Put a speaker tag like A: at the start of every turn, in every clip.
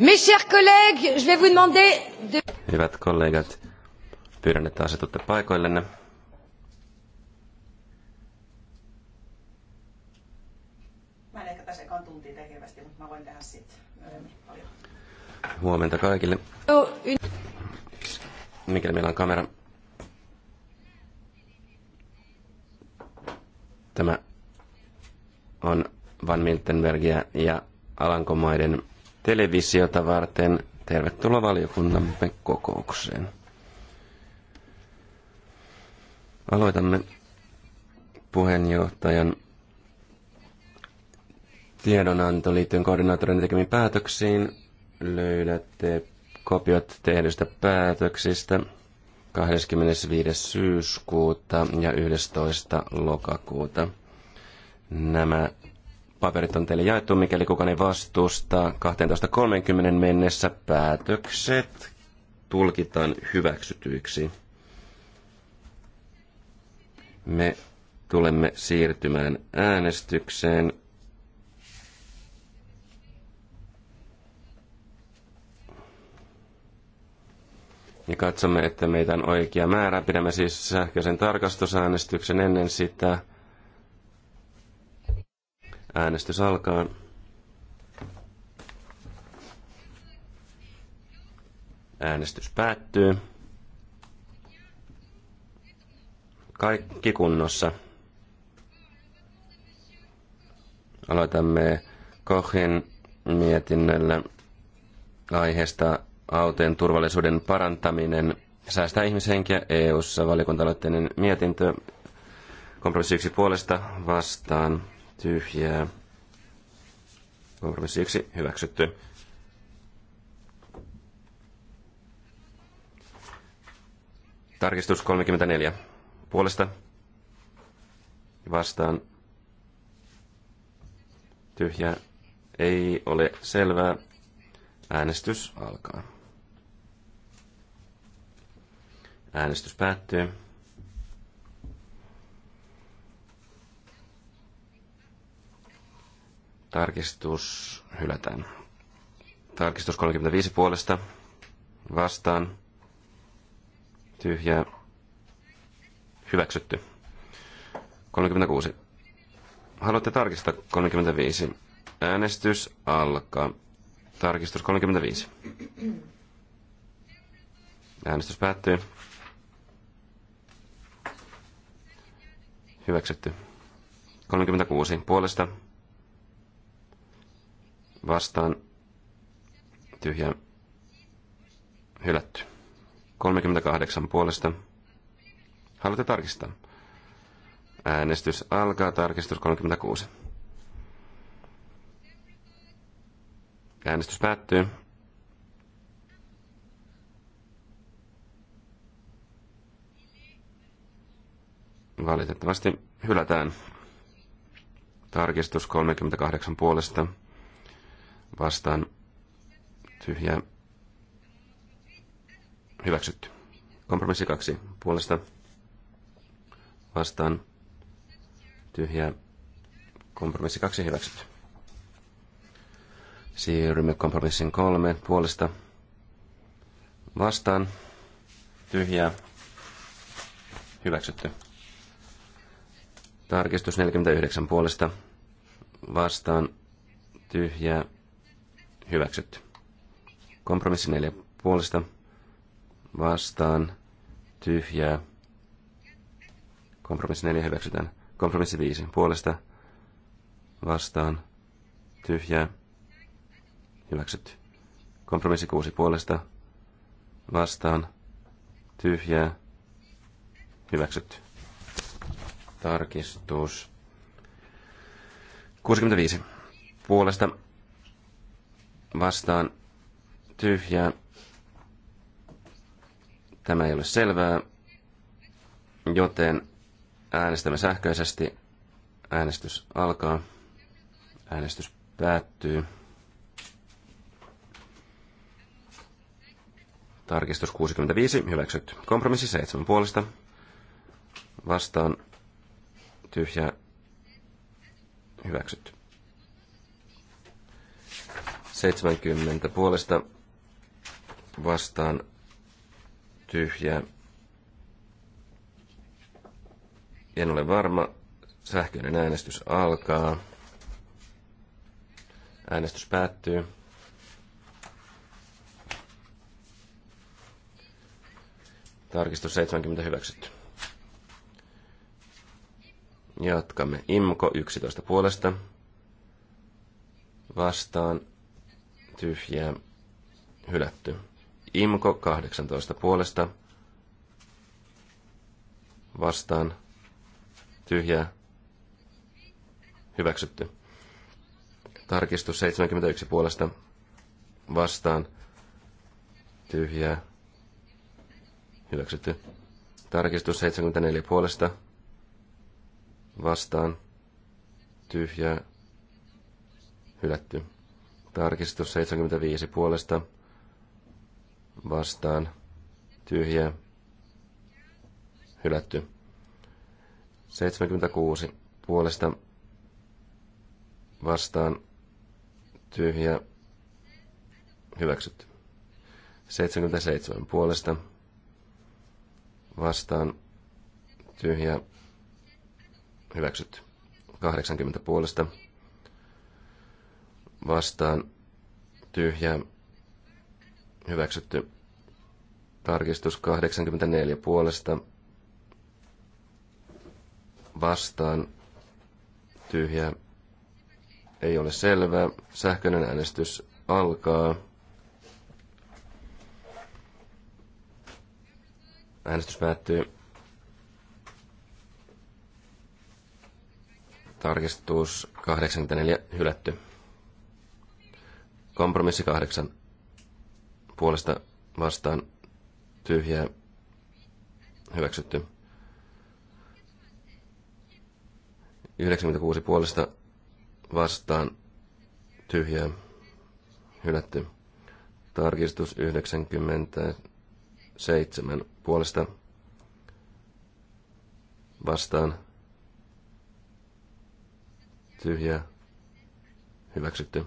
A: Mes chers collègues, je vais vous demander de...
B: Hyvät kollegat, pyydän, että asetutte paikoillenne.
C: Mä en ehkä tässä ekaan tuntia mutta mä voin tehdä sitten myöhemmin
B: Huomenta kaikille. Mikäli meillä on kamera. Tämä on Van Miltenbergia ja Alankomaiden televisiota varten. Tervetuloa valiokuntamme kokoukseen. Aloitamme puheenjohtajan tiedonanto liittyen koordinaattorin tekemiin päätöksiin. Löydätte kopiot tehdyistä päätöksistä 25. syyskuuta ja 11. lokakuuta. Nämä paperit on teille jaettu, mikäli kukaan ei vastusta. 12.30 mennessä päätökset tulkitaan hyväksytyiksi. Me tulemme siirtymään äänestykseen. Ja katsomme, että meitä on oikea määrä. Pidämme siis sähköisen tarkastusäänestyksen ennen sitä. Äänestys alkaa. Äänestys päättyy. Kaikki kunnossa. Aloitamme Kohin mietinnöllä aiheesta autojen turvallisuuden parantaminen säästää ihmishenkiä EU-ssa valikuntaloitteinen mietintö. Kompromissi yksi puolesta vastaan tyhjää. Kompromissi 1 hyväksytty. Tarkistus 34. Puolesta vastaan tyhjää. Ei ole selvää. Äänestys alkaa. Äänestys päättyy. Tarkistus hylätään. Tarkistus 35 puolesta. Vastaan. tyhjä Hyväksytty. 36. Haluatte tarkistaa 35. Äänestys alkaa. Tarkistus 35. Äänestys päättyy. Hyväksytty. 36 puolesta vastaan tyhjä hylätty. 38 puolesta. Haluatte tarkistaa? Äänestys alkaa. Tarkistus 36. Äänestys päättyy. Valitettavasti hylätään. Tarkistus 38 puolesta vastaan tyhjää hyväksytty. Kompromissi kaksi puolesta vastaan tyhjää kompromissi kaksi hyväksytty. Siirrymme kompromissin kolme puolesta vastaan tyhjää hyväksytty. Tarkistus 49 puolesta vastaan tyhjää hyväksytty. Kompromissi neljä puolesta vastaan tyhjää. Kompromissi neljä hyväksytään. Kompromissi viisi puolesta vastaan tyhjää. Hyväksytty. Kompromissi kuusi puolesta vastaan tyhjää. Hyväksytty. Tarkistus. 65 puolesta vastaan tyhjää. Tämä ei ole selvää, joten äänestämme sähköisesti. Äänestys alkaa. Äänestys päättyy. Tarkistus 65, hyväksytty. Kompromissi 7 puolesta. Vastaan tyhjä, hyväksytty. 70 puolesta vastaan tyhjä. En ole varma. Sähköinen äänestys alkaa. Äänestys päättyy. Tarkistus 70 hyväksytty. Jatkamme. Imko 11 puolesta. Vastaan tyhjää, hylätty. Imko 18 puolesta, vastaan, tyhjää, hyväksytty. Tarkistus 71 puolesta, vastaan, tyhjää, hyväksytty. Tarkistus 74 puolesta, vastaan, tyhjää, hylätty. Tarkistus 75 puolesta vastaan tyhjä hylätty. 76 puolesta vastaan tyhjä hyväksytty. 77 puolesta vastaan tyhjä hyväksytty. 80 puolesta vastaan tyhjä hyväksytty. Tarkistus 84 puolesta vastaan tyhjä ei ole selvää. Sähköinen äänestys alkaa. Äänestys päättyy. Tarkistus 84 hylätty. Kompromissi kahdeksan puolesta vastaan tyhjää hyväksytty. 96 puolesta vastaan tyhjää hylätty. Tarkistus 97 puolesta vastaan tyhjää hyväksytty.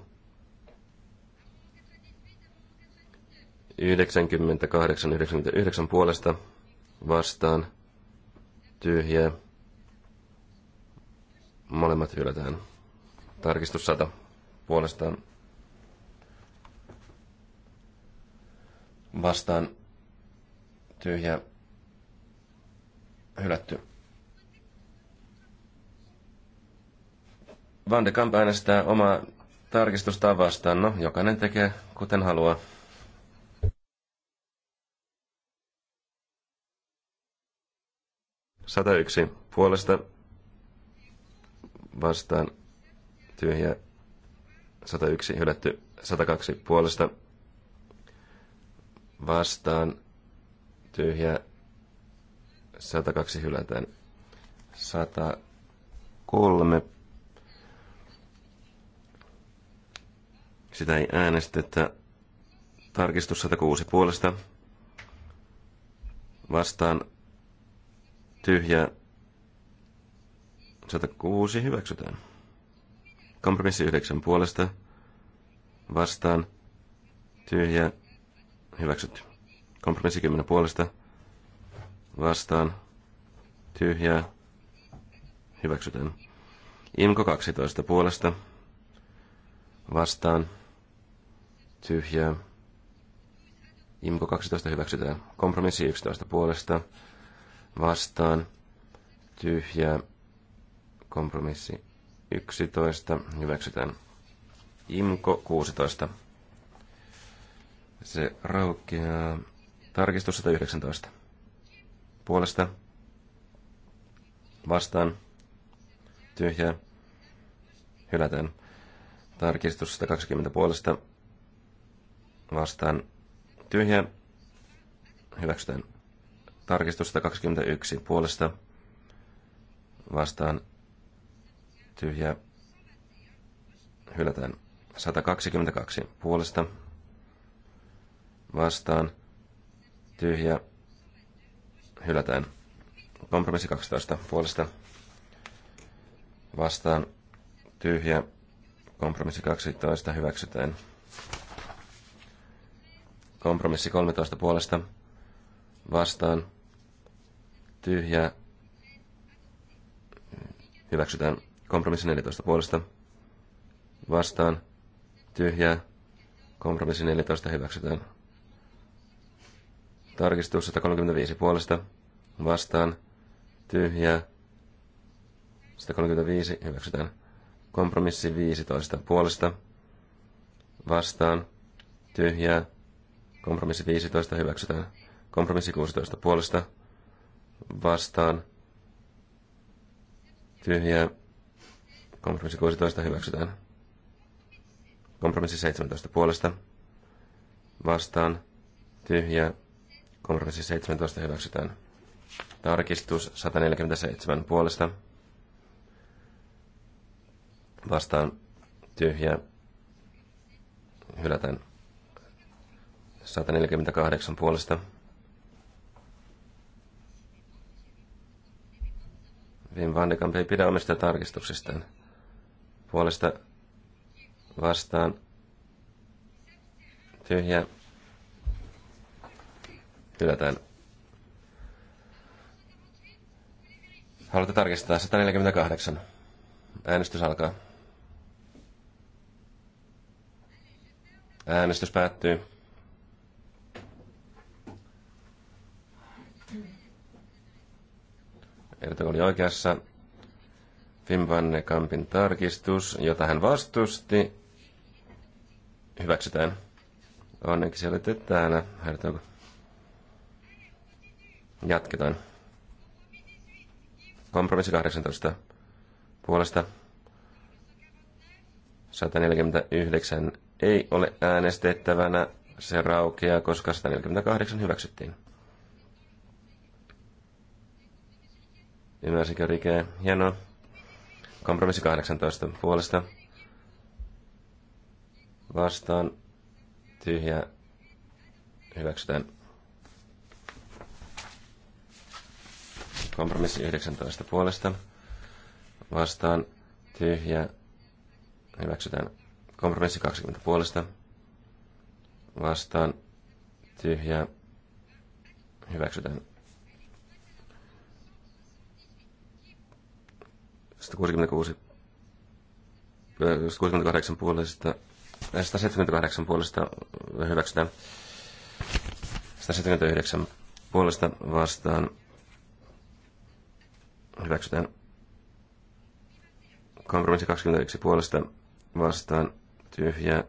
B: 98, 99 puolesta vastaan tyhjää. Molemmat hylätään. Tarkistus 100 puolestaan vastaan tyhjä hylätty. Van de Kamp äänestää omaa tarkistustaan vastaan. No, jokainen tekee kuten haluaa. 101 puolesta vastaan tyhjä 101 hylätty 102 puolesta vastaan tyhjä 102 hylätään 103 sitä ei äänestetä tarkistus 106 puolesta vastaan tyhjä. 106 hyväksytään. Kompromissi 9 puolesta vastaan Tyhjä. hyväksytty. Kompromissi 10 puolesta vastaan Tyhjä. hyväksytään. Imko 12 puolesta vastaan Tyhjä. Imko 12 hyväksytään. Kompromissi 11 puolesta vastaan tyhjä kompromissi 11 hyväksytään. Imko 16. Se raukeaa. Tarkistus 119. Puolesta vastaan tyhjä hylätään. Tarkistus 120 puolesta vastaan tyhjä hyväksytään. Tarkistus 121 puolesta vastaan tyhjä hylätään. 122 puolesta vastaan tyhjä hylätään. Kompromissi 12 puolesta vastaan tyhjä kompromissi 12 hyväksytään. Kompromissi 13 puolesta vastaan tyhjää. Hyväksytään kompromissi 14 puolesta. Vastaan tyhjää. Kompromissi 14 hyväksytään. Tarkistus 135 puolesta. Vastaan tyhjää. 135 hyväksytään. Kompromissi 15 puolesta. Vastaan tyhjää. Kompromissi 15 hyväksytään. Kompromissi 16 puolesta vastaan tyhjä Kompromissi 16 hyväksytään. Kompromissi 17 puolesta vastaan tyhjä Kompromissi 17 hyväksytään. Tarkistus 147 puolesta vastaan tyhjä Hylätään 148 puolesta Vim van de Kamp ei pidä omista tarkistuksistaan. Puolesta vastaan tyhjä hylätään. Haluatte tarkistaa 148. Äänestys alkaa. Äänestys päättyy. Erto oli oikeassa. Fimvanne Kampin tarkistus, jota hän vastusti, hyväksytään. Onneksi siellä olette täällä, Hertog. Jatketaan. Kompromissi 18 puolesta 149 ei ole äänestettävänä. Se raukeaa, koska 148 hyväksyttiin. Ymmärsikö Rike? Hienoa. Kompromissi 18 puolesta. Vastaan. Tyhjä. Hyväksytään. Kompromissi 19 puolesta. Vastaan. Tyhjä. Hyväksytään. Kompromissi 20 puolesta. Vastaan. Tyhjä. Hyväksytään 168 puolesta 178 äh, puolesta hyväksytään 179 puolesta vastaan hyväksytään kompromissi 21 puolesta vastaan tyhjä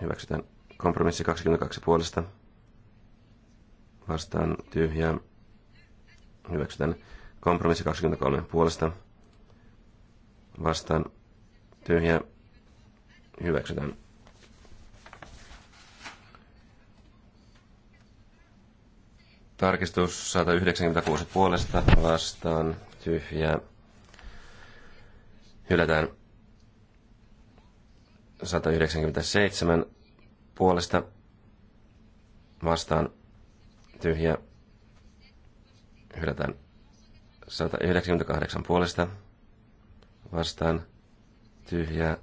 B: hyväksytään kompromissi 22 puolesta vastaan tyhjä hyväksytään Kompromissi 23 puolesta vastaan tyhjä hyväksytään. Tarkistus 196 puolesta vastaan tyhjä hylätään 197 puolesta vastaan tyhjä hylätään 198 puolesta vastaan tyhjää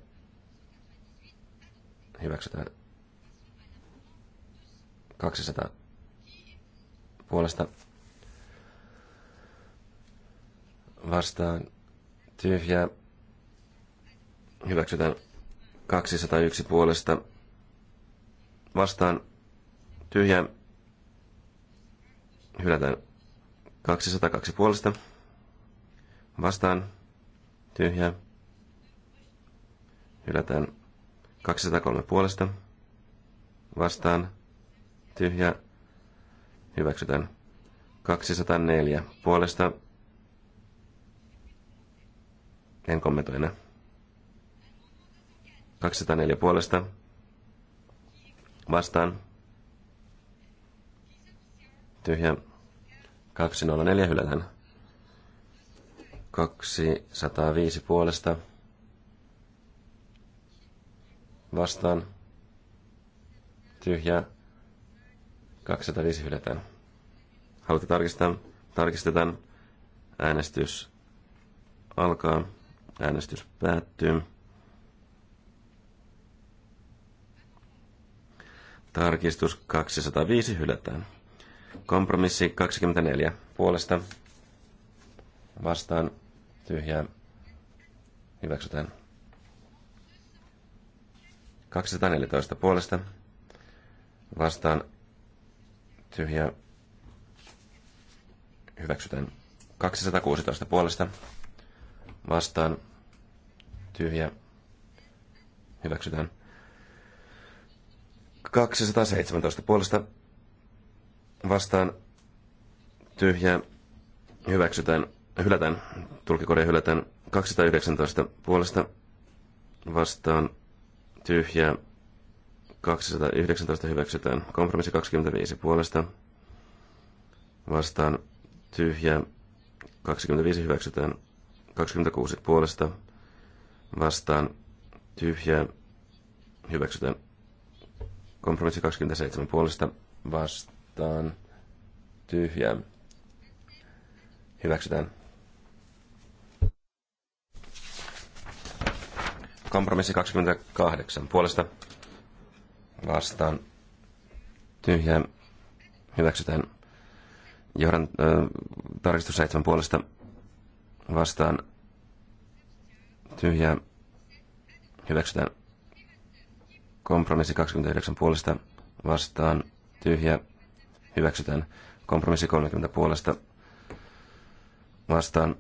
B: hyväksytään 200 puolesta vastaan tyhjää hyväksytään 201 puolesta vastaan tyhjää hylätään 202 puolesta vastaan tyhjää hylätään 203 puolesta vastaan tyhjä hyväksytään 204 puolesta en kommentoi enää 204 puolesta vastaan tyhjä 204 hylätään 205 puolesta vastaan tyhjä 205 hylätään. Haluatte tarkistaa? Tarkistetaan. Äänestys alkaa. Äänestys päättyy. Tarkistus 205 hylätään. Kompromissi 24 puolesta vastaan tyhjää hyväksytään. 214 puolesta vastaan tyhjä hyväksytään. 216 puolesta vastaan tyhjä hyväksytään. 217 puolesta vastaan tyhjä hyväksytään hylätään, tulkikorja hylätään 219 puolesta vastaan tyhjää 219 hyväksytään. Kompromissi 25 puolesta vastaan tyhjää 25 hyväksytään. 26 puolesta vastaan tyhjää hyväksytään. Kompromissi 27 puolesta vastaan tyhjää hyväksytään. Kompromissi 28 puolesta vastaan tyhjää hyväksytään. Johdan äh, tarkistus 7 puolesta vastaan tyhjää hyväksytään. Kompromissi 29 puolesta vastaan tyhjä hyväksytään. Kompromissi 30 puolesta vastaan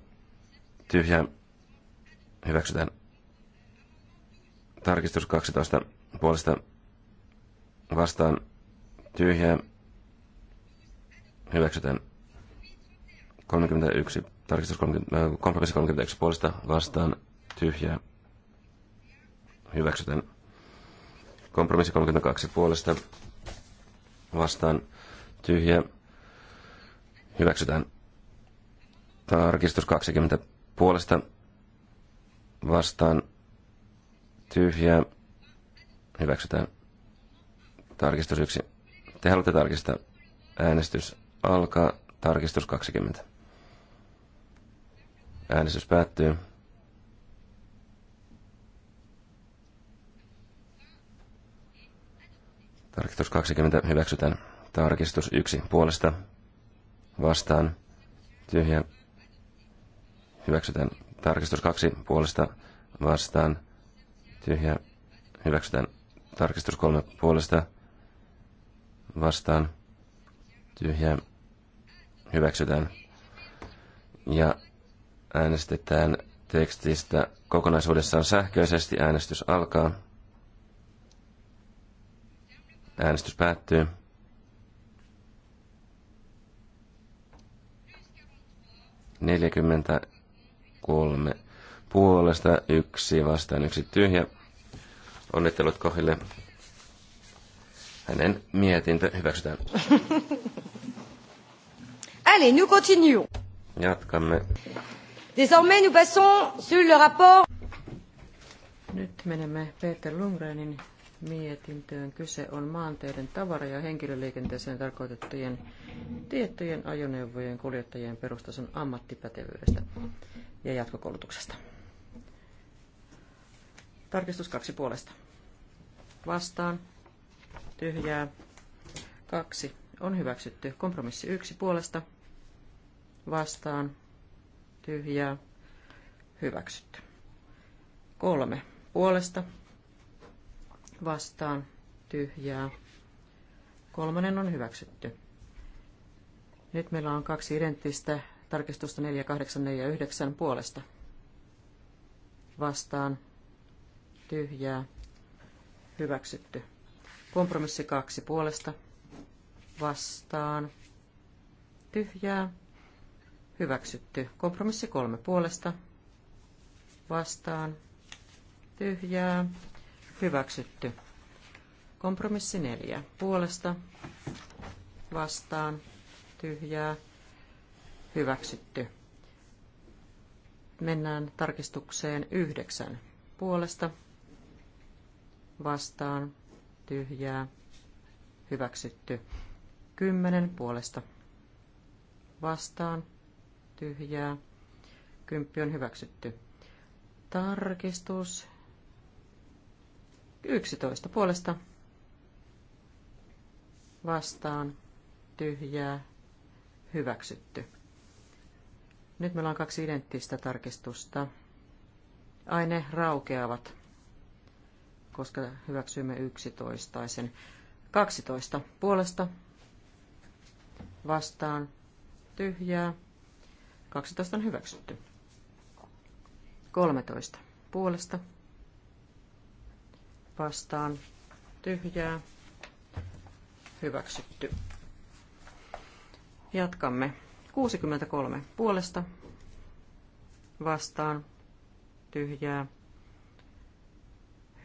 B: tyhjä hyväksytään. Tarkistus 12 puolesta vastaan tyhjää. Hyväksytään 31. Tarkistus 30, äh, kompromissi 31 puolesta vastaan tyhjää. Hyväksytään kompromissi 32 puolesta vastaan tyhjä. Hyväksytään tarkistus 20 puolesta vastaan tyhjää, hyväksytään. Tarkistus 1. Te haluatte tarkistaa. Äänestys alkaa. Tarkistus 20. Äänestys päättyy. Tarkistus 20 hyväksytään. Tarkistus 1 puolesta vastaan tyhjä hyväksytään. Tarkistus 2 puolesta vastaan Tyhjä hyväksytään tarkistus kolme puolesta vastaan. Tyhjä hyväksytään. Ja äänestetään tekstistä kokonaisuudessaan sähköisesti. Äänestys alkaa. Äänestys päättyy. Neljäkymmentä kolme puolesta, yksi vastaan, yksi tyhjä. Onnittelut Kohille. Hänen mietintö hyväksytään.
A: Allez, nous continuons.
B: Jatkamme.
A: Désormais, nous passons sur le rapport. Nyt menemme Peter Lundgrenin mietintöön. Kyse on maanteiden tavara- ja henkilöliikenteeseen tarkoitettujen tiettyjen ajoneuvojen kuljettajien perustason ammattipätevyydestä ja jatkokoulutuksesta. Tarkistus kaksi puolesta vastaan, tyhjää, kaksi on hyväksytty. Kompromissi yksi puolesta, vastaan, tyhjää, hyväksytty. Kolme puolesta, vastaan, tyhjää. Kolmannen on hyväksytty. Nyt meillä on kaksi identtistä tarkistusta 4849 puolesta. Vastaan, tyhjää, Hyväksytty. Kompromissi kaksi puolesta. Vastaan. Tyhjää. Hyväksytty. Kompromissi kolme puolesta. Vastaan. Tyhjää. Hyväksytty. Kompromissi neljä puolesta. Vastaan. Tyhjää. Hyväksytty. Mennään tarkistukseen yhdeksän puolesta vastaan, tyhjää, hyväksytty. 10 puolesta vastaan, tyhjää, kymppi on hyväksytty. Tarkistus 11 puolesta vastaan, tyhjää, hyväksytty. Nyt meillä on kaksi identtistä tarkistusta. Aine raukeavat koska hyväksyimme 11 tai sen 12 puolesta vastaan tyhjää. 12 on hyväksytty. 13 puolesta vastaan tyhjää. Hyväksytty. Jatkamme. 63 puolesta vastaan tyhjää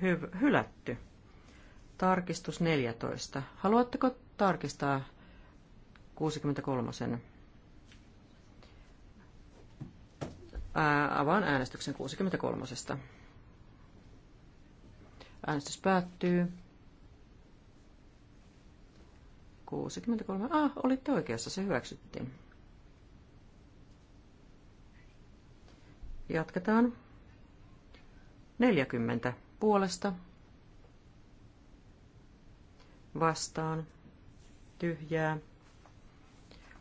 A: hyv- hylätty. Tarkistus 14. Haluatteko tarkistaa 63. Ää, avaan äänestyksen 63. Äänestys päättyy. 63. Ah, olitte oikeassa, se hyväksyttiin. Jatketaan. 40 puolesta vastaan tyhjää.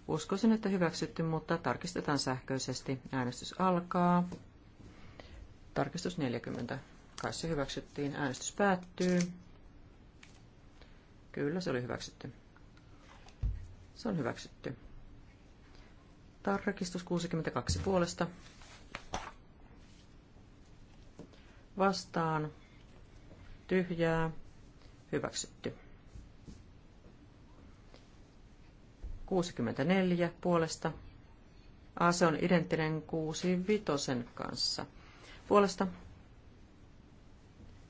A: Uskoisin, että hyväksytty, mutta tarkistetaan sähköisesti. Äänestys alkaa. Tarkistus 40. Kai se hyväksyttiin. Äänestys päättyy. Kyllä, se oli hyväksytty. Se on hyväksytty. Tarkistus 62 puolesta. Vastaan tyhjää, hyväksytty. 64 puolesta. A, se on identtinen 65 kanssa. Puolesta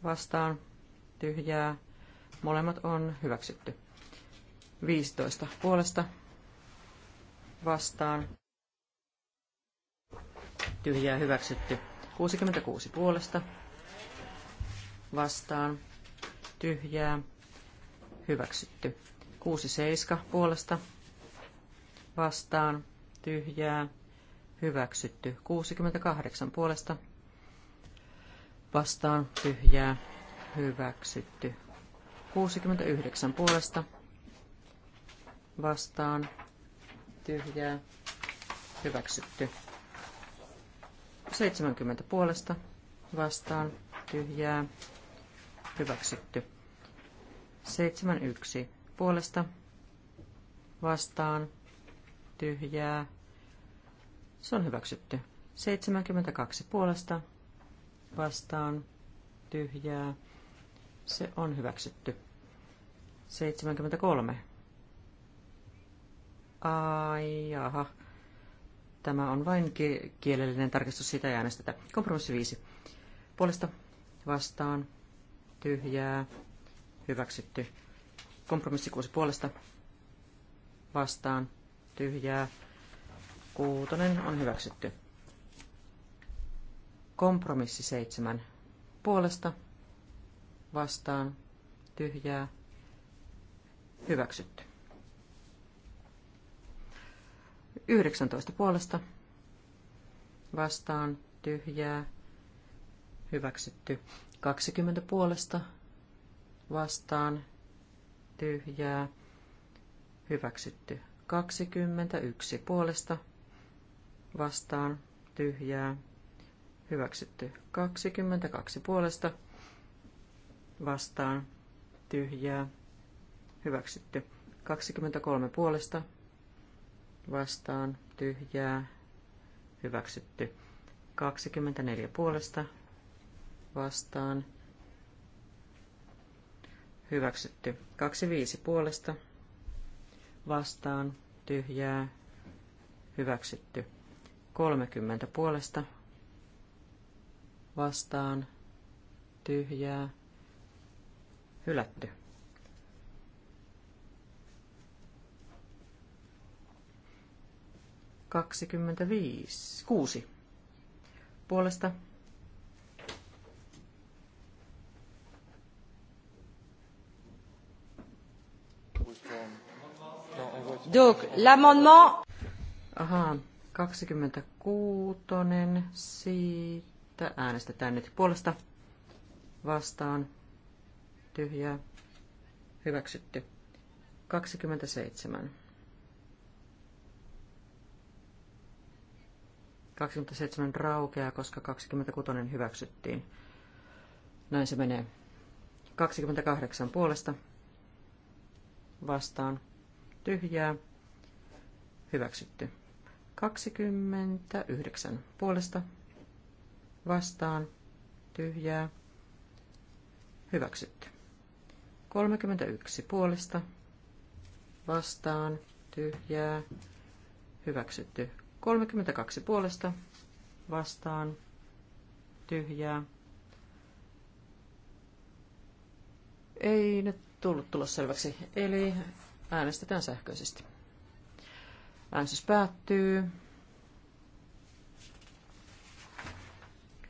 A: vastaan tyhjää. Molemmat on hyväksytty. 15 puolesta vastaan tyhjää hyväksytty. 66 puolesta vastaan tyhjää hyväksytty. 6-7 puolesta vastaan tyhjää hyväksytty. 68 puolesta vastaan tyhjää hyväksytty. 69 puolesta vastaan tyhjää hyväksytty. 70 puolesta vastaan tyhjää hyväksytty. 7.1. Puolesta vastaan tyhjää. Se on hyväksytty. 72 puolesta vastaan tyhjää. Se on hyväksytty. 73. Ai jaha. Tämä on vain kielellinen tarkistus, sitä ei äänestetä. Kompromissi 5. Puolesta vastaan tyhjää, hyväksytty. Kompromissi kuusi puolesta vastaan, tyhjää, kuutonen on hyväksytty. Kompromissi seitsemän puolesta vastaan, tyhjää, hyväksytty. 19 puolesta vastaan, tyhjää, hyväksytty. 20 puolesta vastaan tyhjää hyväksytty. 21 puolesta vastaan tyhjää hyväksytty. 22 puolesta vastaan tyhjää hyväksytty. 23 puolesta vastaan tyhjää hyväksytty. 24 puolesta vastaan. Hyväksytty. 25 puolesta vastaan. Tyhjää. Hyväksytty. 30 puolesta vastaan. Tyhjää. Hylätty. Kaksikymmentäviisi. Kuusi. Puolesta Donc, l'amendement... Aha, 26. Siitä äänestetään nyt puolesta vastaan. Tyhjää. Hyväksytty. 27. 27 raukeaa, koska 26 hyväksyttiin. Näin se menee. 28 puolesta vastaan tyhjää, hyväksytty. 29 puolesta, vastaan, tyhjää, hyväksytty. 31 puolesta, vastaan, tyhjää, hyväksytty. 32 puolesta, vastaan, tyhjää. Ei nyt tullut tulos selväksi. Eli Äänestetään sähköisesti. Äänestys päättyy.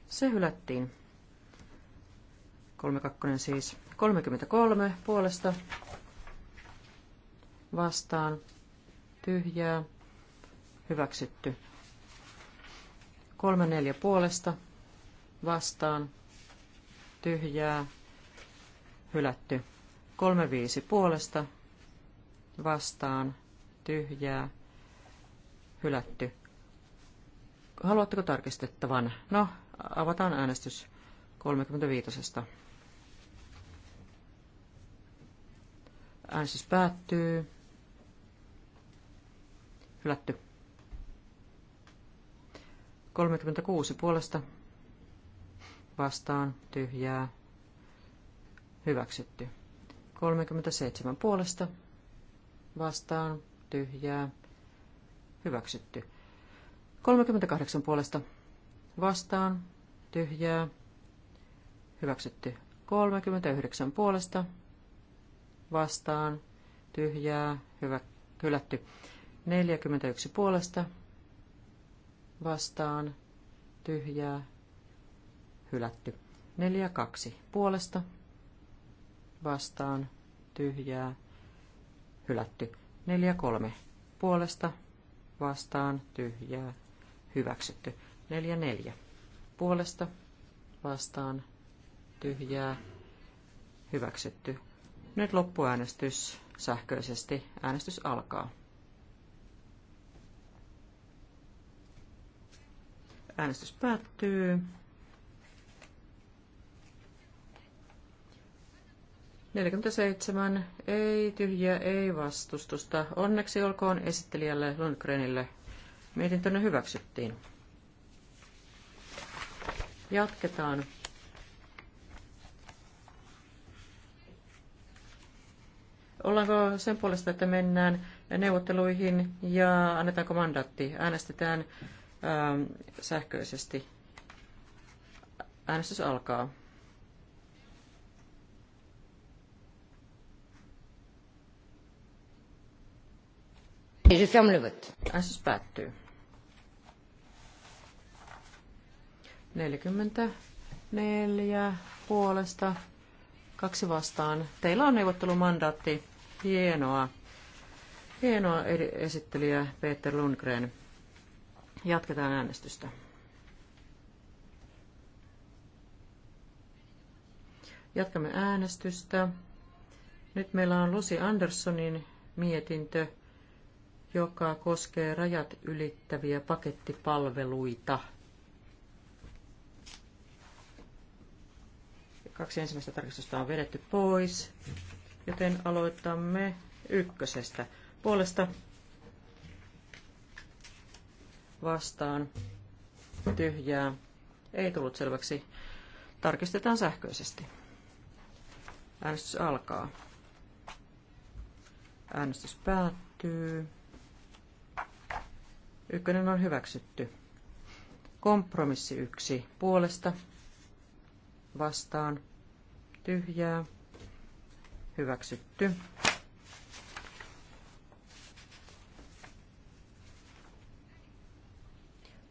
A: Se hylättiin. 32 siis. 33 puolesta vastaan tyhjää hyväksytty. 34 puolesta vastaan tyhjää hylätty. 35 puolesta vastaan, tyhjää, hylätty. Haluatteko tarkistettavan? No, avataan äänestys 35. Äänestys päättyy. Hylätty. 36 puolesta vastaan tyhjää hyväksytty. 37 puolesta vastaan tyhjää hyväksytty. 38 puolesta vastaan tyhjää hyväksytty. 39 puolesta vastaan tyhjää hyvä, hylätty. 41 puolesta vastaan tyhjää hylätty. 42 puolesta vastaan tyhjää hylätty. 4-3 puolesta vastaan tyhjää hyväksytty. 4-4 puolesta vastaan tyhjää hyväksytty. Nyt loppuäänestys sähköisesti. Äänestys alkaa. Äänestys päättyy. 47, ei tyhjä, ei vastustusta. Onneksi olkoon esittelijälle Lundgrenille. Mietintönne hyväksyttiin. Jatketaan. Ollaanko sen puolesta, että mennään neuvotteluihin ja annetaanko mandaatti? Äänestetään ähm, sähköisesti. Äänestys alkaa. Je ferme le vote. Äänestys päättyy. 44 puolesta, kaksi vastaan. Teillä on neuvottelumandaatti. Hienoa. Hienoa esittelijä Peter Lundgren. Jatketaan äänestystä. Jatkamme äänestystä. Nyt meillä on Lucy Andersonin mietintö joka koskee rajat ylittäviä pakettipalveluita. Kaksi ensimmäistä tarkistusta on vedetty pois, joten aloitamme ykkösestä. Puolesta vastaan tyhjää. Ei tullut selväksi. Tarkistetaan sähköisesti. Äänestys alkaa. Äänestys päättyy. Ykkönen on hyväksytty. Kompromissi yksi puolesta vastaan tyhjää hyväksytty.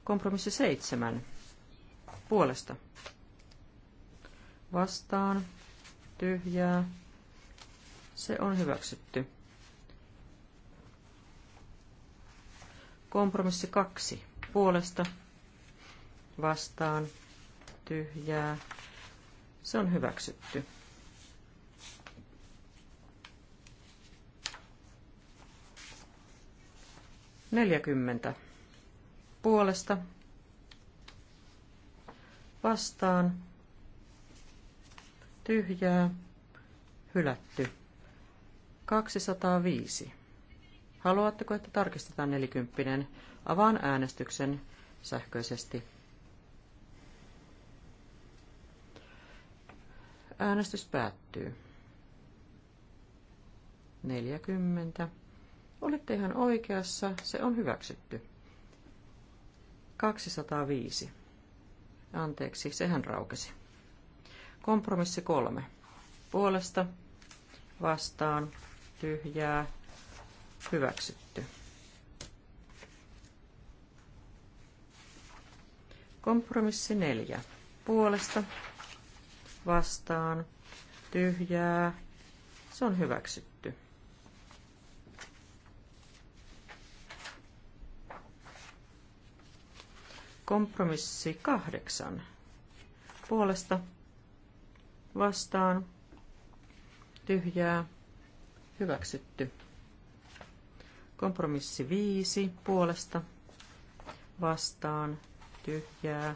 A: Kompromissi seitsemän puolesta vastaan tyhjää se on hyväksytty. Kompromissi kaksi puolesta vastaan tyhjää. Se on hyväksytty. Neljäkymmentä puolesta vastaan tyhjää hylätty. 205 Haluatteko, että tarkistetaan nelikymppinen Avaan äänestyksen sähköisesti. Äänestys päättyy. 40. Olette ihan oikeassa, se on hyväksytty. 205. Anteeksi, sehän raukesi. Kompromissi kolme. Puolesta, vastaan, tyhjää, Hyväksytty. Kompromissi neljä. Puolesta vastaan tyhjää. Se on hyväksytty. Kompromissi kahdeksan. Puolesta vastaan tyhjää. Hyväksytty. Kompromissi 5 puolesta vastaan tyhjää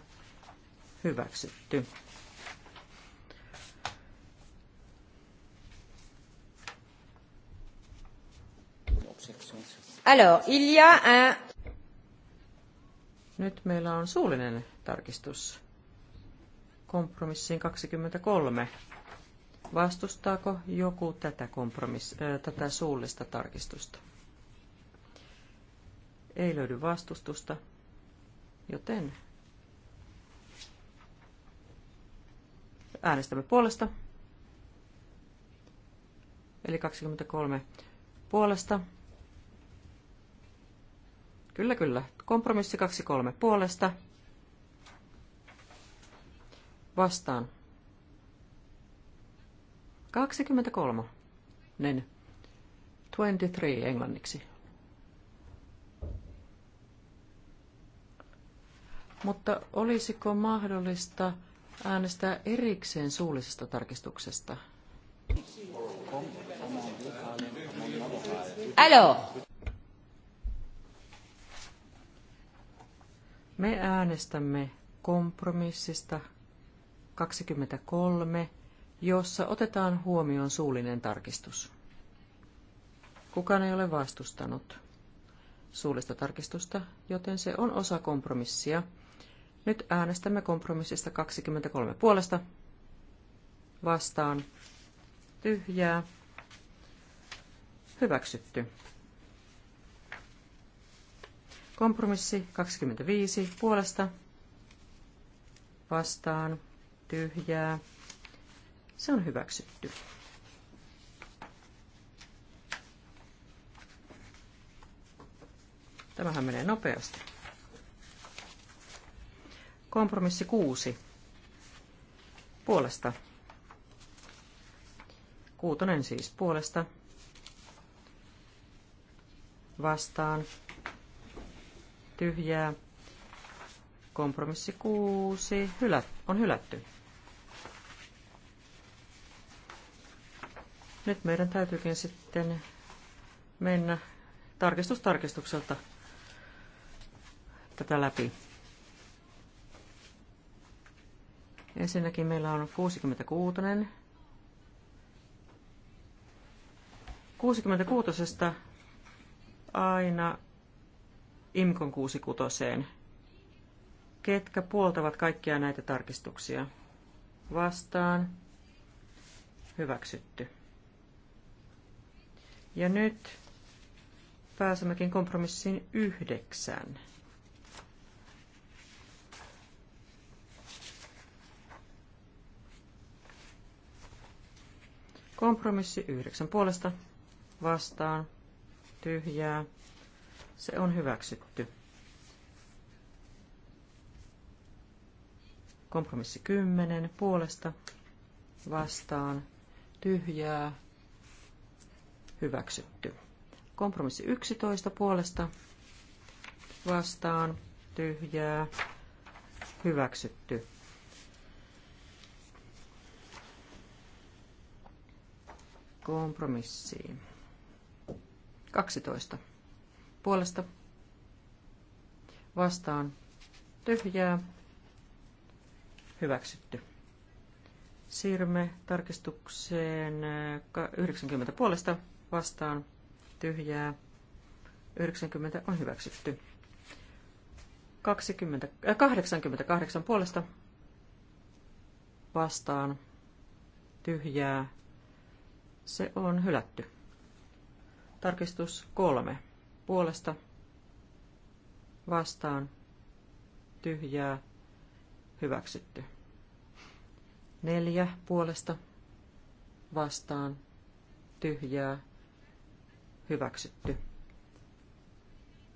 A: hyväksytty. Alors, il y a un... Nyt meillä on suullinen tarkistus kompromissiin 23. Vastustaako joku tätä, kompromiss- äh, tätä suullista tarkistusta? Ei löydy vastustusta, joten äänestämme puolesta. Eli 23 puolesta. Kyllä, kyllä. Kompromissi 23 puolesta. Vastaan. 23. Nen. 23 englanniksi. mutta olisiko mahdollista äänestää erikseen suullisesta tarkistuksesta? Alo! Me äänestämme kompromissista 23, jossa otetaan huomioon suullinen tarkistus. Kukaan ei ole vastustanut suullista tarkistusta, joten se on osa kompromissia – nyt äänestämme kompromissista 23 puolesta. Vastaan tyhjää. Hyväksytty. Kompromissi 25 puolesta. Vastaan tyhjää. Se on hyväksytty. Tämähän menee nopeasti. Kompromissi kuusi. Puolesta. Kuutonen siis puolesta. Vastaan. Tyhjää. Kompromissi kuusi. Hylä, on hylätty. Nyt meidän täytyykin sitten mennä tarkistustarkistukselta tätä läpi. Ensinnäkin meillä on 66. 66. aina IMKON 66. Ketkä puoltavat kaikkia näitä tarkistuksia? Vastaan. Hyväksytty. Ja nyt pääsemmekin kompromissiin yhdeksän. Kompromissi yhdeksän puolesta vastaan tyhjää. Se on hyväksytty. Kompromissi kymmenen puolesta vastaan tyhjää. Hyväksytty. Kompromissi 11 puolesta vastaan tyhjää. Hyväksytty. kompromissiin. 12. Puolesta vastaan tyhjää. Hyväksytty. Siirrymme tarkistukseen 90 äh, puolesta vastaan tyhjää. 90 on hyväksytty. 20, äh, 88 puolesta vastaan tyhjää se on hylätty. Tarkistus kolme. Puolesta vastaan tyhjää hyväksytty. Neljä puolesta vastaan tyhjää hyväksytty.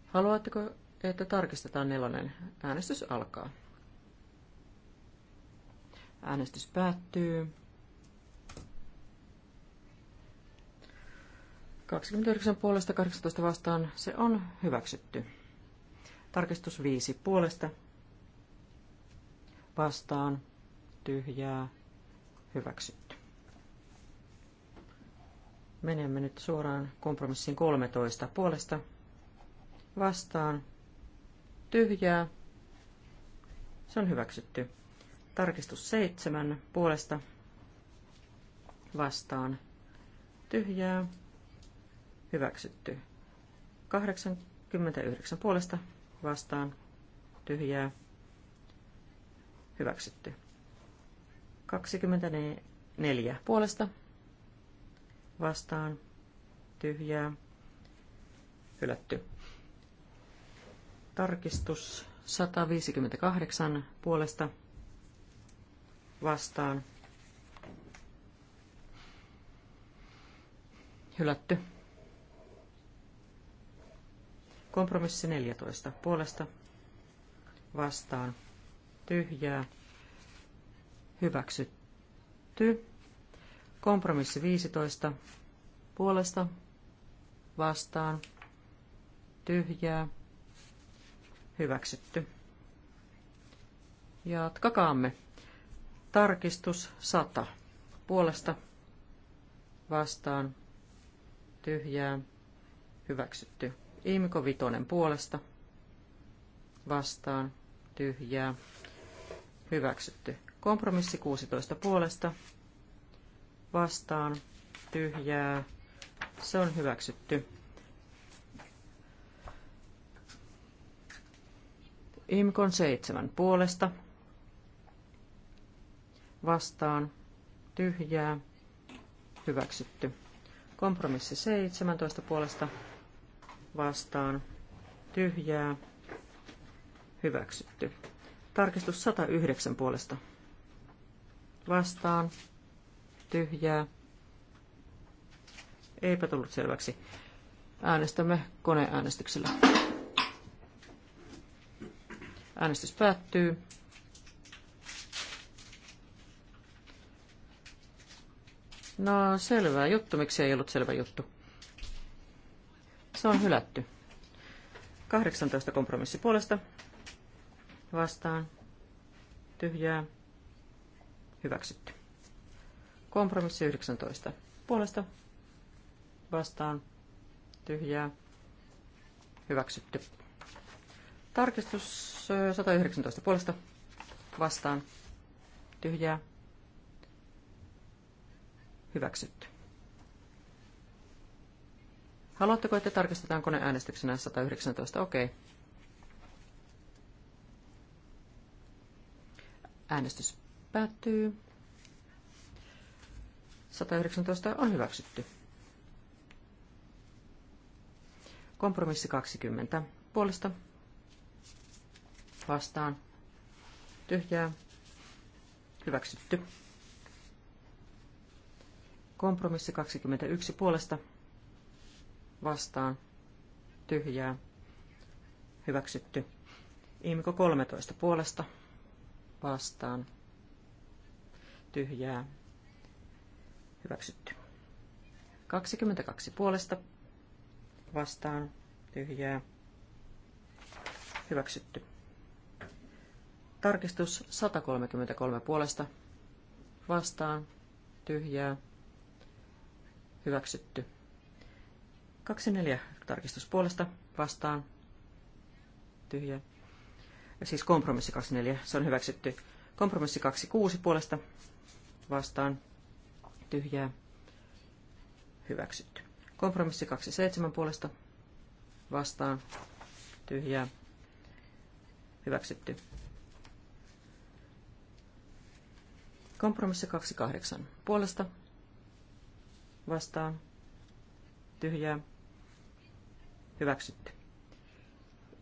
A: Haluatteko, että tarkistetaan nelonen? Äänestys alkaa. Äänestys päättyy. 29 puolesta 18 vastaan se on hyväksytty. Tarkistus 5 puolesta vastaan tyhjää hyväksytty. Menemme nyt suoraan kompromissiin 13 puolesta vastaan tyhjää. Se on hyväksytty. Tarkistus 7 puolesta vastaan tyhjää Hyväksytty. 89 puolesta vastaan. Tyhjää. Hyväksytty. 24 puolesta vastaan. Tyhjää. Hylätty. Tarkistus 158 puolesta vastaan. Hylätty. Kompromissi 14. Puolesta vastaan tyhjää hyväksytty. Kompromissi 15. Puolesta vastaan tyhjää hyväksytty. Jatkakaamme. Tarkistus 100. Puolesta vastaan tyhjää hyväksytty. Imko Vitonen puolesta. Vastaan. Tyhjää. Hyväksytty. Kompromissi 16 puolesta. Vastaan. Tyhjää. Se on hyväksytty. Imkon seitsemän puolesta. Vastaan. Tyhjää. Hyväksytty. Kompromissi 17 puolesta vastaan tyhjää hyväksytty. Tarkistus 109 puolesta vastaan tyhjää. Eipä tullut selväksi. Äänestämme koneäänestyksellä. Äänestys päättyy. No selvä juttu, miksi ei ollut selvä juttu? Se on hylätty. 18 kompromissi puolesta. Vastaan. Tyhjää. Hyväksytty. Kompromissi 19. Puolesta. Vastaan. Tyhjää. Hyväksytty. Tarkistus 119 puolesta. Vastaan. Tyhjää. Hyväksytty. Haluatteko, että tarkistetaan äänestyksenä 119? Okei. Okay. Äänestys päättyy. 119 on hyväksytty. Kompromissi 20. Puolesta. Vastaan. Tyhjää. Hyväksytty. Kompromissi 21 puolesta vastaan tyhjää hyväksytty. Imiko 13 puolesta vastaan tyhjää hyväksytty. 22 puolesta vastaan tyhjää hyväksytty. Tarkistus 133 puolesta vastaan tyhjää hyväksytty. 24 tarkistus puolesta vastaan. Tyhjä. Siis kompromissi 24, se on hyväksytty. Kompromissi 26 puolesta vastaan. Tyhjää. Hyväksytty. Kompromissi 27 puolesta vastaan. Tyhjää. Hyväksytty. Kompromissi 28 puolesta vastaan. Tyhjää. Hyväksytty.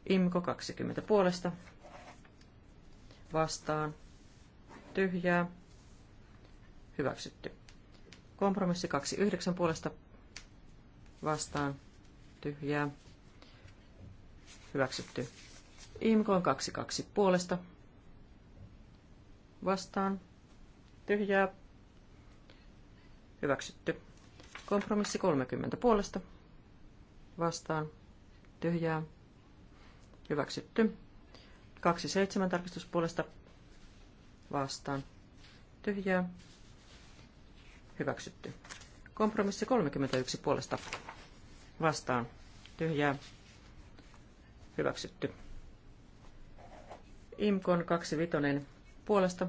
A: Imko 20 puolesta. Vastaan. Tyhjää. Hyväksytty. Kompromissi 29 puolesta. Vastaan. Tyhjää. Hyväksytty. Imko on 22 puolesta. Vastaan. Tyhjää. Hyväksytty. Kompromissi 30 puolesta. Vastaan tyhjää, hyväksytty. 27 tarkistuspuolesta vastaan, tyhjää, hyväksytty. Kompromissi 31 puolesta vastaan, tyhjää, hyväksytty. Imkon 25 puolesta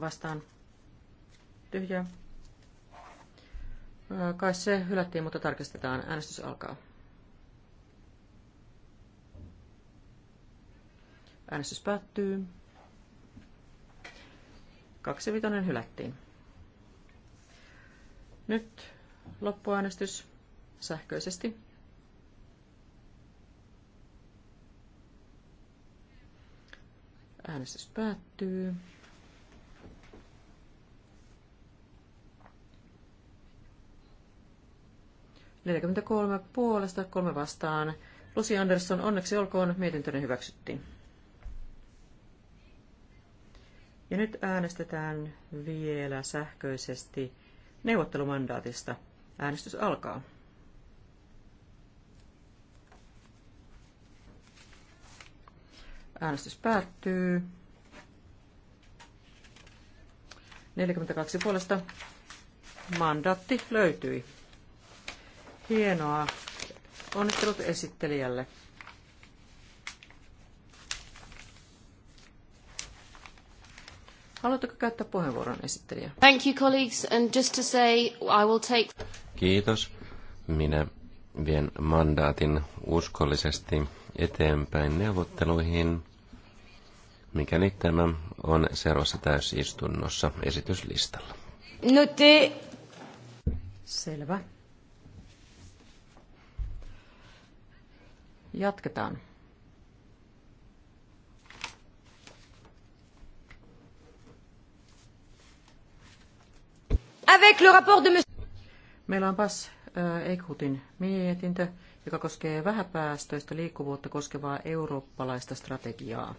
A: vastaan, tyhjää. Kai se hylättiin, mutta tarkistetaan. Äänestys alkaa. Äänestys päättyy. Kaksi vitonen hylättiin. Nyt loppuäänestys sähköisesti. Äänestys päättyy. Neljäkymmentäkolme puolesta, kolme vastaan. Lusi Andersson, onneksi olkoon, mietintöinen hyväksyttiin. Ja nyt äänestetään vielä sähköisesti neuvottelumandaatista. Äänestys alkaa. Äänestys päättyy. 42 puolesta mandaatti löytyi. Hienoa. Onnittelut esittelijälle. Haluatteko käyttää puheenvuoron esittelijä? Thank you colleagues and just to say I will take...
B: Kiitos. Minä vien mandaatin uskollisesti eteenpäin neuvotteluihin, mikäli tämä on seuraavassa täysistunnossa esityslistalla.
A: No te... Selvä. Jatketaan. avec le rapport de monsieur... Meillä on Bas äh, Ekhutin mietintö, joka koskee vähäpäästöistä liikkuvuutta koskevaa eurooppalaista strategiaa.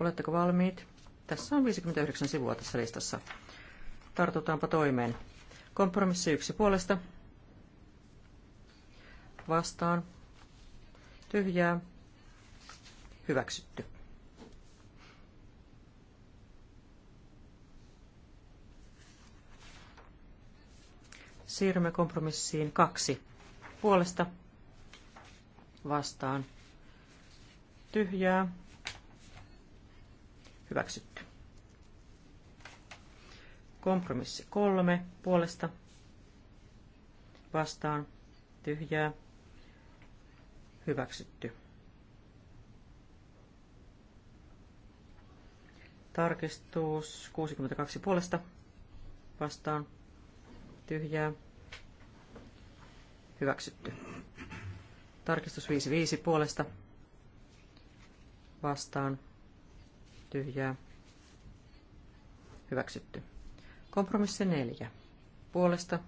A: Oletteko valmiit? Tässä on 59 sivua tässä listassa. Tartutaanpa toimeen. Kompromissi yksi puolesta. Vastaan. Tyhjää. Hyväksytty. Siirrymme kompromissiin kaksi. Puolesta vastaan tyhjää. Hyväksytty. Kompromissi kolme. Puolesta vastaan tyhjää. Hyväksytty. Tarkistus 62 puolesta vastaan tyhjää. Hyväksytty. Tarkistus 55 puolesta. Vastaan. Tyhjää. Hyväksytty. Kompromissi 4. Puolesta.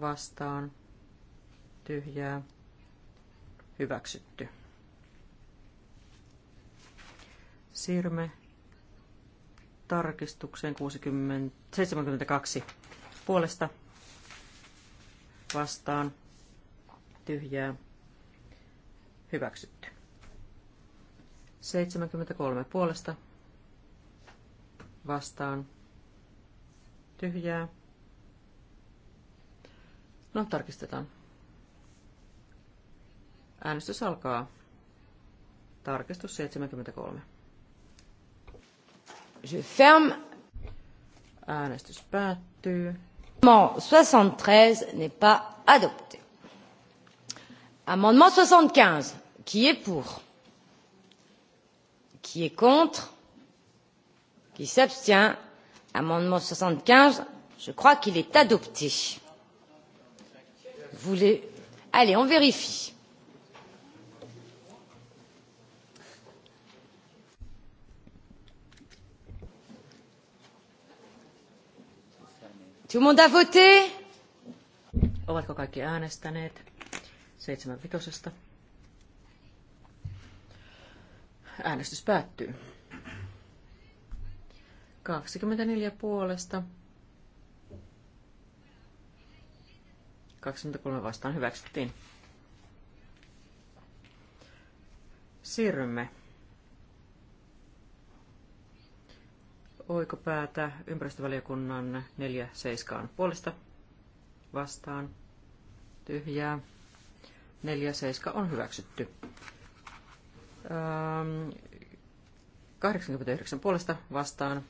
A: Vastaan. Tyhjää. Hyväksytty. Siirrymme tarkistukseen 60, 72 puolesta vastaan tyhjää hyväksytty. 73 puolesta vastaan tyhjää. No, tarkistetaan. Äänestys alkaa. Tarkistus 73. Je ferme. Äänestys päättyy. Amendement 73 n'est pas adopté. Amendement 75, qui est pour Qui est contre Qui s'abstient Amendement quinze je crois qu'il est adopté. Vous voulez Allez, on vérifie. Tout le monde a voté? Ovatko kaikki äänestäneet? Seitsemän vitosesta. Äänestys päättyy. 24 puolesta. 23 vastaan hyväksyttiin. Siirrymme oikopäätä ympäristövaliokunnan 47 puolesta vastaan tyhjää. 47 seiska on hyväksytty. 89 ähm, puolesta vastaan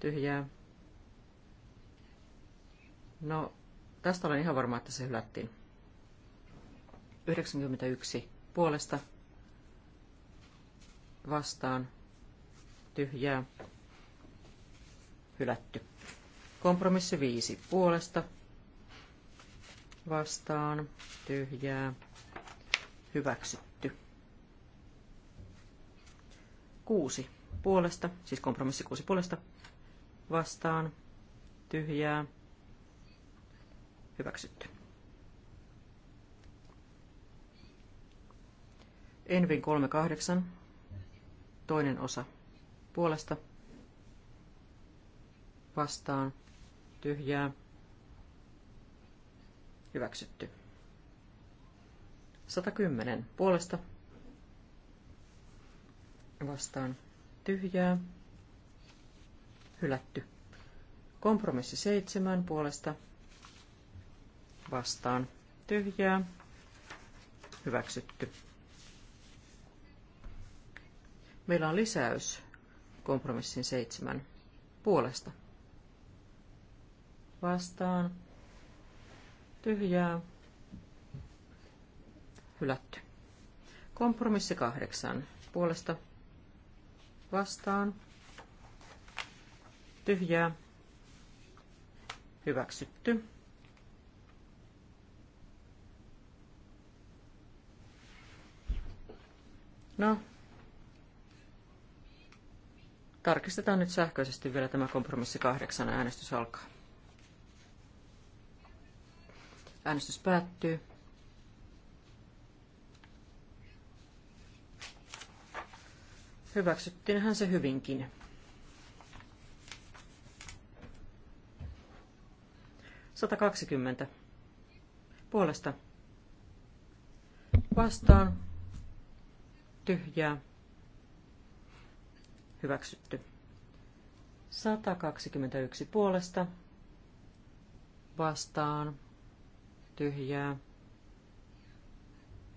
A: tyhjää. No, tästä olen ihan varma, että se hylättiin. 91 puolesta vastaan tyhjää, hylätty. Kompromissi 5 puolesta, vastaan, tyhjää, hyväksytty. 6 puolesta, siis kompromissi 6 puolesta, vastaan, tyhjää, hyväksytty. Envin 38, toinen osa puolesta vastaan tyhjää hyväksytty. 110 puolesta vastaan tyhjää hylätty. Kompromissi 7 puolesta vastaan tyhjää hyväksytty. Meillä on lisäys kompromissin seitsemän puolesta. Vastaan. Tyhjää. Hylätty. Kompromissi kahdeksan puolesta. Vastaan. Tyhjää. Hyväksytty. No, Tarkistetaan nyt sähköisesti vielä tämä kompromissi kahdeksan. Äänestys alkaa. Äänestys päättyy. Hyväksyttiinhän se hyvinkin. Sata kaksikymmentä. Puolesta. Vastaan. Tyhjää hyväksytty. 121 puolesta vastaan tyhjää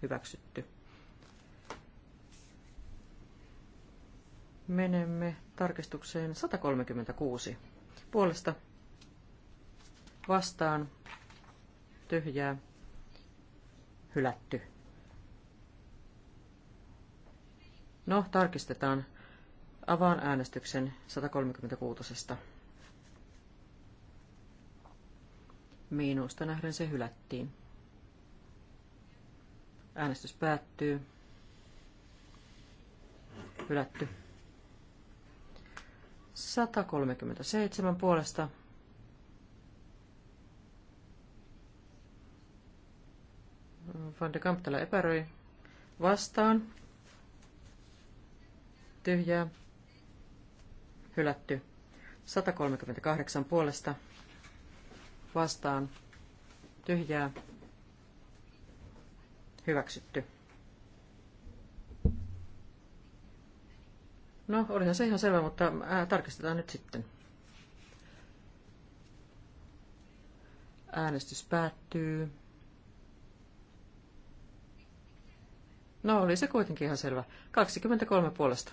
A: hyväksytty. Menemme tarkistukseen 136 puolesta vastaan tyhjää hylätty. No, tarkistetaan Avaan äänestyksen 136. Miinusta nähden se hylättiin. Äänestys päättyy. Hylätty. 137 puolesta. Van de Kamp epäröi. Vastaan. Tyhjää hylätty. 138 puolesta vastaan tyhjää hyväksytty. No, olihan se ihan selvä, mutta ää, tarkistetaan nyt sitten. Äänestys päättyy. No, oli se kuitenkin ihan selvä. 23 puolesta.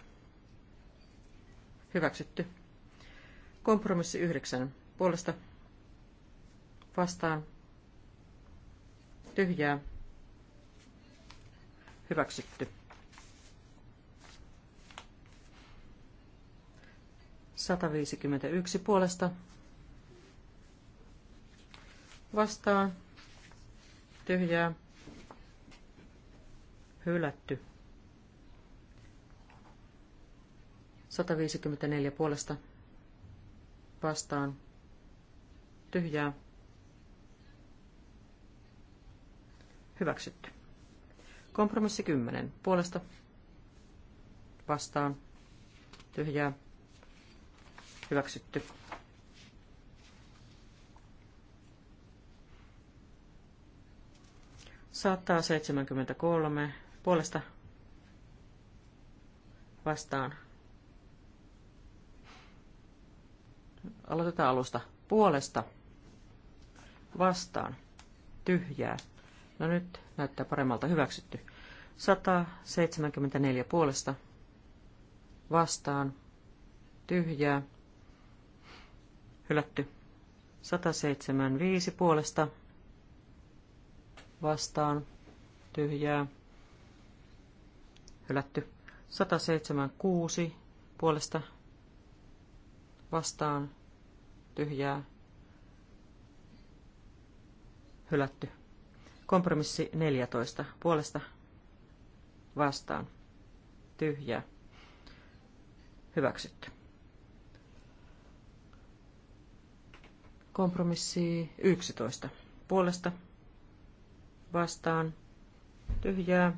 A: Hyväksytty. Kompromissi 9. Puolesta vastaan. Tyhjää. Hyväksytty. Sata yksi puolesta vastaan tyhjää hylätty. 154 puolesta vastaan tyhjää hyväksytty. Kompromissi 10 puolesta vastaan tyhjää hyväksytty. Saattaa 73 puolesta vastaan Aloitetaan alusta. Puolesta vastaan. Tyhjää. No nyt näyttää paremmalta hyväksytty. 174 puolesta vastaan. Tyhjää. Hylätty. 175 puolesta vastaan. Tyhjää. Hylätty. 176 puolesta vastaan tyhjää, hylätty. Kompromissi 14. Puolesta vastaan. Tyhjää. Hyväksytty. Kompromissi 11. Puolesta vastaan. Tyhjää.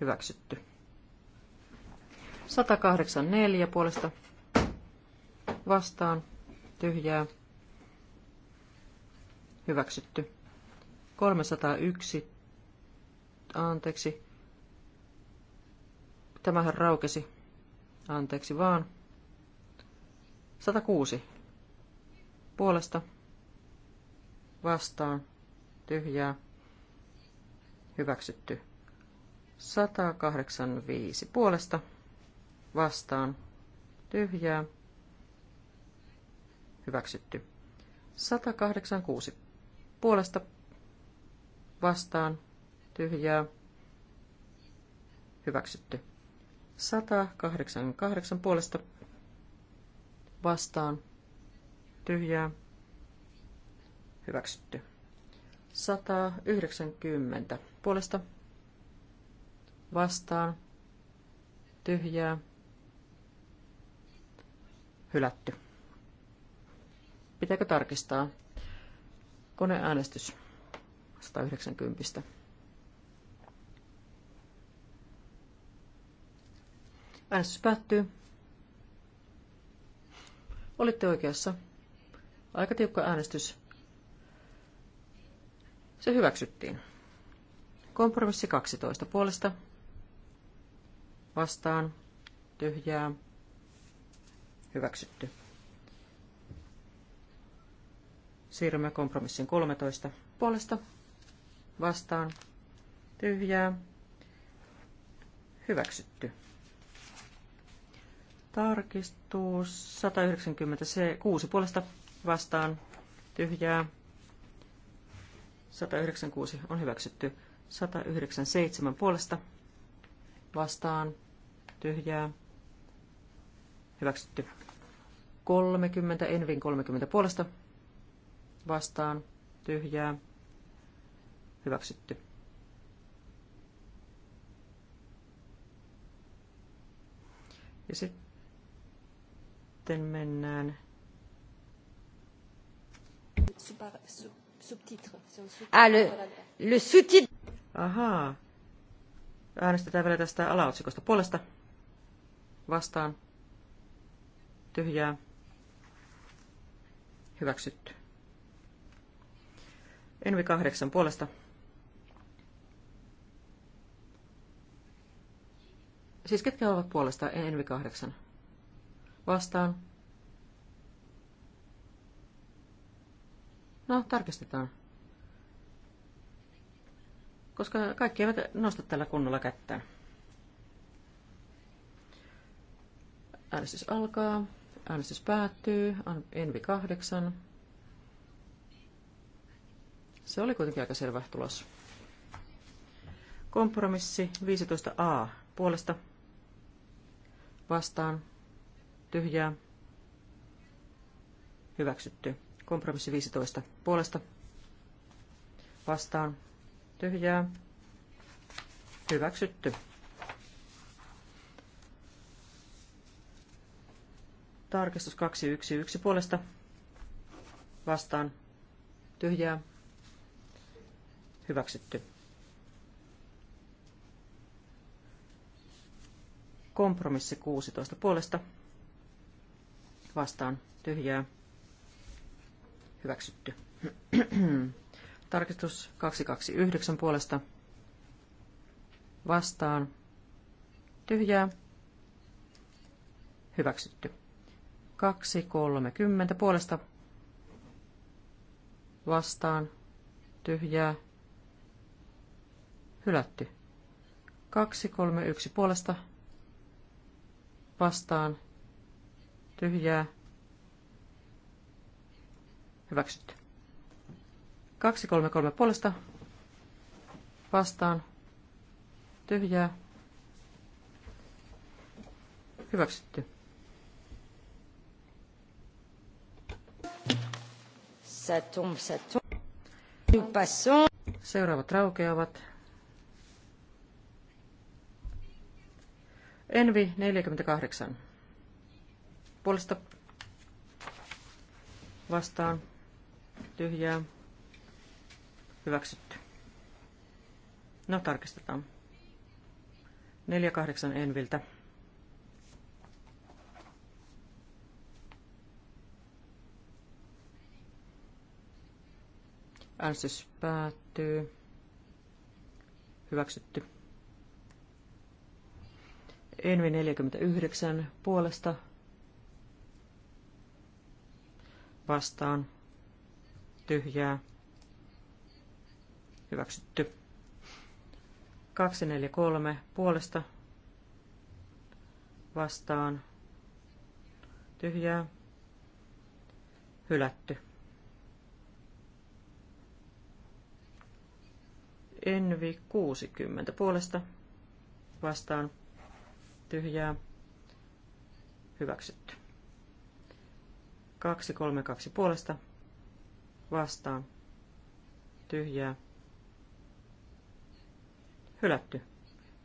A: Hyväksytty. 184 puolesta vastaan tyhjää, hyväksytty. 301, anteeksi, tämähän raukesi, anteeksi vaan. 106, puolesta, vastaan, tyhjää, hyväksytty. 185, puolesta, vastaan, tyhjää, Hyväksytty. 186. Puolesta vastaan tyhjää. Hyväksytty. 188 puolesta vastaan tyhjää. Hyväksytty. 190 puolesta vastaan tyhjää. Hylätty. Pitääkö tarkistaa? Koneäänestys 190. Äänestys päättyy. Olitte oikeassa. Aika tiukka äänestys. Se hyväksyttiin. Kompromissi 12 puolesta. Vastaan. Tyhjää. Hyväksytty. Siirrymme kompromissin 13 puolesta vastaan tyhjää hyväksytty. Tarkistus 196 puolesta vastaan tyhjää. 196 on hyväksytty. 197 puolesta vastaan tyhjää. Hyväksytty. 30, Envin 30 puolesta vastaan tyhjää hyväksytty. Ja sitten mennään Ah, le, le sous-titre. Ahaa. Äänestetään vielä tästä alaotsikosta puolesta. Vastaan. Tyhjää. Hyväksytty. Envi kahdeksan puolesta. Siis ketkä ovat puolesta Envi kahdeksan? Vastaan. No, tarkistetaan. Koska kaikki eivät nosta tällä kunnolla kättään. Äänestys alkaa. Äänestys päättyy. Envi kahdeksan. Se oli kuitenkin aika selvä tulos. Kompromissi 15a puolesta vastaan tyhjää hyväksytty. Kompromissi 15 puolesta vastaan tyhjää hyväksytty. Tarkistus 211 puolesta vastaan tyhjää Hyväksytty. Kompromissi 16 puolesta. Vastaan tyhjää. Hyväksytty. Tarkistus 229 puolesta. Vastaan tyhjää. Hyväksytty. 2.30 puolesta vastaan tyhjää Hylätty. 231 puolesta. Vastaan. Tyhjää. Hyväksytty. 233 puolesta. Vastaan. Tyhjää. Hyväksytty. Satum, satum. Seuraavat raukeavat. Envi 48. Puolesta vastaan tyhjää hyväksytty. No tarkistetaan. 48 Enviltä. Äänestys päättyy. Hyväksytty. Envi 49 puolesta vastaan tyhjää hyväksytty. 243 puolesta vastaan tyhjää hylätty. Envi 60 puolesta vastaan tyhjää, hyväksytty. 2, 3, 2 puolesta, vastaan, tyhjää, hylätty.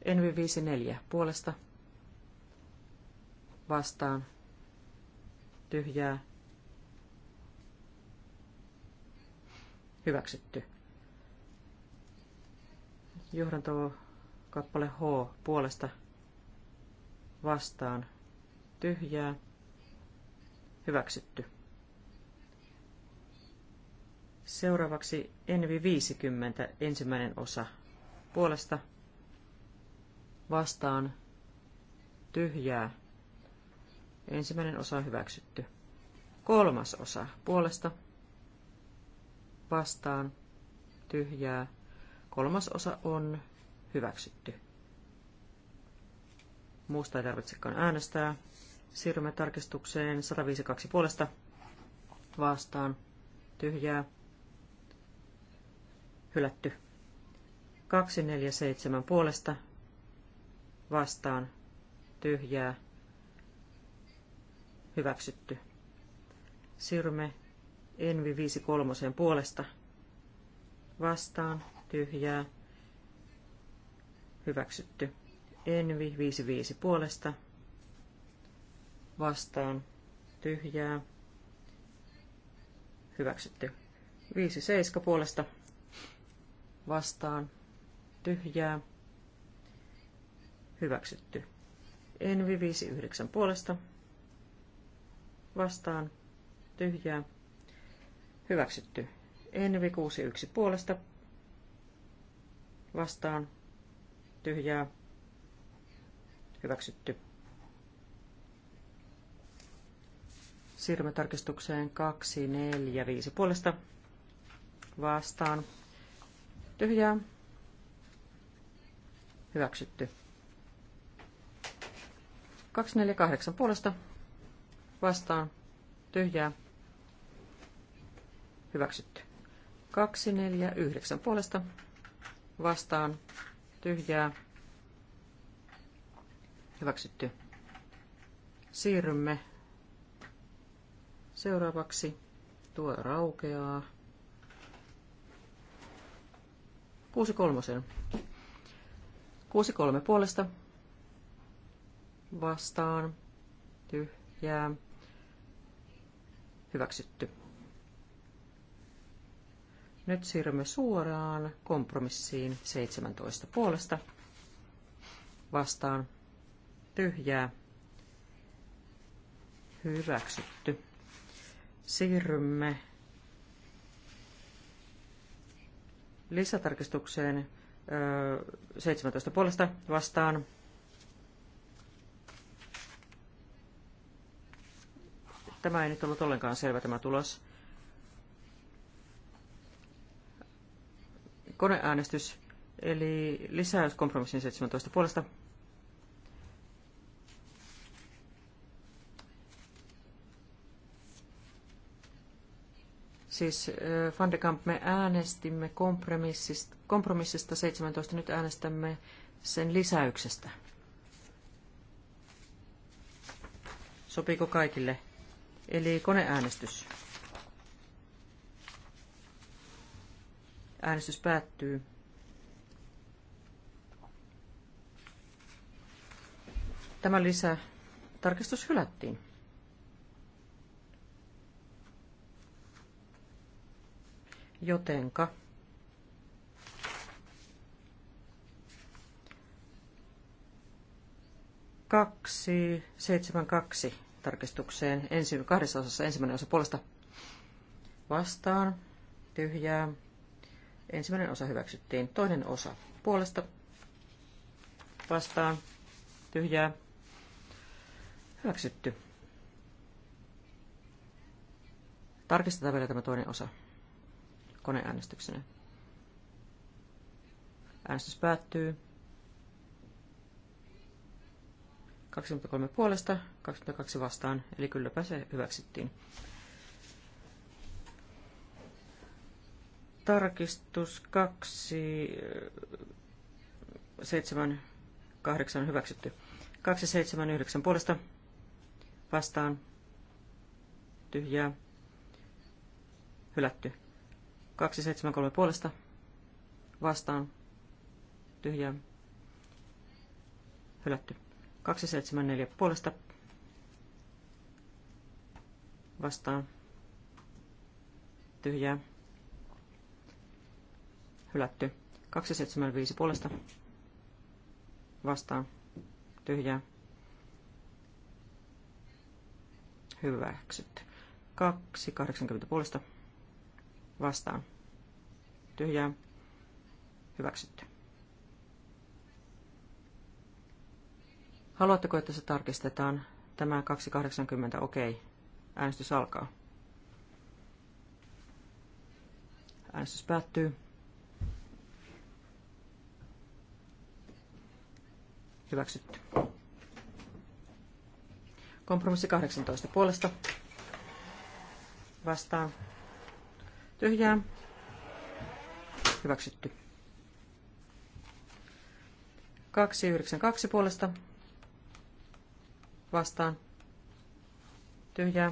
A: Envy 5, 4 puolesta, vastaan, tyhjää, hyväksytty. Johdanto kappale H puolesta vastaan tyhjää hyväksytty. Seuraavaksi Envi 50, ensimmäinen osa. Puolesta vastaan tyhjää. Ensimmäinen osa on hyväksytty. Kolmas osa puolesta vastaan tyhjää. Kolmas osa on hyväksytty. Muusta ei tarvitsekaan äänestää. Siirrymme tarkistukseen 152 puolesta. Vastaan. Tyhjää. Hylätty. 247 puolesta. Vastaan. Tyhjää. Hyväksytty. Siirrymme Envi 53 puolesta. Vastaan. Tyhjää. Hyväksytty. Envi 55 puolesta. Vastaan. Tyhjää. Hyväksytty. 57 puolesta. Vastaan. Tyhjää. Hyväksytty. Envi 59 puolesta. Vastaan. Tyhjää. Hyväksytty. Envi 61 puolesta. Vastaan. Tyhjää Hyväksytty. Siirrymme tarkistukseen 2, 4, 5 puolesta vastaan. Tyhjää. Hyväksytty. 2, 4, 8 puolesta vastaan. Tyhjää. Hyväksytty. 2, 4, 9 puolesta vastaan. Tyhjää. Hyväksytty. Siirrymme seuraavaksi. Tuo raukeaa. Kuusi kolmosen. Kuusi kolme puolesta. Vastaan. Tyhjää. Hyväksytty. Nyt siirrymme suoraan kompromissiin 17 puolesta vastaan tyhjää hyväksytty. Siirrymme lisätarkistukseen 17 puolesta vastaan. Tämä ei nyt ollut ollenkaan selvä tämä tulos. Koneäänestys, eli lisäys kompromissin 17 puolesta Siis äh, Van de Kamp, me äänestimme kompromissista, kompromissista 17, nyt äänestämme sen lisäyksestä. Sopiiko kaikille? Eli koneäänestys. Äänestys päättyy. Tämä lisä tarkistus hylättiin. jotenka kaksi, seitsemän kaksi tarkistukseen ensi, kahdessa osassa ensimmäinen osa puolesta vastaan, tyhjää. Ensimmäinen osa hyväksyttiin, toinen osa puolesta vastaan, tyhjää, hyväksytty. Tarkistetaan vielä tämä toinen osa koneäänestyksenä. Äänestys päättyy. 23 puolesta, 22 vastaan, eli kylläpä se hyväksyttiin. Tarkistus 2, 7, 8 hyväksytty. 2, 7, 9 puolesta, vastaan, tyhjää, hylätty. 273 puolesta vastaan tyhjää hylätty. 274 puolesta vastaan tyhjää hylätty. 275 puolesta vastaan tyhjää hyväksytty. 280 puolesta vastaan tyhjää hyväksytty. Haluatteko, että se tarkistetaan? Tämä 280, okei. Äänestys alkaa. Äänestys päättyy. Hyväksytty. Kompromissi 18 puolesta. Vastaan Tyhjää. Hyväksytty. 292 puolesta. Vastaan. Tyhjää.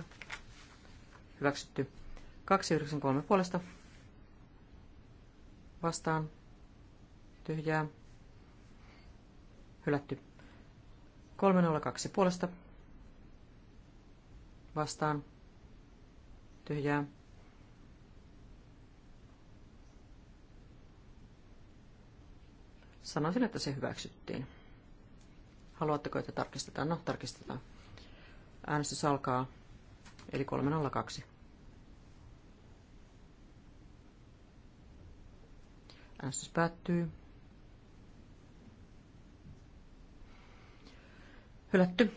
A: Hyväksytty. 293 puolesta. Vastaan. Tyhjää. Hylätty. 302 puolesta. Vastaan. Tyhjää. Sanoisin, että se hyväksyttiin. Haluatteko, että tarkistetaan? No, tarkistetaan. Äänestys alkaa, eli 302. Äänestys päättyy. Hylätty.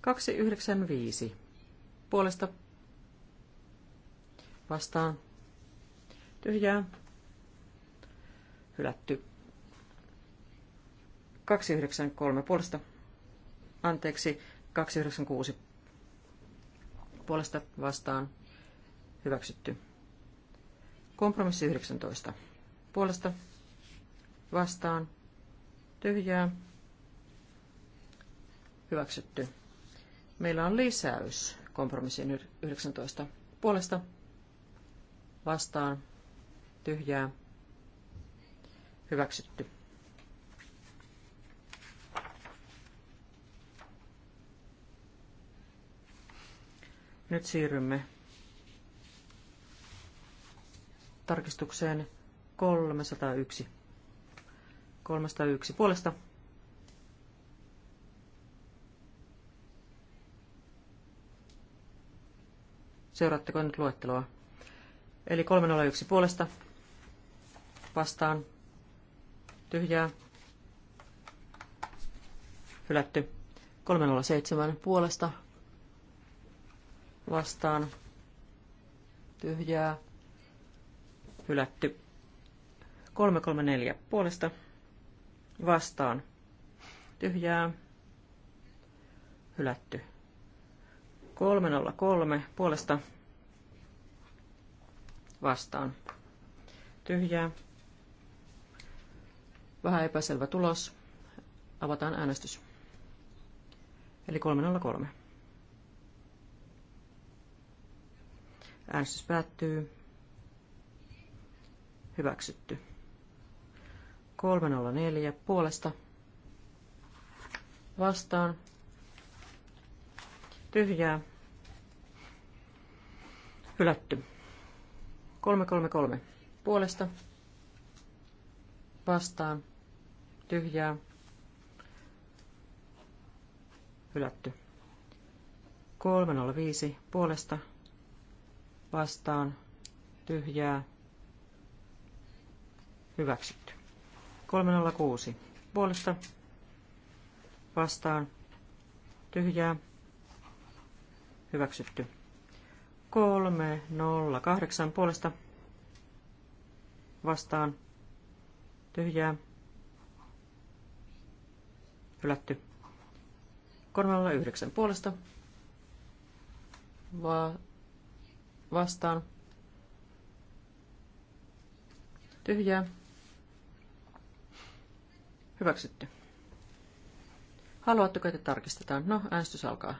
A: 295. Puolesta vastaan. Tyhjää hylätty. 293 puolesta, anteeksi, 296 puolesta vastaan hyväksytty. Kompromissi 19 puolesta vastaan tyhjää hyväksytty. Meillä on lisäys kompromissiin 19 puolesta vastaan tyhjää Hyväksytty. Nyt siirrymme tarkistukseen 301. 301 puolesta. Seuraatteko nyt luetteloa? Eli 301 puolesta vastaan tyhjää, hylätty. 307 puolesta vastaan, tyhjää, hylätty. 334 puolesta vastaan, tyhjää, hylätty. 303 puolesta vastaan. Tyhjää, Vähän epäselvä tulos. Avataan äänestys. Eli 303. Äänestys päättyy. Hyväksytty. 304 puolesta. Vastaan. Tyhjää. Hylätty. 333 puolesta. Vastaan tyhjää, hylätty. 305 puolesta vastaan tyhjää hyväksytty. 306 puolesta vastaan tyhjää hyväksytty. 308 puolesta vastaan tyhjää hylätty. 309 puolesta Va- vastaan. Tyhjää. Hyväksytty. Haluatteko, että tarkistetaan? No, äänestys alkaa.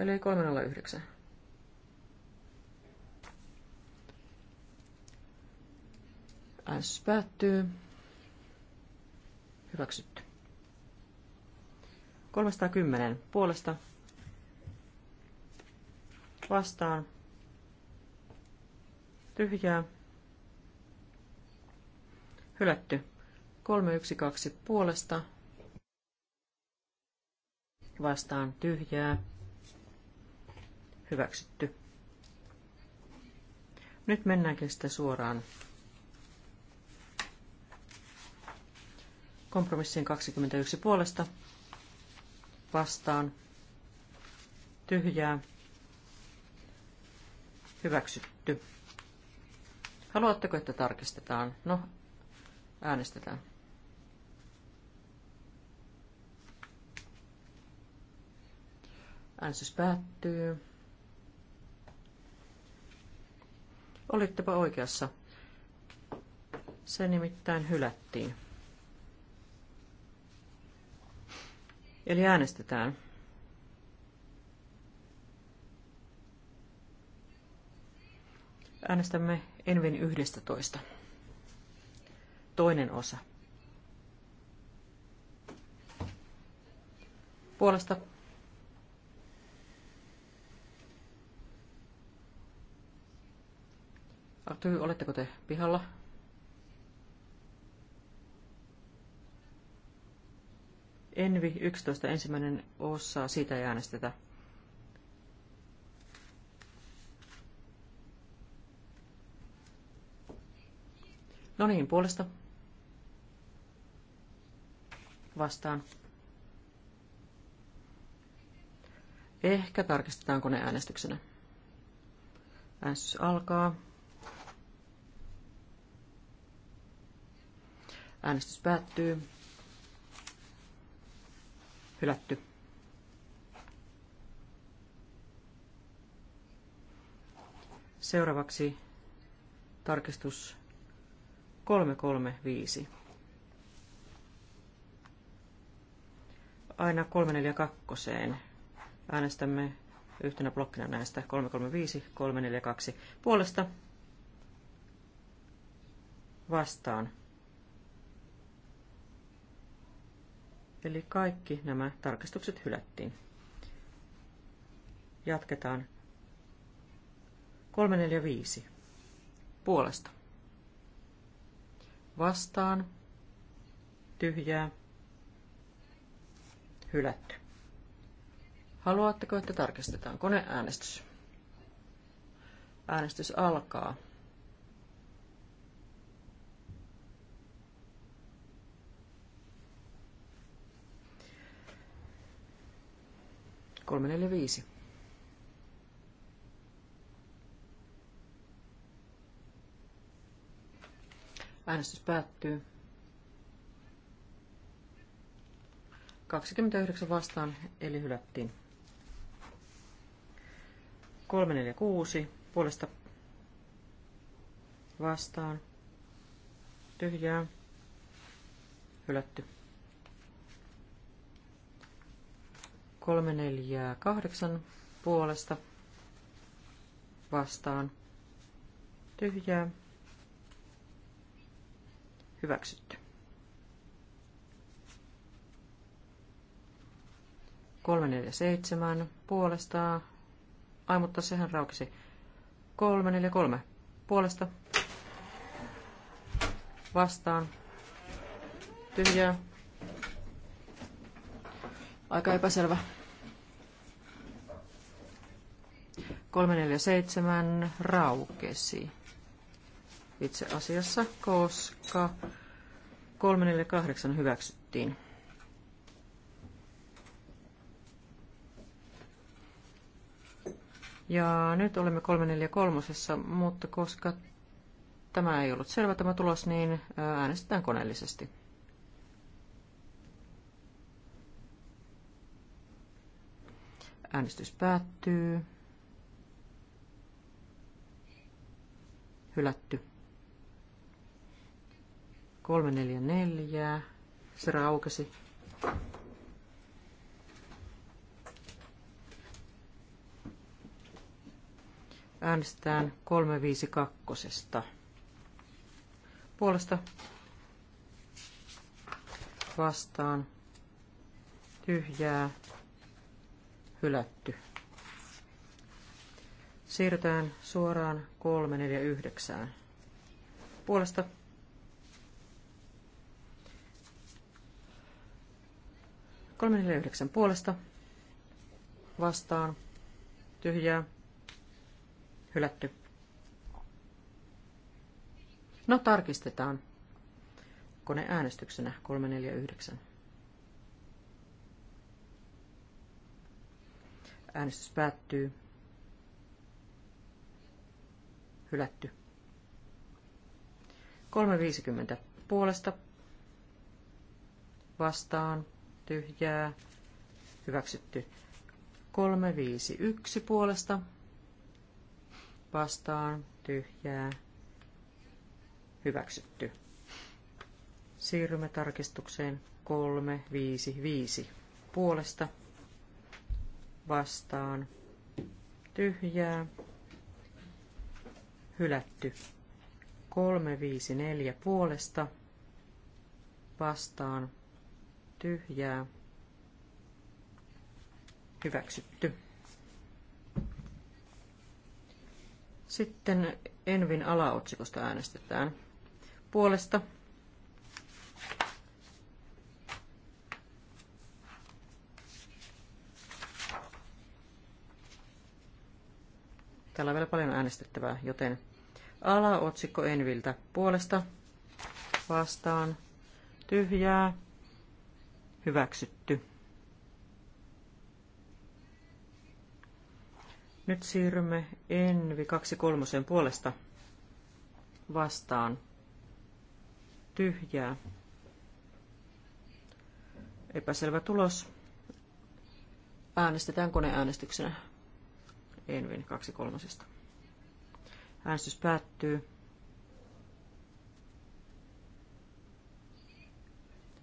A: Eli 309. Äänestys päättyy. Hyväksytty. 310 puolesta vastaan tyhjää hylätty 312 puolesta vastaan tyhjää hyväksytty. Nyt mennäänkin sitä suoraan kompromissiin 21 puolesta vastaan tyhjää hyväksytty. Haluatteko, että tarkistetaan? No, äänestetään. Äänestys päättyy. Olittepa oikeassa. Se nimittäin hylättiin. Eli äänestetään. Äänestämme Envin 11. Toinen osa. Puolesta Arty, oletteko te pihalla? Envi 11 ensimmäinen osa, siitä ei äänestetä. No niin, puolesta. Vastaan. Ehkä tarkistetaan koneäänestyksenä. S alkaa. Äänestys päättyy hylätty. Seuraavaksi tarkistus 335. Aina 342 äänestämme yhtenä blokkina näistä 335, 342 puolesta vastaan Eli kaikki nämä tarkistukset hylättiin. Jatketaan. 345. Puolesta. Vastaan. Tyhjää. Hylätty. Haluatteko, että tarkistetaan koneäänestys? Äänestys alkaa. 345. Äänestys päättyy. 29 vastaan, eli hylättiin. 346 puolesta vastaan. Tyhjää. Hylätty. Kolme, kahdeksan puolesta vastaan. Tyhjää. Hyväksytty. Kolme, neljä, seitsemän puolesta. Ai, mutta sehän raukesi. Kolme, neljä, kolme puolesta vastaan. Tyhjää. Aika epäselvä. 347 raukesi itse asiassa, koska 348 hyväksyttiin. Ja nyt olemme 343, mutta koska tämä ei ollut selvä tämä tulos, niin äänestetään koneellisesti. Äänestys päättyy. hylätty. 344, se raukesi. Äänestetään 352. Puolesta vastaan tyhjää hylätty. Siirrytään suoraan 349 puolesta. Kolme neljä yhdeksän puolesta. Vastaan. Tyhjää. Hylätty. No tarkistetaan. Koneäänestyksenä 349. Äänestys päättyy. Hylätty. 350 puolesta. Vastaan. Tyhjää. Hyväksytty. 351 puolesta. Vastaan. Tyhjää. Hyväksytty. Siirrymme tarkistukseen 355 puolesta vastaan tyhjää hylätty. 354 puolesta vastaan tyhjää hyväksytty. Sitten Envin alaotsikosta äänestetään. Puolesta Täällä on vielä paljon äänestettävää, joten alaotsikko Enviltä puolesta vastaan tyhjää hyväksytty. Nyt siirrymme Envi 23 puolesta vastaan tyhjää. Epäselvä tulos. Äänestetään koneäänestyksenä. Envin 23. Äänestys päättyy.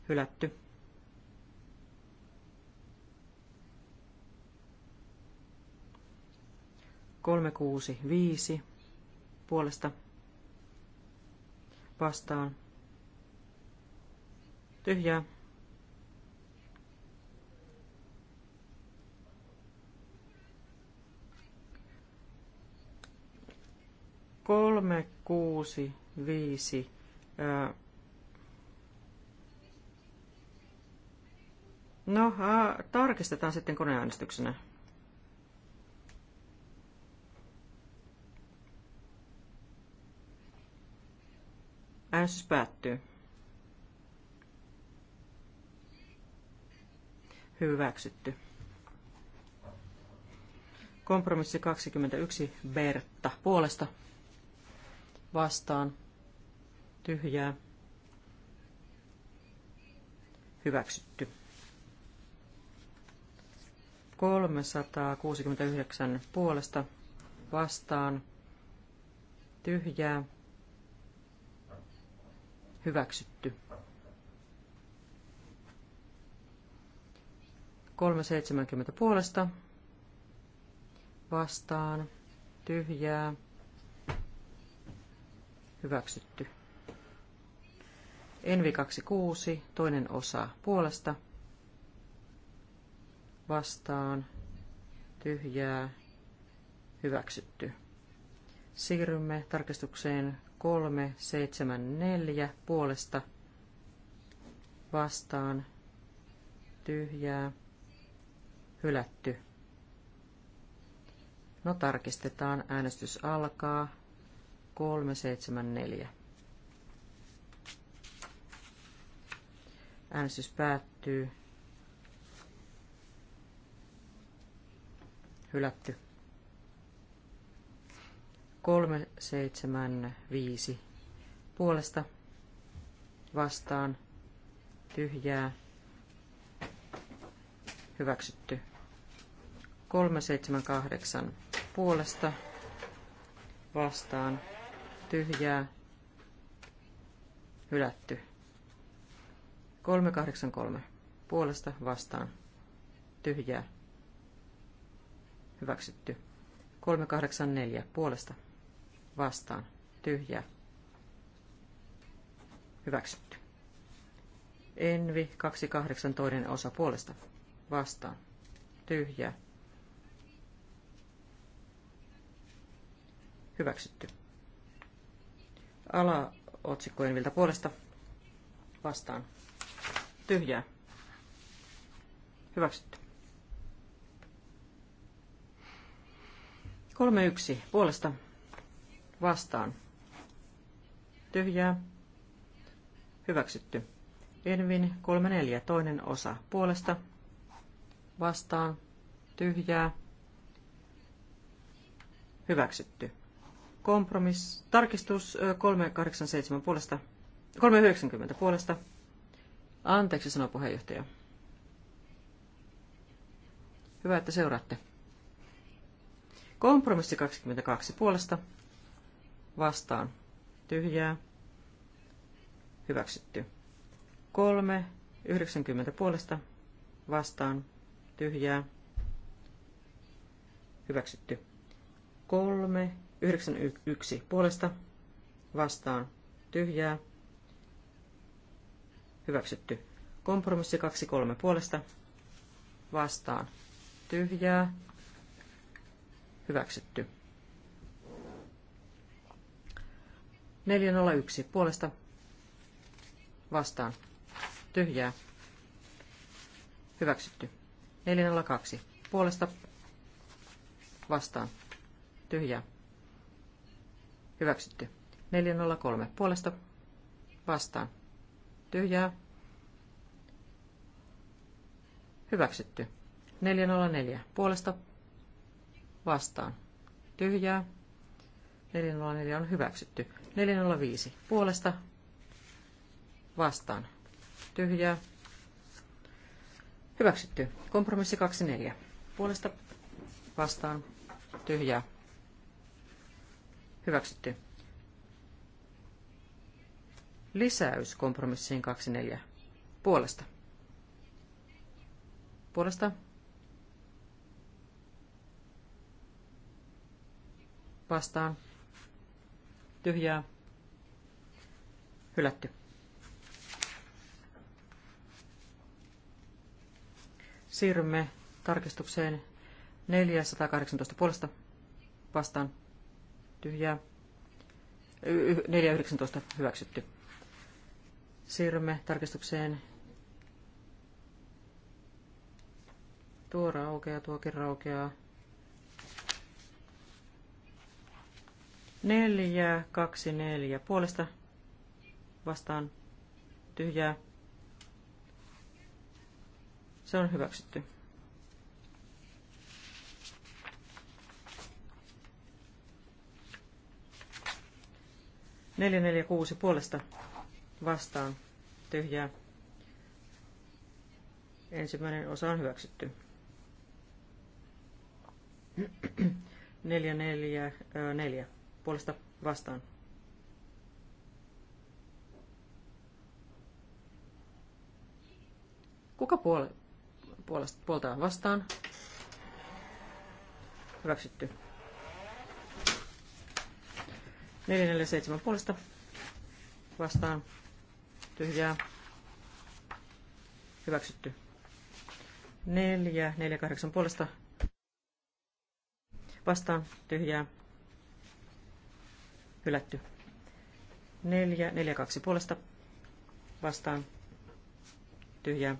A: Hylätty. Kolme kuusi viisi puolesta vastaan. Tyhjää. Kolme, kuusi, viisi. No, tarkistetaan sitten koneäänestyksenä. Äänestys päättyy. Hyväksytty. Kompromissi 21 Bertta puolesta vastaan tyhjää hyväksytty. 369 puolesta vastaan tyhjää hyväksytty. 370 puolesta vastaan tyhjää Hyväksytty. Envi 26, toinen osa puolesta. Vastaan. Tyhjää. Hyväksytty. Siirrymme tarkistukseen 374 puolesta. Vastaan. Tyhjää. Hylätty. No tarkistetaan. Äänestys alkaa. 374. Äänestys päättyy. Hylätty. 375 puolesta vastaan tyhjää hyväksytty 378 puolesta vastaan tyhjää, hylätty. 383 puolesta vastaan, tyhjää, hyväksytty. 384 puolesta vastaan, tyhjää, hyväksytty. Envi 28 toinen osa puolesta vastaan, tyhjää, hyväksytty. Alaotsikkojen viltä puolesta vastaan. Tyhjää. Hyväksytty. 3.1. puolesta vastaan. Tyhjää. Hyväksytty. Envin 3.4. toinen osa puolesta vastaan. Tyhjää. Hyväksytty kompromiss, tarkistus 387 puolesta, 390 puolesta. Anteeksi, sanoi puheenjohtaja. Hyvä, että seuraatte. Kompromissi 22 puolesta. Vastaan. Tyhjää. Hyväksytty. 3, 90 puolesta. Vastaan. Tyhjää. Hyväksytty. 3, 91 puolesta vastaan tyhjää. Hyväksytty. Kompromissi 23 puolesta vastaan tyhjää. Hyväksytty. 401 puolesta vastaan tyhjää. Hyväksytty. 402 puolesta vastaan tyhjää Hyväksytty. 403 puolesta vastaan. Tyhjää. Hyväksytty. 404 puolesta vastaan. Tyhjää. 404 on hyväksytty. 405 puolesta vastaan. Tyhjää. Hyväksytty. Kompromissi 24. Puolesta vastaan. Tyhjää. Hyväksytty. Lisäys kompromissiin 24. Puolesta. Puolesta. Vastaan. Tyhjää. Hylätty. Siirrymme tarkistukseen 418 puolesta vastaan tyhjää. 4.19 hyväksytty. Siirrymme tarkistukseen. Tuo raukeaa, tuokin raukeaa. 4, 2, 4. Puolesta vastaan tyhjää. Se on hyväksytty. 446 puolesta vastaan tyhjää. Ensimmäinen osa on hyväksytty. 444 puolesta vastaan Kuka puol- puolesta, puoltaan vastaan? Hyväksytty. 447 puolesta vastaan tyhjää hyväksytty. 448 puolesta vastaan tyhjää hylätty. 442 puolesta vastaan tyhjää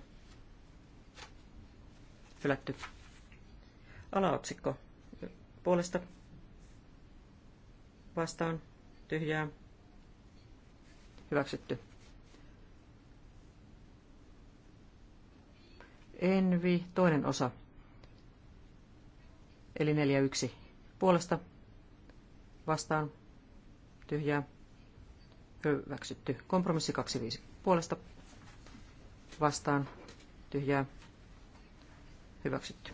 A: hylätty. Alaotsikko puolesta vastaan tyhjää, hyväksytty. Envi, toinen osa, eli 4-1, puolesta, vastaan, tyhjää, hyväksytty. Kompromissi 2-5, puolesta, vastaan, tyhjää, hyväksytty.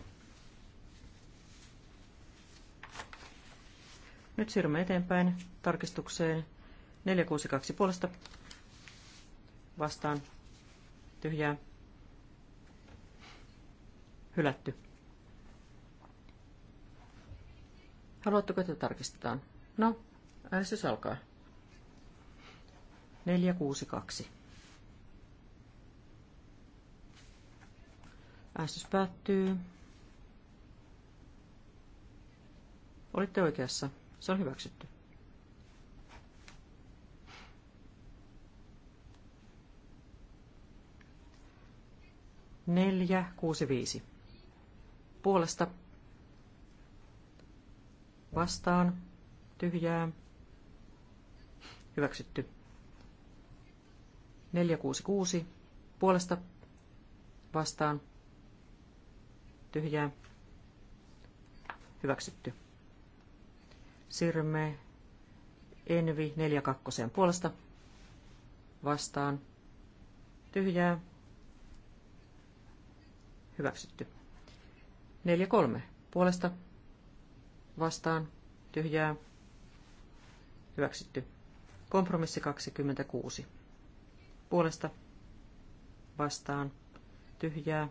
A: Nyt siirrymme eteenpäin tarkistukseen 462 puolesta vastaan tyhjää hylätty. Haluatteko, että tarkistetaan? No, äänestys alkaa. 462. Äänestys päättyy. Olitte oikeassa. Se on hyväksytty. Neljä, kuusi, viisi. Puolesta vastaan tyhjää. Hyväksytty. Neljä kuusi kuusi. Puolesta vastaan. Tyhjää. Hyväksytty. Siirrymme Envi 42 puolesta vastaan. Tyhjää. Hyväksytty. 43 puolesta vastaan. Tyhjää. Hyväksytty. Kompromissi 26. Puolesta vastaan. Tyhjää.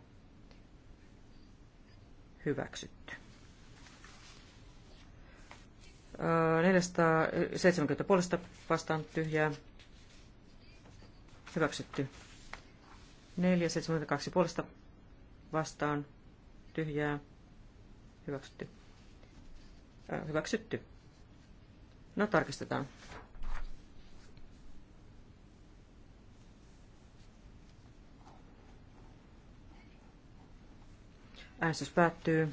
A: Hyväksytty. 470 puolesta vastaan tyhjää. Hyväksytty. 472 puolesta vastaan tyhjää. Hyväksytty. Äh, hyväksytty. No tarkistetaan. Äänestys päättyy.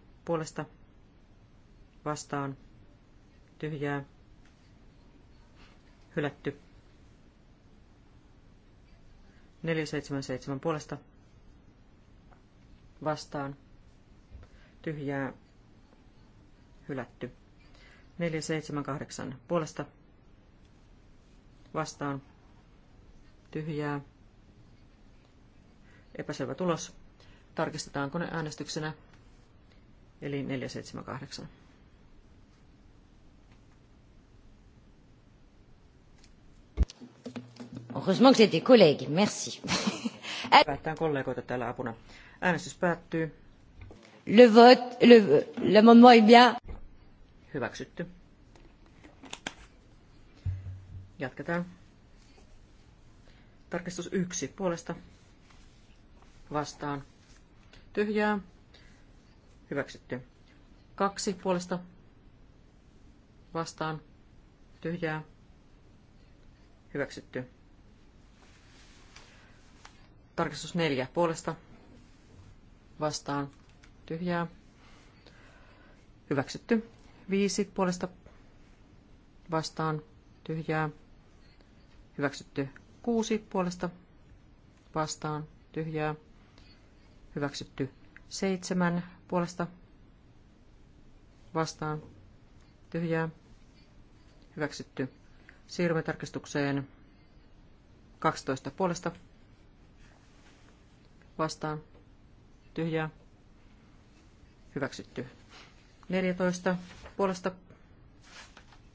A: puolesta vastaan tyhjää hylätty. 477 puolesta vastaan tyhjää hylätty. 478 puolesta vastaan tyhjää epäselvä tulos. Tarkistetaan koneäänestyksenä eli 478. Heureusement que j'ai des collègues, merci. Päättään kollegoita täällä apuna. Äänestys päättyy. Le vote, le, l'amendement est bien. Hyväksytty. Jatketaan. Tarkistus yksi puolesta. Vastaan. Tyhjää. Hyväksytty. Kaksi puolesta vastaan. Tyhjää. Hyväksytty. Tarkistus neljä puolesta vastaan. Tyhjää. Hyväksytty. Viisi puolesta vastaan. Tyhjää. Hyväksytty. Kuusi puolesta vastaan. Tyhjää. Hyväksytty. Seitsemän puolesta vastaan tyhjää hyväksytty. Siirrymme tarkistukseen 12 puolesta vastaan tyhjää hyväksytty. 14 puolesta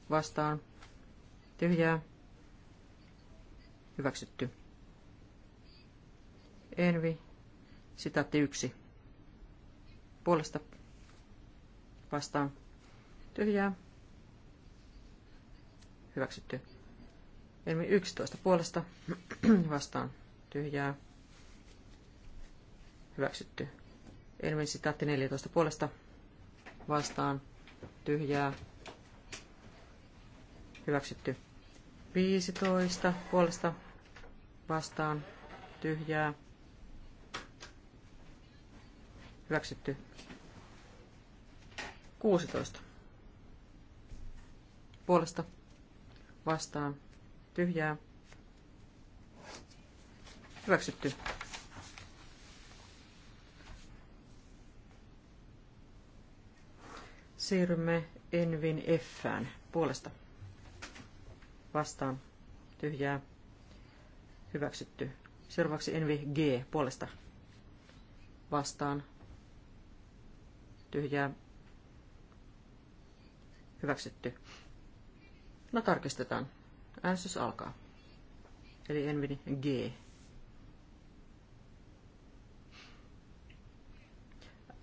A: vastaan tyhjää hyväksytty. Envi, sitaatti yksi puolesta vastaan tyhjää. Hyväksytty. Elmi 11 puolesta vastaan tyhjää. Hyväksytty. Elmi sitaatti 14 puolesta vastaan tyhjää. Hyväksytty. 15 puolesta vastaan tyhjää. Hyväksytty. 16. Puolesta. Vastaan. Tyhjää. Hyväksytty. Siirrymme Envin Fään puolesta. Vastaan. Tyhjää. Hyväksytty. Seuraavaksi Envi G puolesta. Vastaan ja hyväksytty. No tarkistetaan. Äänestys alkaa. Eli Envini G.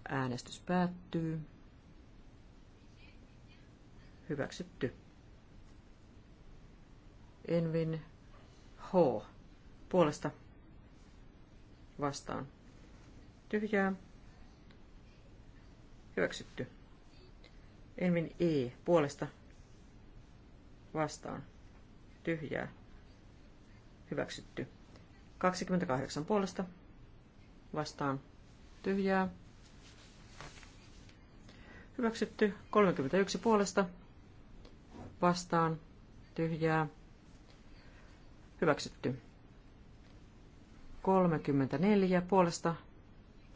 A: Äänestys päättyy. Hyväksytty. Envin H. Puolesta vastaan. Tyhjää. Hyväksytty. Envin E puolesta vastaan. Tyhjää. Hyväksytty. 28 puolesta vastaan. Tyhjää. Hyväksytty. 31 puolesta vastaan. Tyhjää. Hyväksytty. 34 puolesta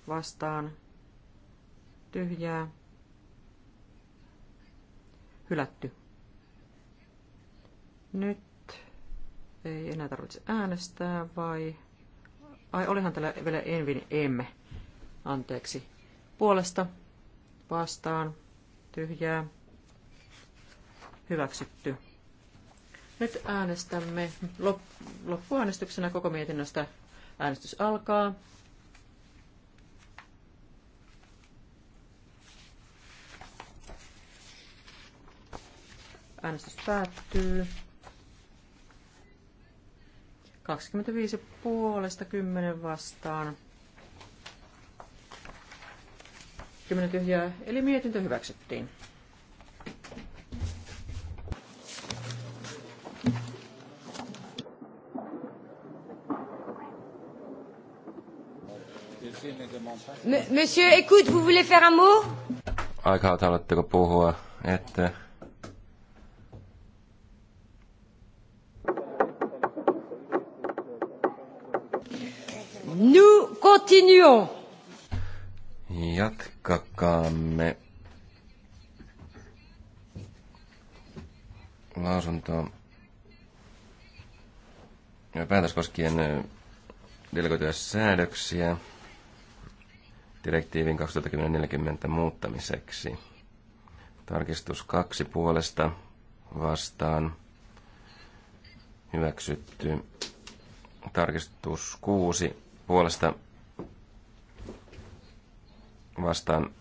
A: vastaan tyhjää, hylätty. Nyt ei enää tarvitse äänestää, vai... Ai, olihan täällä vielä Envin emme. Anteeksi. Puolesta, vastaan, tyhjää, hyväksytty. Nyt äänestämme loppuäänestyksenä koko mietinnöstä. Äänestys alkaa. Äänestys päättyy. 25 puolesta 10 vastaan. 10 tyhjää, eli mietintö hyväksyttiin.
B: Monsieur, écoute, vous voulez faire un mot? Aikaa, haluatteko puhua? Että
A: Continuons.
B: Jatkakaamme lausuntoa päätös koskien delegoituja säädöksiä direktiivin 2040 muuttamiseksi. Tarkistus kaksi puolesta vastaan hyväksytty. Tarkistus kuusi puolesta vastaan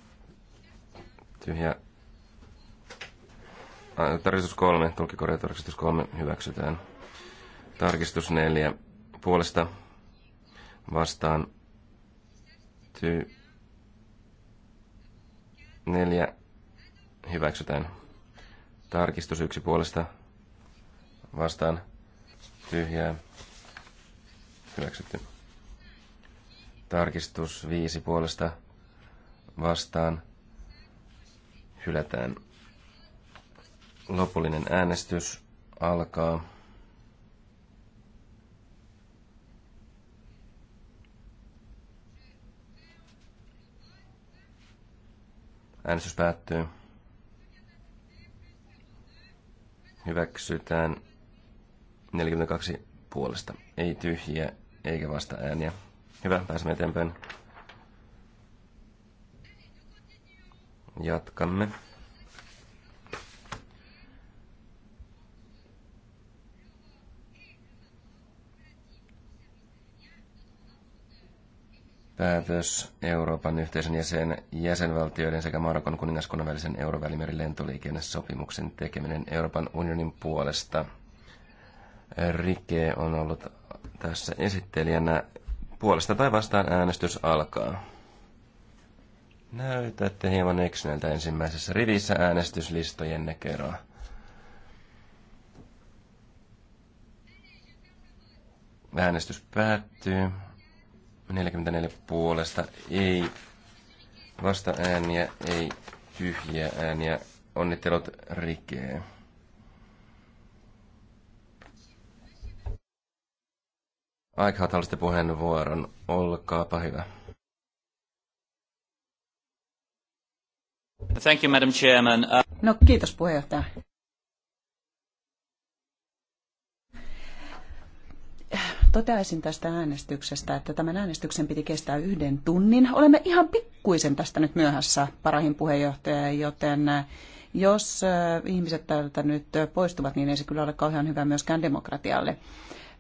B: tyhjä. Tarkistus 3, tulkikorja tarkistus 3 hyväksytään. Tarkistus 4 puolesta vastaan ty 4 hyväksytään. Tarkistus 1 puolesta vastaan tyhjää hyväksytty. Tarkistus 5 puolesta vastaan vastaan hylätään. Lopullinen äänestys alkaa. Äänestys päättyy. Hyväksytään 42 puolesta. Ei tyhjiä eikä vasta ääniä. Hyvä, pääsemme eteenpäin. Jatkamme. päätös Euroopan yhteisön jäsen, jäsenvaltioiden sekä Marokon kuningaskunnan välisen Eurovälimeri lentoliikennesopimuksen tekeminen Euroopan unionin puolesta. Rike on ollut tässä esittelijänä. Puolesta tai vastaan äänestys alkaa. Näytätte hieman eksyneeltä ensimmäisessä rivissä äänestyslistojenne kerran. Äänestys päättyy. 44 puolesta ei vasta ääniä, ei tyhjiä ääniä. Onnittelut rikee. Aika haluaisitte puheenvuoron. Olkaapa hyvä. Thank you, Madam Chairman. Uh,
C: no kiitos puheenjohtaja. toteaisin tästä äänestyksestä, että tämän äänestyksen piti kestää yhden tunnin. Olemme ihan pikkuisen tästä nyt myöhässä, parahin puheenjohtaja, joten äh, jos äh, ihmiset täältä nyt poistuvat, niin ei se kyllä ole kauhean hyvä myöskään demokratialle.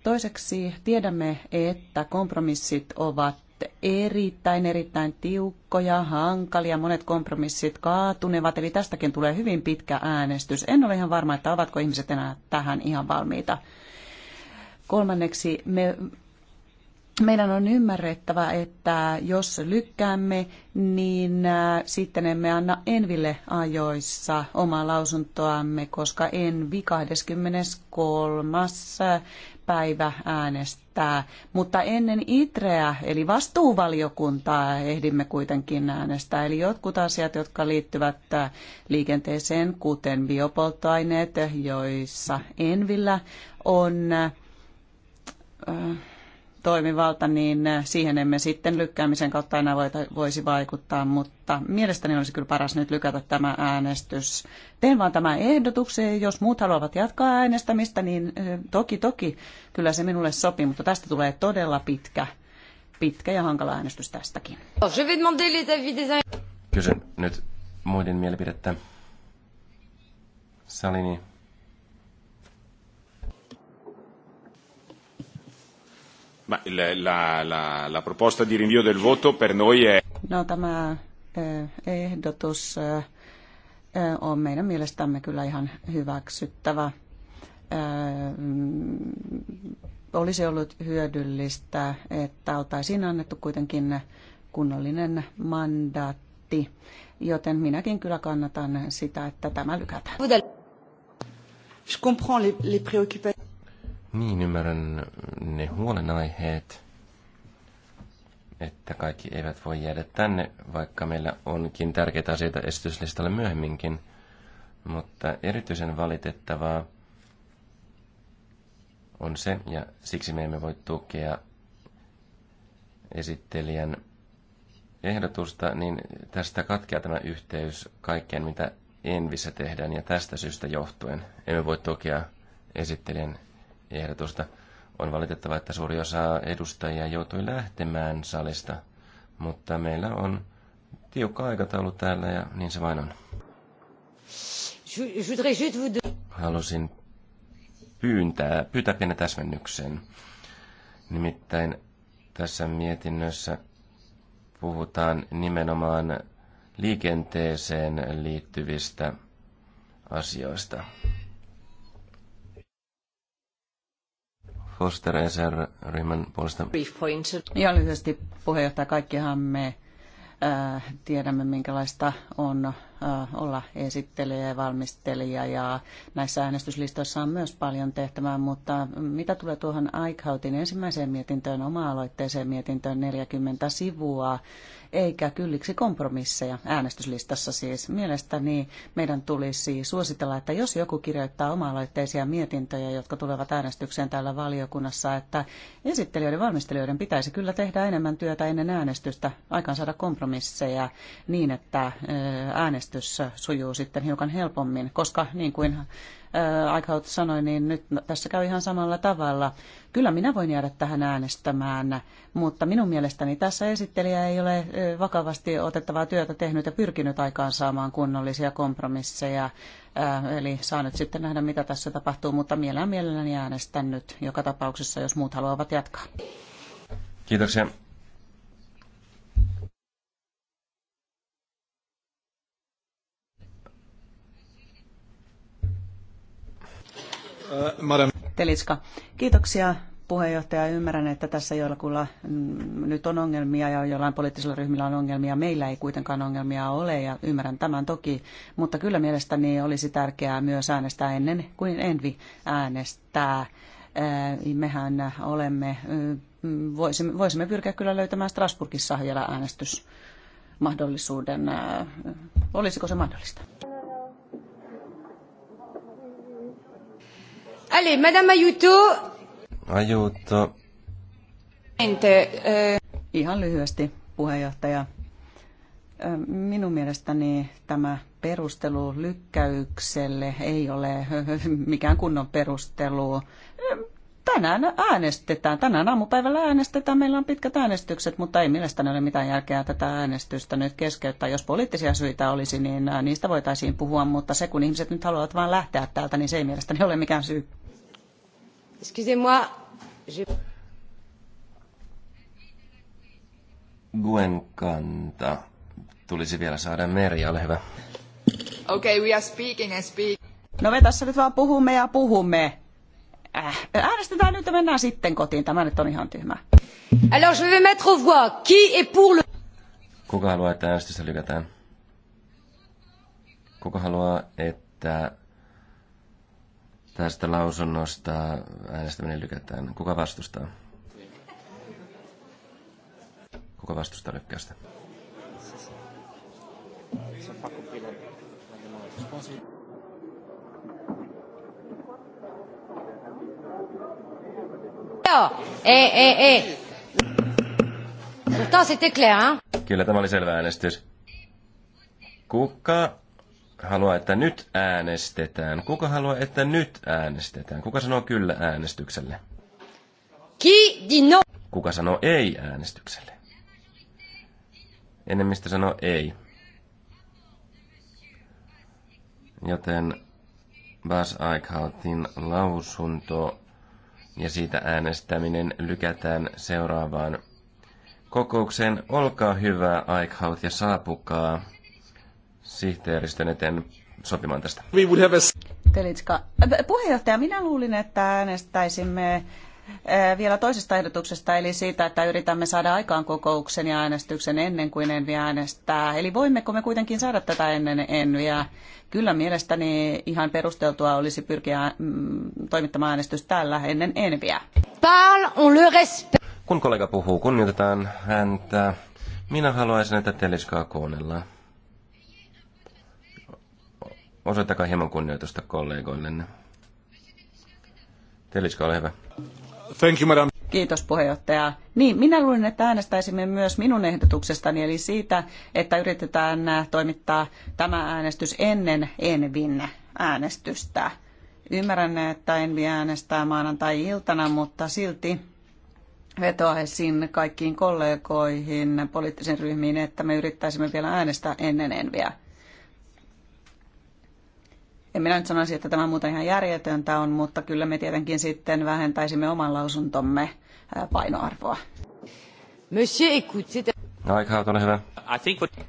C: Toiseksi tiedämme, että kompromissit ovat erittäin, erittäin tiukkoja, hankalia, monet kompromissit kaatunevat, eli tästäkin tulee hyvin pitkä äänestys. En ole ihan varma, että ovatko ihmiset enää tähän ihan valmiita. Kolmanneksi me meidän on ymmärrettävä, että jos lykkäämme, niin äh, sitten emme anna Enville ajoissa omaa lausuntoamme, koska Envi 23. Äh, päivä äänestää. Mutta ennen ITREä, eli vastuuvaliokuntaa, ehdimme kuitenkin äänestää. Eli jotkut asiat, jotka liittyvät äh, liikenteeseen, kuten biopolttoaineet, joissa Envillä on... Äh, toimivalta, niin siihen emme sitten lykkäämisen kautta enää voisi vaikuttaa, mutta mielestäni olisi kyllä paras nyt lykätä tämä äänestys. Teen vaan tämän ehdotuksen, jos muut haluavat jatkaa äänestämistä, niin toki toki kyllä se minulle sopii, mutta tästä tulee todella pitkä, pitkä ja hankala äänestys tästäkin.
B: Kysyn nyt muiden mielipidettä. Salini Ma la, la, la proposta di rinvio del voto per noi è...
C: No, tämä eh, ehdotus eh, eh, on meidän mielestämme kyllä ihan hyväksyttävä. Olisi ollut hyödyllistä, että oltaisiin annettu kuitenkin kunnollinen mandaatti, joten minäkin kyllä kannatan sitä, että tämä lykätään. Je comprends les, les
B: niin, ymmärrän ne huolenaiheet, että kaikki eivät voi jäädä tänne, vaikka meillä onkin tärkeitä asioita esityslistalle myöhemminkin. Mutta erityisen valitettavaa on se, ja siksi me emme voi tukea esittelijän ehdotusta, niin tästä katkeaa tämä yhteys kaikkeen, mitä Envissä tehdään, ja tästä syystä johtuen emme voi tukea esittelijän ehdotusta. On valitettava, että suuri osa edustajia joutui lähtemään salista, mutta meillä on tiukka aikataulu täällä ja niin se vain on. Halusin pyyntää, pyytää pienen täsmennyksen. Nimittäin tässä mietinnössä puhutaan nimenomaan liikenteeseen liittyvistä asioista. Foster ECR-ryhmän puolesta.
C: Ja lyhyesti puheenjohtaja, kaikkihan me äh, tiedämme, minkälaista on äh, olla esittelijä ja valmistelija ja näissä äänestyslistoissa on myös paljon tehtävää, mutta mitä tulee tuohon Aikautin ensimmäiseen mietintöön, oma-aloitteeseen mietintöön 40 sivua, eikä kylliksi kompromisseja äänestyslistassa siis. Mielestäni meidän tulisi suositella, että jos joku kirjoittaa oma-aloitteisia mietintöjä, jotka tulevat äänestykseen täällä valiokunnassa, että esittelijöiden valmistelijoiden pitäisi kyllä tehdä enemmän työtä ennen äänestystä, saada kompromisseja niin, että äänestys sujuu sitten hiukan helpommin, koska niin kuin Aikaut äh, sanoi, niin nyt no, tässä käy ihan samalla tavalla. Kyllä minä voin jäädä tähän äänestämään, mutta minun mielestäni tässä esittelijä ei ole vakavasti otettavaa työtä tehnyt ja pyrkinyt aikaan saamaan kunnollisia kompromisseja. Äh, eli saa nyt sitten nähdä, mitä tässä tapahtuu, mutta mielellään mielelläni äänestän nyt joka tapauksessa, jos muut haluavat jatkaa. Kiitoksia. Äh, madam. Telitska. Kiitoksia puheenjohtaja. Ymmärrän, että tässä jollakulla mm, nyt on ongelmia ja jollain poliittisella ryhmillä on ongelmia. Meillä ei kuitenkaan ongelmia ole ja ymmärrän tämän toki, mutta kyllä mielestäni olisi tärkeää myös äänestää ennen kuin Envi äänestää. Äh, mehän olemme, mm, voisimme, voisimme pyrkiä kyllä löytämään Strasburgissa vielä äänestysmahdollisuuden. Äh, olisiko se mahdollista? Allez, Madame Ajuto.
B: Ajuto.
C: Eh. Ihan lyhyesti, puheenjohtaja. Minun mielestäni tämä perustelu lykkäykselle ei ole mikään kunnon perustelu tänään äänestetään, tänään aamupäivällä äänestetään, meillä on pitkät äänestykset, mutta ei mielestäni ole mitään järkeä tätä äänestystä nyt keskeyttää. Jos poliittisia syitä olisi, niin äh, niistä voitaisiin puhua, mutta se kun ihmiset nyt haluavat vain lähteä täältä, niin se ei mielestäni ole mikään syy. Excusez-moi. Je...
B: Gwen kanta. Tulisi vielä saada Meri, ole hyvä.
C: Okay, we are speaking and speak. No me tässä nyt vaan puhumme ja puhumme. Äh, äänestetään nyt ja mennään sitten kotiin. Tämä nyt on ihan tyhmä. Alors je vais mettre aux voix. Qui est pour le...
B: Kuka haluaa, että äänestystä lykätään? Kuka haluaa, että tästä lausunnosta äänestäminen lykätään? Kuka vastustaa? Kuka vastustaa lykkäystä?
C: Se on
A: Joo, ei, ei, ei. Mutta sitten clair, hein?
B: Kyllä tämä oli selvä äänestys. Kuka haluaa, että nyt äänestetään? Kuka haluaa, että nyt äänestetään? Kuka sanoo kyllä äänestykselle?
A: Ki di no?
B: Kuka sanoo ei äänestykselle? Enemmistö sanoo ei. Joten Bas Eichhautin lausunto ja siitä äänestäminen lykätään seuraavaan kokoukseen. Olkaa hyvä, Aikhaut, ja saapukaa sihteeristön eteen sopimaan tästä.
C: Telitska, äh, puheenjohtaja, minä luulin, että äänestäisimme vielä toisesta ehdotuksesta, eli siitä, että yritämme saada aikaan kokouksen ja äänestyksen ennen kuin Envi äänestää. Eli voimmeko me kuitenkin saada tätä ennen Enviä? Kyllä mielestäni ihan perusteltua olisi pyrkiä mm, toimittamaan äänestys tällä ennen Enviä.
B: Kun kollega puhuu, kunnioitetaan häntä. Minä haluaisin, että teliskaa kuunnellaan. Osoittakaa hieman kunnioitusta kollegoillenne. Teliska, ole hyvä.
A: Thank you, madam.
C: Kiitos puheenjohtaja. Niin, minä luulen, että äänestäisimme myös minun ehdotuksestani, eli siitä, että yritetään äh, toimittaa tämä äänestys ennen Envin äänestystä. Ymmärrän, että Envi äänestää maanantai-iltana, mutta silti vetoaisin kaikkiin kollegoihin, poliittisiin ryhmiin, että me yrittäisimme vielä äänestää ennen Enviä en minä nyt sanoisi, että tämä muuten ihan järjetöntä on, mutta kyllä me tietenkin sitten vähentäisimme oman lausuntomme painoarvoa. Monsieur, écoute,
B: no, Aika, ole hyvä.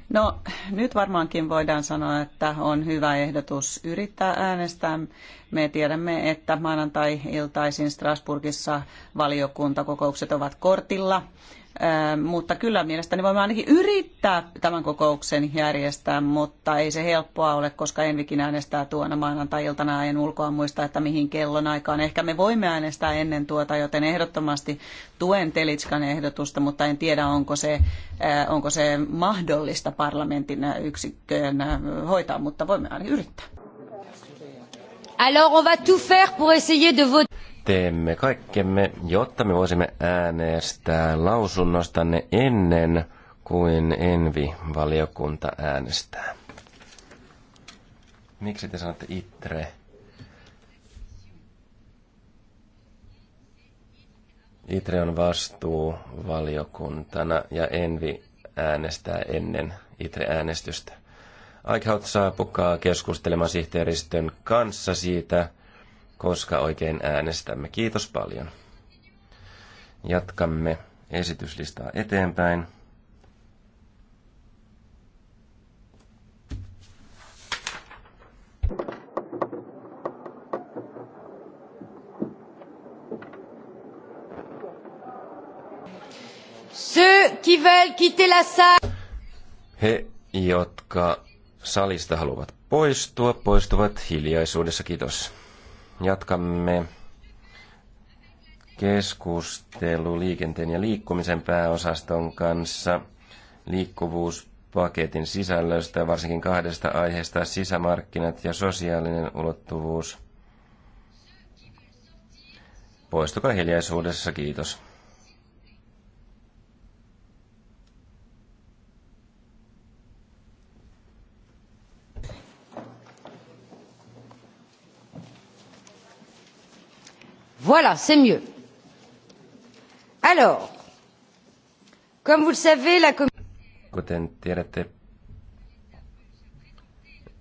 C: No, nyt varmaankin voidaan sanoa, että on hyvä ehdotus yrittää äänestää. Me tiedämme, että maanantai-iltaisin Strasburgissa valiokuntakokoukset ovat kortilla mutta kyllä mielestäni voimme ainakin yrittää tämän kokouksen järjestää, mutta ei se helppoa ole, koska Envikin äänestää tuona maanantai-iltana. En ulkoa muista, että mihin kellon aikaan. Ehkä me voimme äänestää ennen tuota, joten ehdottomasti tuen Telitskan ehdotusta, mutta en tiedä, onko se, onko se mahdollista parlamentin yksikköön hoitaa, mutta voimme ainakin yrittää. Alors on va tout faire pour essayer de voter
B: teemme kaikkemme, jotta me voisimme äänestää lausunnostanne ennen kuin Envi-valiokunta äänestää. Miksi te sanotte itre? Itre on valiokuntana ja Envi äänestää ennen Itre-äänestystä. Aikhaut saa keskustelemaan sihteeristön kanssa siitä, koska oikein äänestämme. Kiitos paljon. Jatkamme esityslistaa eteenpäin. He, jotka salista haluavat poistua, poistuvat hiljaisuudessa. Kiitos. Jatkamme keskustelu liikenteen ja liikkumisen pääosaston kanssa liikkuvuuspaketin sisällöstä, varsinkin kahdesta aiheesta sisämarkkinat ja sosiaalinen ulottuvuus. Poistukaa hiljaisuudessa, kiitos.
A: voilà c'est mieux. comme vous le savez la
B: Kuten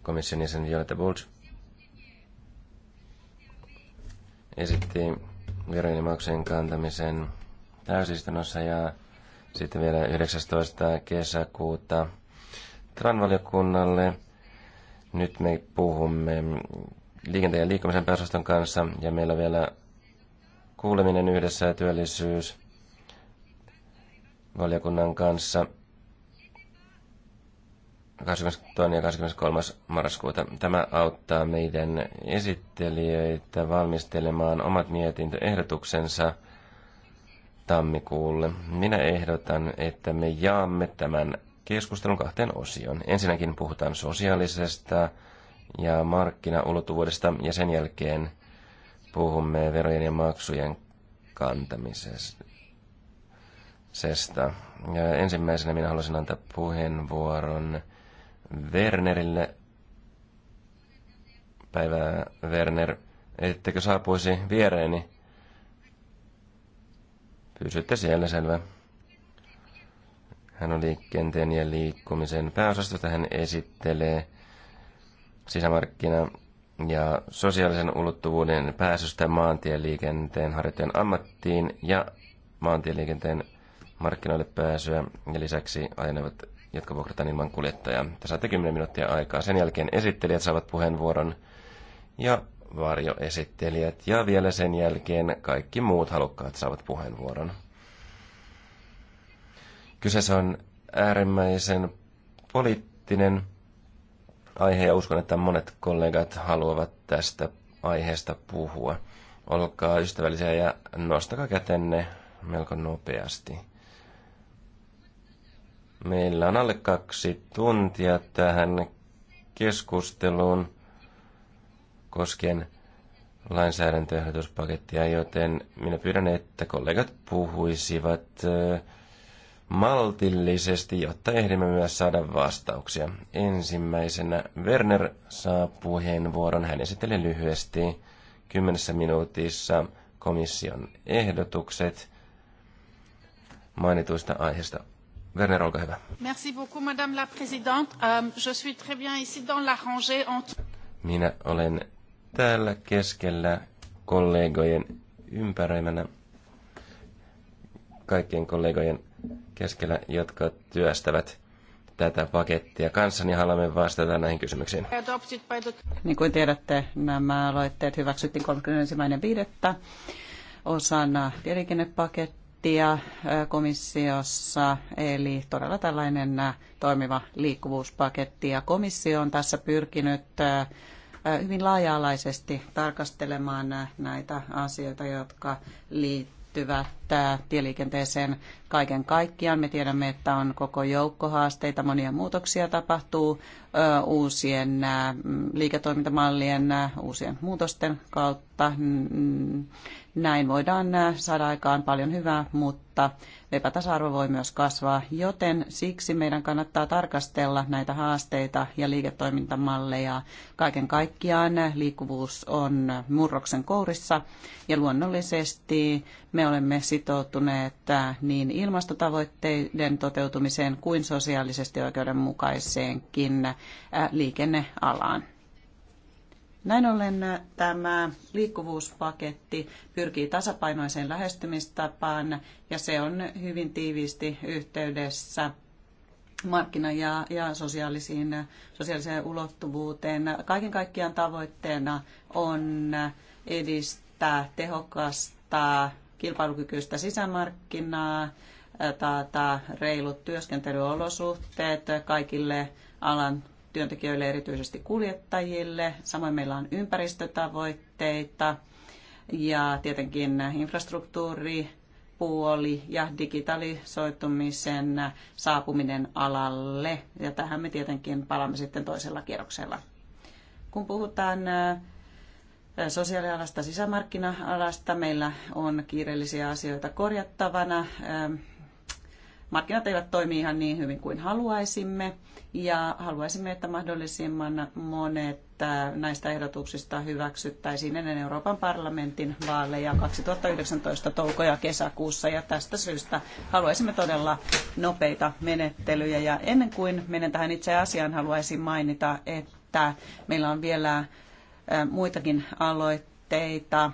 B: komission jäsen Violetta Bulge esitti verojen maksujen kantamisen täysistunnossa ja sitten vielä 19. kesäkuuta Tranvaliokunnalle. Nyt me puhumme liikenteen ja liikkumisen pääosaston kanssa ja meillä on vielä kuuleminen yhdessä työllisyys valiokunnan kanssa 22. ja 23. marraskuuta. Tämä auttaa meidän esittelijöitä valmistelemaan omat mietintöehdotuksensa tammikuulle. Minä ehdotan, että me jaamme tämän keskustelun kahteen osioon. Ensinnäkin puhutaan sosiaalisesta ja markkinaulottuvuudesta ja sen jälkeen – puhumme verojen ja maksujen kantamisesta. Ja ensimmäisenä minä haluaisin antaa puheenvuoron Wernerille. Päivää Werner, ettekö saapuisi viereeni? Pysytte siellä, selvä. Hän on liikenteen ja liikkumisen pääosastosta. Hän esittelee sisämarkkina ja sosiaalisen ulottuvuuden pääsystä maantieliikenteen harjoittajan ammattiin ja maantieliikenteen markkinoille pääsyä ja lisäksi ajoneuvot, jotka vuokrataan ilman kuljettajaa. Tässä saatte 10 minuuttia aikaa. Sen jälkeen esittelijät saavat puheenvuoron ja varjoesittelijät ja vielä sen jälkeen kaikki muut halukkaat saavat puheenvuoron. Kyseessä on äärimmäisen poliittinen aihe ja uskon, että monet kollegat haluavat tästä aiheesta puhua. Olkaa ystävällisiä ja nostakaa kätenne melko nopeasti. Meillä on alle kaksi tuntia tähän keskusteluun koskien lainsäädäntöehdotuspakettia, joten minä pyydän, että kollegat puhuisivat äh, maltillisesti, jotta ehdimme myös saada vastauksia. Ensimmäisenä Werner saa puheenvuoron. Hän esittelee lyhyesti kymmenessä minuutissa komission ehdotukset mainituista aiheista. Werner, olkaa hyvä.
C: Merci beaucoup, madame la présidente. Euh, je suis très bien ici dans la rangée entre...
B: Minä olen täällä keskellä kollegojen ympäröimänä kaikkien kollegojen keskellä, jotka työstävät tätä pakettia kanssa, niin haluamme vastata näihin kysymyksiin.
C: Niin kuin tiedätte, nämä aloitteet hyväksyttiin 31.5. osana tieliikennepakettia komissiossa, eli todella tällainen toimiva liikkuvuuspaketti. Ja komissio on tässä pyrkinyt hyvin laaja-alaisesti tarkastelemaan näitä asioita, jotka liittyvät liittyvät äh, tieliikenteeseen kaiken kaikkiaan. Me tiedämme, että on koko joukko haasteita, monia muutoksia tapahtuu äh, uusien äh, liiketoimintamallien, uusien muutosten kautta. Mm, näin voidaan äh, saada aikaan paljon hyvää, mutta epätasa-arvo voi myös kasvaa, joten siksi meidän kannattaa tarkastella näitä haasteita ja liiketoimintamalleja. Kaiken kaikkiaan liikkuvuus on murroksen kourissa ja luonnollisesti me olemme sitoutuneet äh, niin ilmastotavoitteiden toteutumiseen kuin sosiaalisesti oikeudenmukaiseenkin äh, liikennealaan. Näin ollen tämä liikkuvuuspaketti pyrkii tasapainoiseen lähestymistapaan ja se on hyvin tiiviisti yhteydessä markkina- ja, ja sosiaalisiin, sosiaaliseen ulottuvuuteen. Kaiken kaikkiaan tavoitteena on edistää tehokasta kilpailukykyistä sisämarkkinaa, taata reilut työskentelyolosuhteet kaikille alan työntekijöille, erityisesti kuljettajille. Samoin meillä on ympäristötavoitteita ja tietenkin infrastruktuuri, puoli ja digitalisoitumisen saapuminen alalle. Ja tähän me tietenkin palaamme sitten toisella kierroksella. Kun puhutaan sosiaalialasta, sisämarkkina-alasta, meillä on kiireellisiä asioita korjattavana markkinat eivät toimi ihan niin hyvin kuin haluaisimme. Ja haluaisimme, että mahdollisimman monet äh, näistä ehdotuksista hyväksyttäisiin ennen Euroopan parlamentin vaaleja 2019 touko- ja kesäkuussa. Ja tästä syystä haluaisimme todella nopeita menettelyjä. Ja ennen kuin menen tähän itse asiaan, haluaisin mainita, että meillä on vielä äh, muitakin aloitteita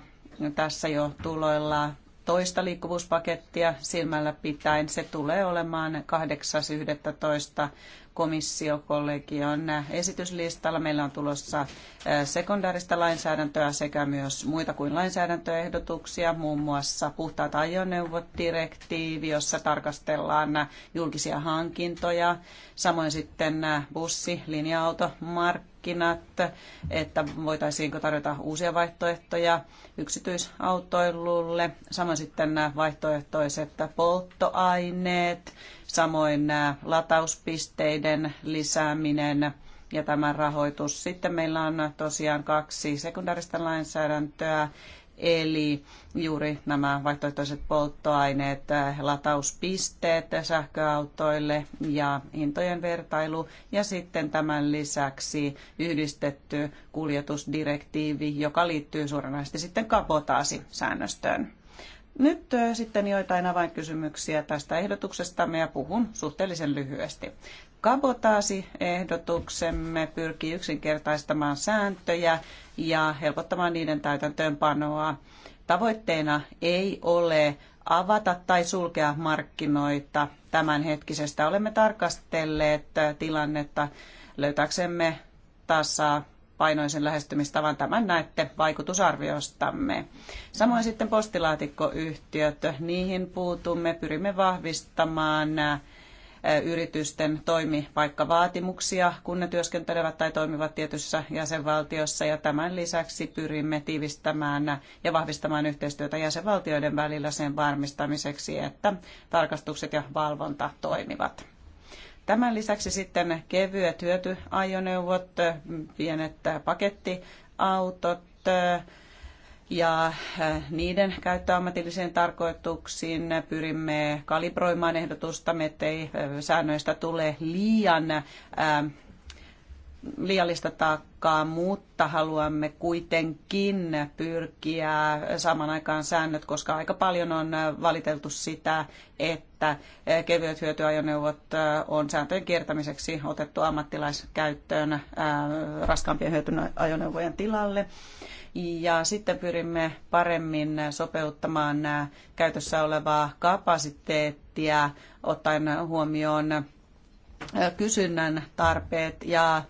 C: tässä jo tuloilla toista liikkuvuuspakettia silmällä pitäen. Se tulee olemaan 8.11 komissiokollegion esityslistalla. Meillä on tulossa äh, sekundaarista lainsäädäntöä sekä myös muita kuin lainsäädäntöehdotuksia, muun muassa puhtaat ajoneuvot direktiivi, jossa tarkastellaan julkisia hankintoja, samoin sitten äh, bussi, linja-automarkkinat, että voitaisiinko tarjota uusia vaihtoehtoja yksityisautoilulle, samoin sitten nämä äh, vaihtoehtoiset polttoaineet, samoin latauspisteiden lisääminen ja tämä rahoitus. Sitten meillä on tosiaan kaksi sekundaarista lainsäädäntöä, eli juuri nämä vaihtoehtoiset polttoaineet, latauspisteet sähköautoille ja hintojen vertailu ja sitten tämän lisäksi yhdistetty kuljetusdirektiivi, joka liittyy suoranaisesti sitten kabotaasisäännöstöön. Nyt sitten joitain avainkysymyksiä tästä ehdotuksestamme ja puhun suhteellisen lyhyesti. Kabotaasi-ehdotuksemme pyrkii yksinkertaistamaan sääntöjä ja helpottamaan niiden täytäntöönpanoa. Tavoitteena ei ole avata tai sulkea markkinoita tämänhetkisestä. Olemme tarkastelleet tilannetta löytäksemme tasaa painoisen lähestymistavan. Tämän näette vaikutusarviostamme. Samoin sitten postilaatikkoyhtiöt, niihin puutumme, pyrimme vahvistamaan yritysten toimipaikkavaatimuksia, kun ne työskentelevät tai toimivat tietyssä jäsenvaltiossa. Ja tämän lisäksi pyrimme tiivistämään ja vahvistamaan yhteistyötä jäsenvaltioiden välillä sen varmistamiseksi, että tarkastukset ja valvonta toimivat. Tämän lisäksi sitten kevyet hyötyajoneuvot, pienet pakettiautot ja niiden käyttöammatillisiin tarkoituksiin pyrimme kalibroimaan ehdotusta, ettei säännöistä tule liian liiallista taakkaa, mutta haluamme kuitenkin pyrkiä saman aikaan säännöt, koska aika paljon on valiteltu sitä, että kevyet hyötyajoneuvot on sääntöjen kiertämiseksi otettu ammattilaiskäyttöön äh, raskaampien hyötyajoneuvojen tilalle. Ja sitten pyrimme paremmin sopeuttamaan käytössä olevaa kapasiteettia ottaen huomioon äh, kysynnän tarpeet ja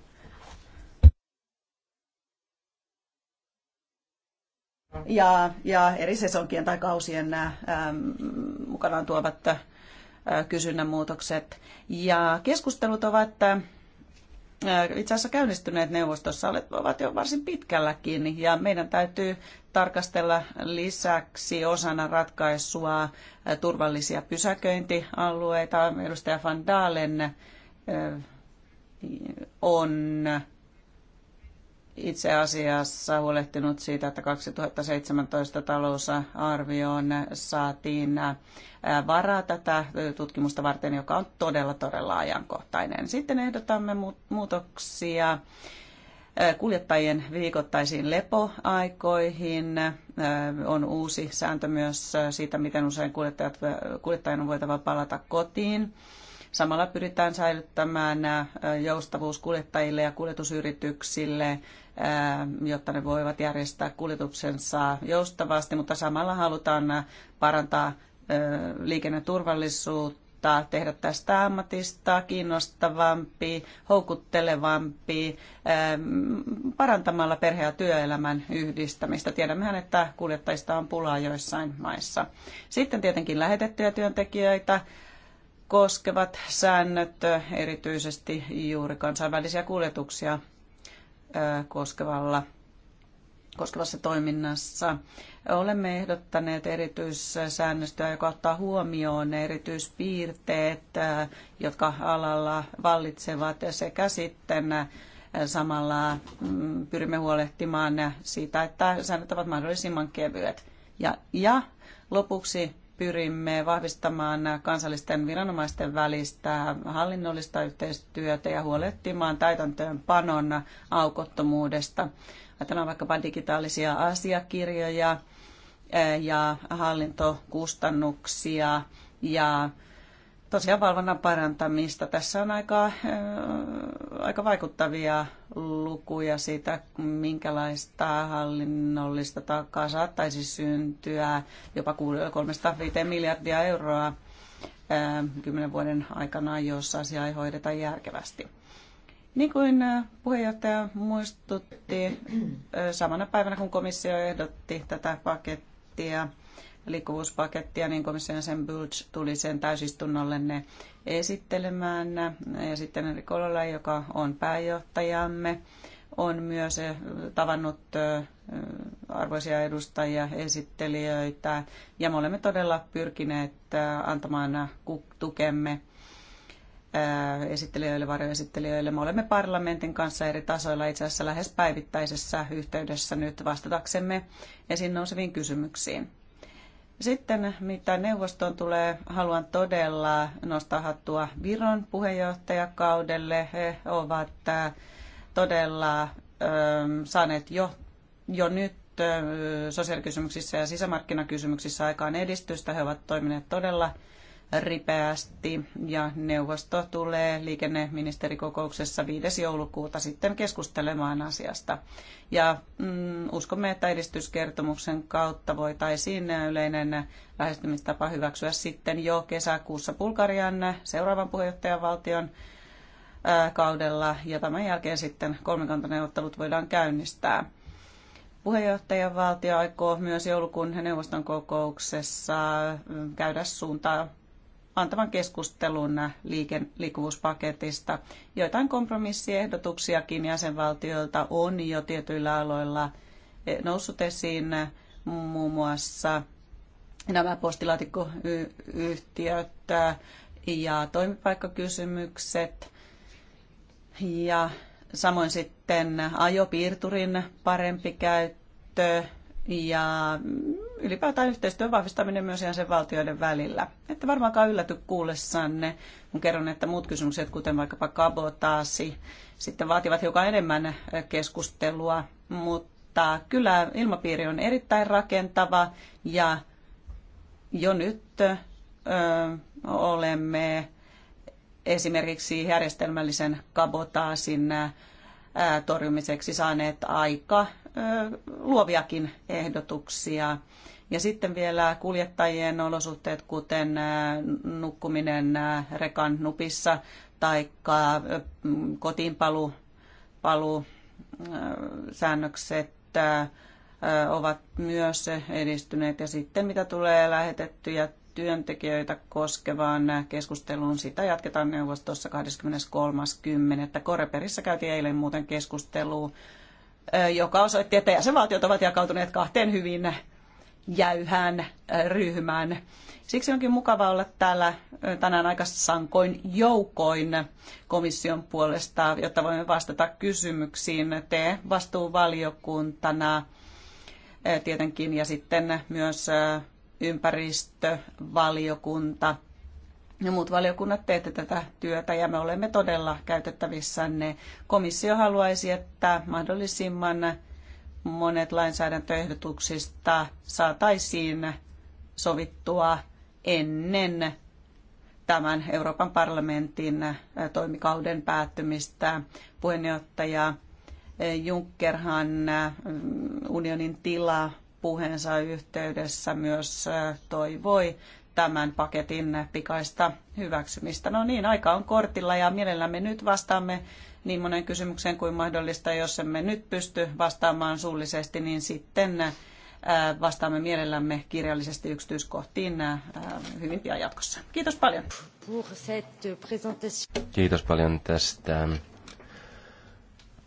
C: ja, ja eri sesonkien tai kausien nämä äm, mukanaan tuovat ä, kysynnän muutokset. Ja keskustelut ovat ä, itse asiassa käynnistyneet neuvostossa, ovat jo varsin pitkälläkin ja meidän täytyy tarkastella lisäksi osana ratkaisua turvallisia pysäköintialueita. Edustaja Van Daalen on itse asiassa huolehtinut siitä, että 2017 talousarvioon saatiin varaa tätä tutkimusta varten, joka on todella, todella ajankohtainen. Sitten ehdotamme muutoksia kuljettajien viikoittaisiin lepoaikoihin. On uusi sääntö myös siitä, miten usein kuljettajat, kuljettajan on voitava palata kotiin. Samalla pyritään säilyttämään joustavuus kuljettajille ja kuljetusyrityksille jotta ne voivat järjestää kuljetuksensa joustavasti, mutta samalla halutaan parantaa liikenneturvallisuutta, tehdä tästä ammatista kiinnostavampi, houkuttelevampi, parantamalla perhe- ja työelämän yhdistämistä. Tiedämmehän, että kuljettajista on pulaa joissain maissa. Sitten tietenkin lähetettyjä työntekijöitä koskevat säännöt, erityisesti juuri kansainvälisiä kuljetuksia koskevalla koskevassa toiminnassa. Olemme ehdottaneet erityissäännöstöä, joka ottaa huomioon erityispiirteet, jotka alalla vallitsevat sekä sitten samalla mm, pyrimme huolehtimaan siitä, että säännöt ovat mahdollisimman kevyet. Ja, ja lopuksi pyrimme vahvistamaan kansallisten viranomaisten välistä hallinnollista yhteistyötä ja huolehtimaan panon aukottomuudesta. Ajatellaan vaikkapa digitaalisia asiakirjoja eh, ja hallintokustannuksia ja tosiaan valvonnan parantamista. Tässä on aika, äh, aika vaikuttavia lukuja siitä, minkälaista hallinnollista taakkaa saattaisi syntyä jopa 3-5 miljardia euroa äh, kymmenen vuoden aikana, jos asiaa ei hoideta järkevästi. Niin kuin äh, puheenjohtaja muistutti, samana päivänä kun komissio ehdotti tätä pakettia, liikkuvuuspakettia, niin komission sen Bulge tuli sen täysistunnolle ne esittelemään. Ja sitten Enri Kolola, joka on pääjohtajamme, on myös eh, tavannut eh, arvoisia edustajia, esittelijöitä, ja me olemme todella pyrkineet eh, antamaan tukemme esittelijöille, varjoesittelijöille. Me olemme parlamentin kanssa eri tasoilla itse asiassa lähes päivittäisessä yhteydessä nyt vastataksemme esiin nouseviin kysymyksiin. Sitten mitä neuvostoon tulee, haluan todella nostaa hattua Viron puheenjohtajakaudelle. He ovat äh, todella ähm, saaneet jo, jo nyt äh, sosiaalikysymyksissä ja sisämarkkinakysymyksissä aikaan edistystä. He ovat toimineet todella ripeästi ja neuvosto tulee liikenneministerikokouksessa 5. joulukuuta sitten keskustelemaan asiasta. Ja mm, uskomme, että edistyskertomuksen kautta voitaisiin yleinen lähestymistapa hyväksyä sitten jo kesäkuussa Bulgarian seuraavan puheenjohtajavaltion kaudella ja tämän jälkeen sitten kolmikantaneuvottelut voidaan käynnistää. Puheenjohtajavaltio aikoo myös joulukuun neuvoston kokouksessa käydä suuntaa antavan keskustelun liiken, liikkuvuuspaketista. Joitain kompromissiehdotuksiakin jäsenvaltioilta on jo tietyillä aloilla eh, noussut esiin, muun muassa nämä postilaatikkoyhtiöt ja toimipaikkakysymykset ja samoin sitten ajopiirturin parempi käyttö ja ylipäätään yhteistyön vahvistaminen myös ihan sen valtioiden välillä. Että varmaankaan ylläty kuullessanne, kun kerron, että muut kysymykset, kuten vaikkapa kabotaasi, sitten vaativat hiukan enemmän eh, keskustelua, mutta kyllä ilmapiiri on erittäin rakentava ja jo nyt ö, eh, olemme esimerkiksi järjestelmällisen kabotaasin eh, torjumiseksi saaneet aika luoviakin ehdotuksia. Ja sitten vielä kuljettajien olosuhteet, kuten nukkuminen rekan nupissa tai kotiinpalusäännökset säännökset ovat myös edistyneet. Ja sitten mitä tulee lähetettyjä työntekijöitä koskevaan keskusteluun, sitä jatketaan neuvostossa 23.10. Koreperissä käytiin eilen muuten keskustelua joka osoitti, että jäsenvaltiot ovat jakautuneet kahteen hyvin jäyhään ryhmään. Siksi onkin mukava olla täällä tänään aika sankoin joukoin komission puolesta, jotta voimme vastata kysymyksiin te vastuuvaliokuntana tietenkin ja sitten myös ympäristövaliokunta ja muut valiokunnat teette tätä työtä ja me olemme todella käytettävissänne. Komissio haluaisi, että mahdollisimman monet lainsäädäntöehdotuksista saataisiin sovittua ennen tämän Euroopan parlamentin toimikauden päättymistä. Puheenjohtaja Junckerhan unionin tila puheensa yhteydessä myös toivoi tämän paketin pikaista hyväksymistä. No niin, aika on kortilla ja mielellämme nyt vastaamme niin monen kysymykseen kuin mahdollista. Jos emme nyt pysty vastaamaan suullisesti, niin sitten äh, vastaamme mielellämme kirjallisesti yksityiskohtiin äh, hyvin pian jatkossa. Kiitos paljon.
B: Kiitos paljon tästä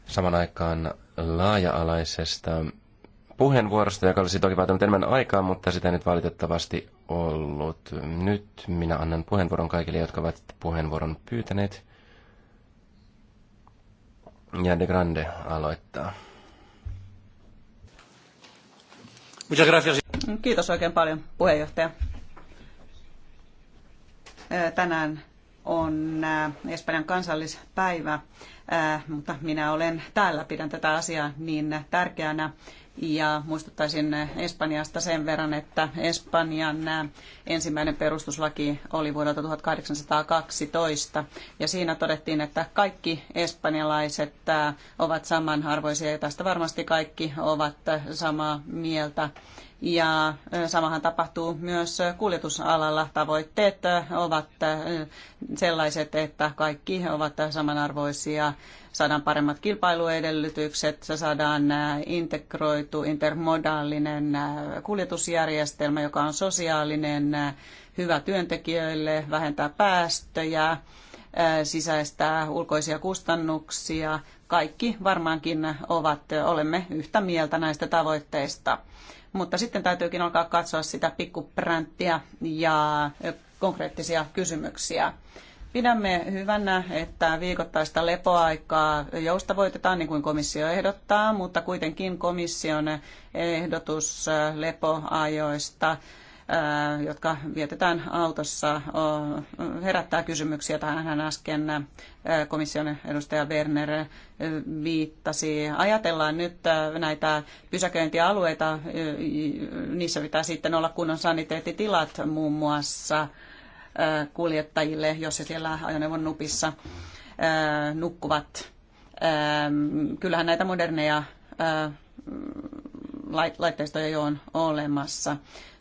B: saman aikaan laaja-alaisesta puheenvuorosta, joka olisi toki vaatinut enemmän aikaa, mutta sitä nyt valitettavasti ollut. Nyt minä annan puheenvuoron kaikille, jotka ovat puheenvuoron pyytäneet. Ja De Grande aloittaa.
C: Kiitos oikein paljon puheenjohtaja. Tänään on äh, Espanjan kansallispäivä, äh, mutta minä olen täällä, pidän tätä asiaa niin tärkeänä, ja muistuttaisin Espanjasta sen verran, että Espanjan ensimmäinen perustuslaki oli vuodelta 1812. Ja siinä todettiin, että kaikki espanjalaiset äh, ovat samanarvoisia ja tästä varmasti kaikki ovat samaa mieltä. Ja samahan tapahtuu myös kuljetusalalla. Tavoitteet ovat sellaiset, että kaikki ovat samanarvoisia. Saadaan paremmat kilpailuedellytykset, saadaan integroitu intermodaalinen kuljetusjärjestelmä, joka on sosiaalinen, hyvä työntekijöille, vähentää päästöjä, sisäistää ulkoisia kustannuksia. Kaikki varmaankin ovat, olemme yhtä mieltä näistä tavoitteista mutta sitten täytyykin alkaa katsoa sitä pikkupränttiä ja konkreettisia kysymyksiä. Pidämme hyvänä, että viikoittaista lepoaikaa joustavoitetaan niin kuin komissio ehdottaa, mutta kuitenkin komission ehdotus lepoajoista jotka vietetään autossa, herättää kysymyksiä. Tähän äsken komission edustaja Werner viittasi. Ajatellaan nyt näitä pysäköintialueita, niissä pitää sitten olla kunnon saniteettitilat muun muassa kuljettajille, jos se siellä ajoneuvon nupissa nukkuvat. Kyllähän näitä moderneja laitteistoja jo on olemassa.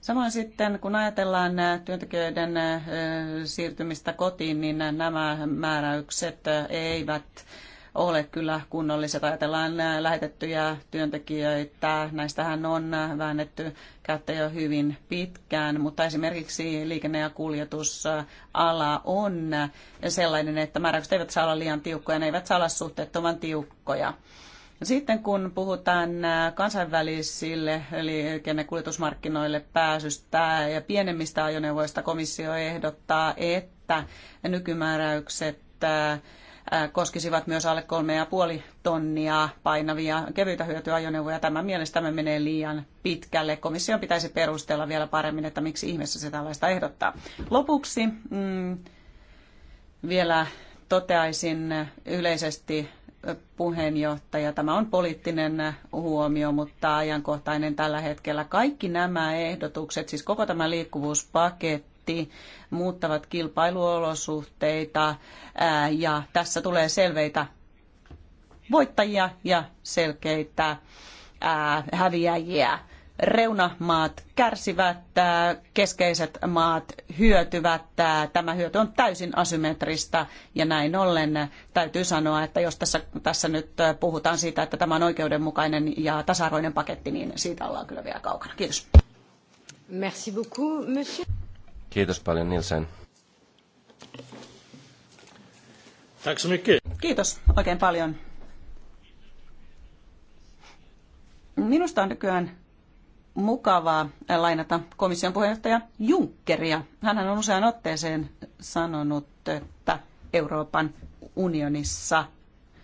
C: Samoin sitten, kun ajatellaan äh, työntekijöiden äh, siirtymistä kotiin, niin nämä määräykset äh, eivät ole kyllä kunnolliset. Ajatellaan lähetettyjä työntekijöitä, näistähän on väännetty kättä jo hyvin pitkään, mutta esimerkiksi liikenne- ja kuljetusala on sellainen, että määräykset eivät saa olla liian tiukkoja, ne eivät saa olla suhteettoman tiukkoja. Sitten kun puhutaan äh, kansainvälisille eli kuljetusmarkkinoille pääsystä ja pienemmistä ajoneuvoista, komissio ehdottaa, että nykymääräykset äh, äh, koskisivat myös alle 3,5 tonnia painavia kevyitä hyötyajoneuvoja. Tämä me menee liian pitkälle. Komission pitäisi perustella vielä paremmin, että miksi ihmeessä se tällaista ehdottaa. Lopuksi mm, vielä toteaisin yleisesti puheenjohtaja. Tämä on poliittinen huomio, mutta ajankohtainen tällä hetkellä. Kaikki nämä ehdotukset, siis koko tämä liikkuvuuspaketti, muuttavat kilpailuolosuhteita ja tässä tulee selveitä voittajia ja selkeitä häviäjiä reunamaat kärsivät, keskeiset maat hyötyvät. Tämä hyöty on täysin asymmetristä ja näin ollen täytyy sanoa, että jos tässä, tässä nyt puhutaan siitä, että tämä on oikeudenmukainen ja tasa-arvoinen paketti, niin siitä ollaan kyllä vielä kaukana. Kiitos. Merci beaucoup, monsieur.
B: Kiitos paljon Nielsen.
C: Kiitos oikein paljon. Minusta on nykyään mukavaa lainata komission puheenjohtaja Junckeria. Hän on usean otteeseen sanonut, että Euroopan unionissa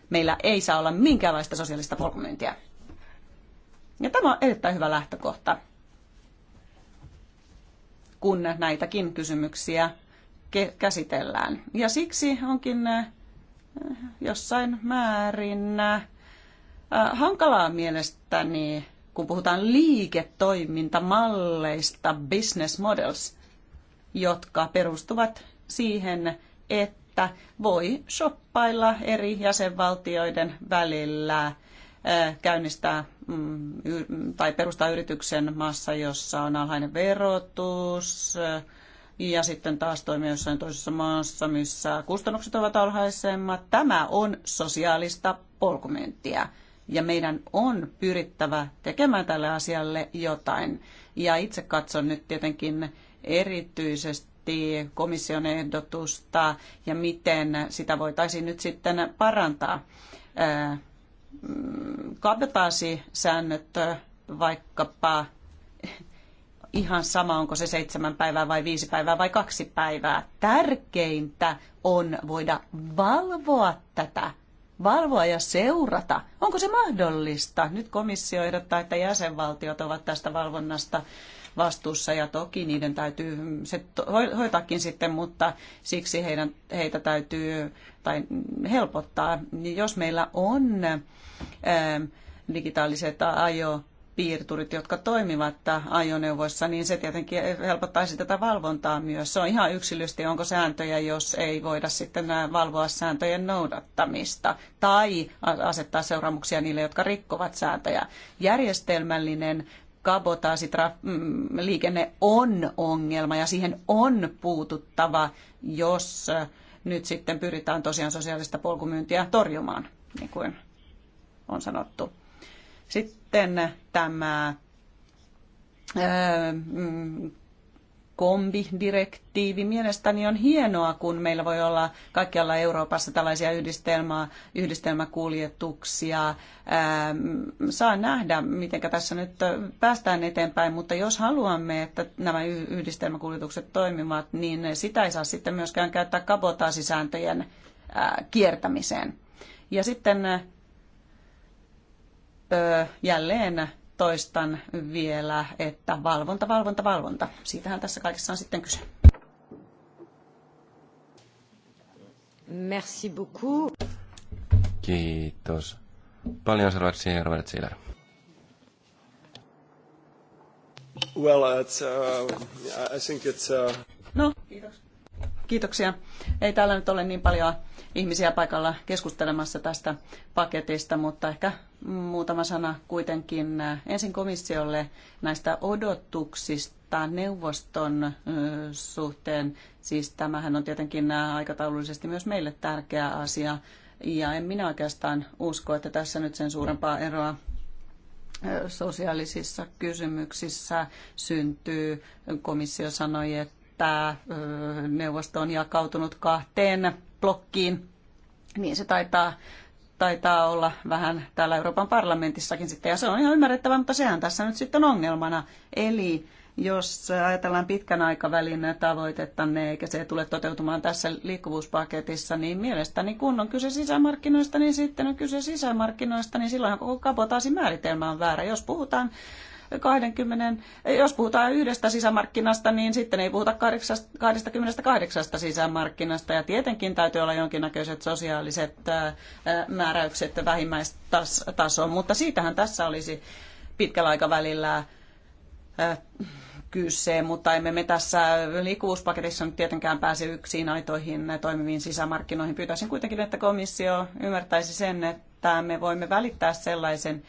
C: meillä ei saa olla minkäänlaista sosiaalista polkumyyntiä. Ja tämä on erittäin hyvä lähtökohta, kun näitäkin kysymyksiä käsitellään. Ja siksi onkin eh, jossain määrin eh, hankalaa mielestäni kun puhutaan liiketoimintamalleista, business models, jotka perustuvat siihen, että voi shoppailla eri jäsenvaltioiden välillä, käynnistää mm, tai perustaa yrityksen maassa, jossa on alhainen verotus, ja sitten taas toimia jossain toisessa maassa, missä kustannukset ovat alhaisemmat. Tämä on sosiaalista polkumyyntiä ja meidän on pyrittävä tekemään tälle asialle jotain. Ja itse katson nyt tietenkin erityisesti komission ehdotusta ja miten sitä voitaisiin nyt sitten parantaa. Äh, kabotaasisäännöt äh, vaikkapa ihan sama, onko se seitsemän päivää vai viisi päivää vai kaksi päivää. Tärkeintä on voida valvoa tätä valvoa ja seurata. Onko se mahdollista? Nyt komissio ehdottaa, että jäsenvaltiot ovat tästä valvonnasta vastuussa ja toki niiden täytyy se hoitaakin sitten, mutta siksi heidän, heitä täytyy tai helpottaa. Niin jos meillä on ää, digitaaliset ajo piirturit, jotka toimivat ajoneuvoissa, niin se tietenkin helpottaisi tätä valvontaa myös. Se on ihan yksilösti, onko sääntöjä, jos ei voida sitten valvoa sääntöjen noudattamista tai asettaa seuraamuksia niille, jotka rikkovat sääntöjä. Järjestelmällinen kabotaasiliikenne mm, on ongelma ja siihen on puututtava, jos nyt sitten pyritään tosiaan sosiaalista polkumyyntiä torjumaan, niin kuin on sanottu. Sitten tämä mm, kombidirektiivi. Mielestäni on hienoa, kun meillä voi olla kaikkialla Euroopassa tällaisia yhdistelmä, yhdistelmäkuljetuksia. Ää, mm, saa nähdä, miten tässä nyt päästään eteenpäin, mutta jos haluamme, että nämä yhdistelmäkuljetukset toimivat, niin sitä ei saa sitten myöskään käyttää kabotaasisääntöjen ää, kiertämiseen. Ja sitten jälleen toistan vielä, että valvonta, valvonta, valvonta. Siitähän tässä kaikessa on sitten kyse. Merci beaucoup.
B: Kiitos. Paljon seuraavaksi Herbert Siller. Well, it's, uh, I think it's... Uh...
C: No, kiitos. Kiitoksia. Ei täällä nyt ole niin paljon ihmisiä paikalla keskustelemassa tästä paketista, mutta ehkä muutama sana kuitenkin äh, ensin komissiolle näistä odotuksista neuvoston äh, suhteen. Siis tämähän on tietenkin äh, aikataulullisesti myös meille tärkeä asia. Ja en minä oikeastaan usko, että tässä nyt sen suurempaa eroa sosiaalisissa kysymyksissä syntyy. Komissio sanoi, että että neuvosto on jakautunut kahteen blokkiin, niin se taitaa, taitaa olla vähän täällä Euroopan parlamentissakin sitten. Ja se on ihan ymmärrettävää, mutta sehän tässä nyt sitten on ongelmana. Eli jos ajatellaan pitkän aikavälin tavoitetta, ne, eikä se tule toteutumaan tässä liikkuvuuspaketissa, niin mielestäni kun on kyse sisämarkkinoista, niin sitten on kyse sisämarkkinoista, niin silloin koko kapotaasi määritelmä on väärä. Jos puhutaan 20, jos puhutaan yhdestä sisämarkkinasta, niin sitten ei puhuta 28 sisämarkkinasta. Ja tietenkin täytyy olla jonkinnäköiset sosiaaliset äh, äh, määräykset vähimmäistasoon, mutta siitähän tässä olisi pitkällä aikavälillä äh, kyse, mutta emme me tässä liikkuvuuspaketissa nyt tietenkään pääse yksiin aitoihin toimiviin sisämarkkinoihin. Pyytäisin kuitenkin, että komissio ymmärtäisi sen, että me voimme välittää sellaisen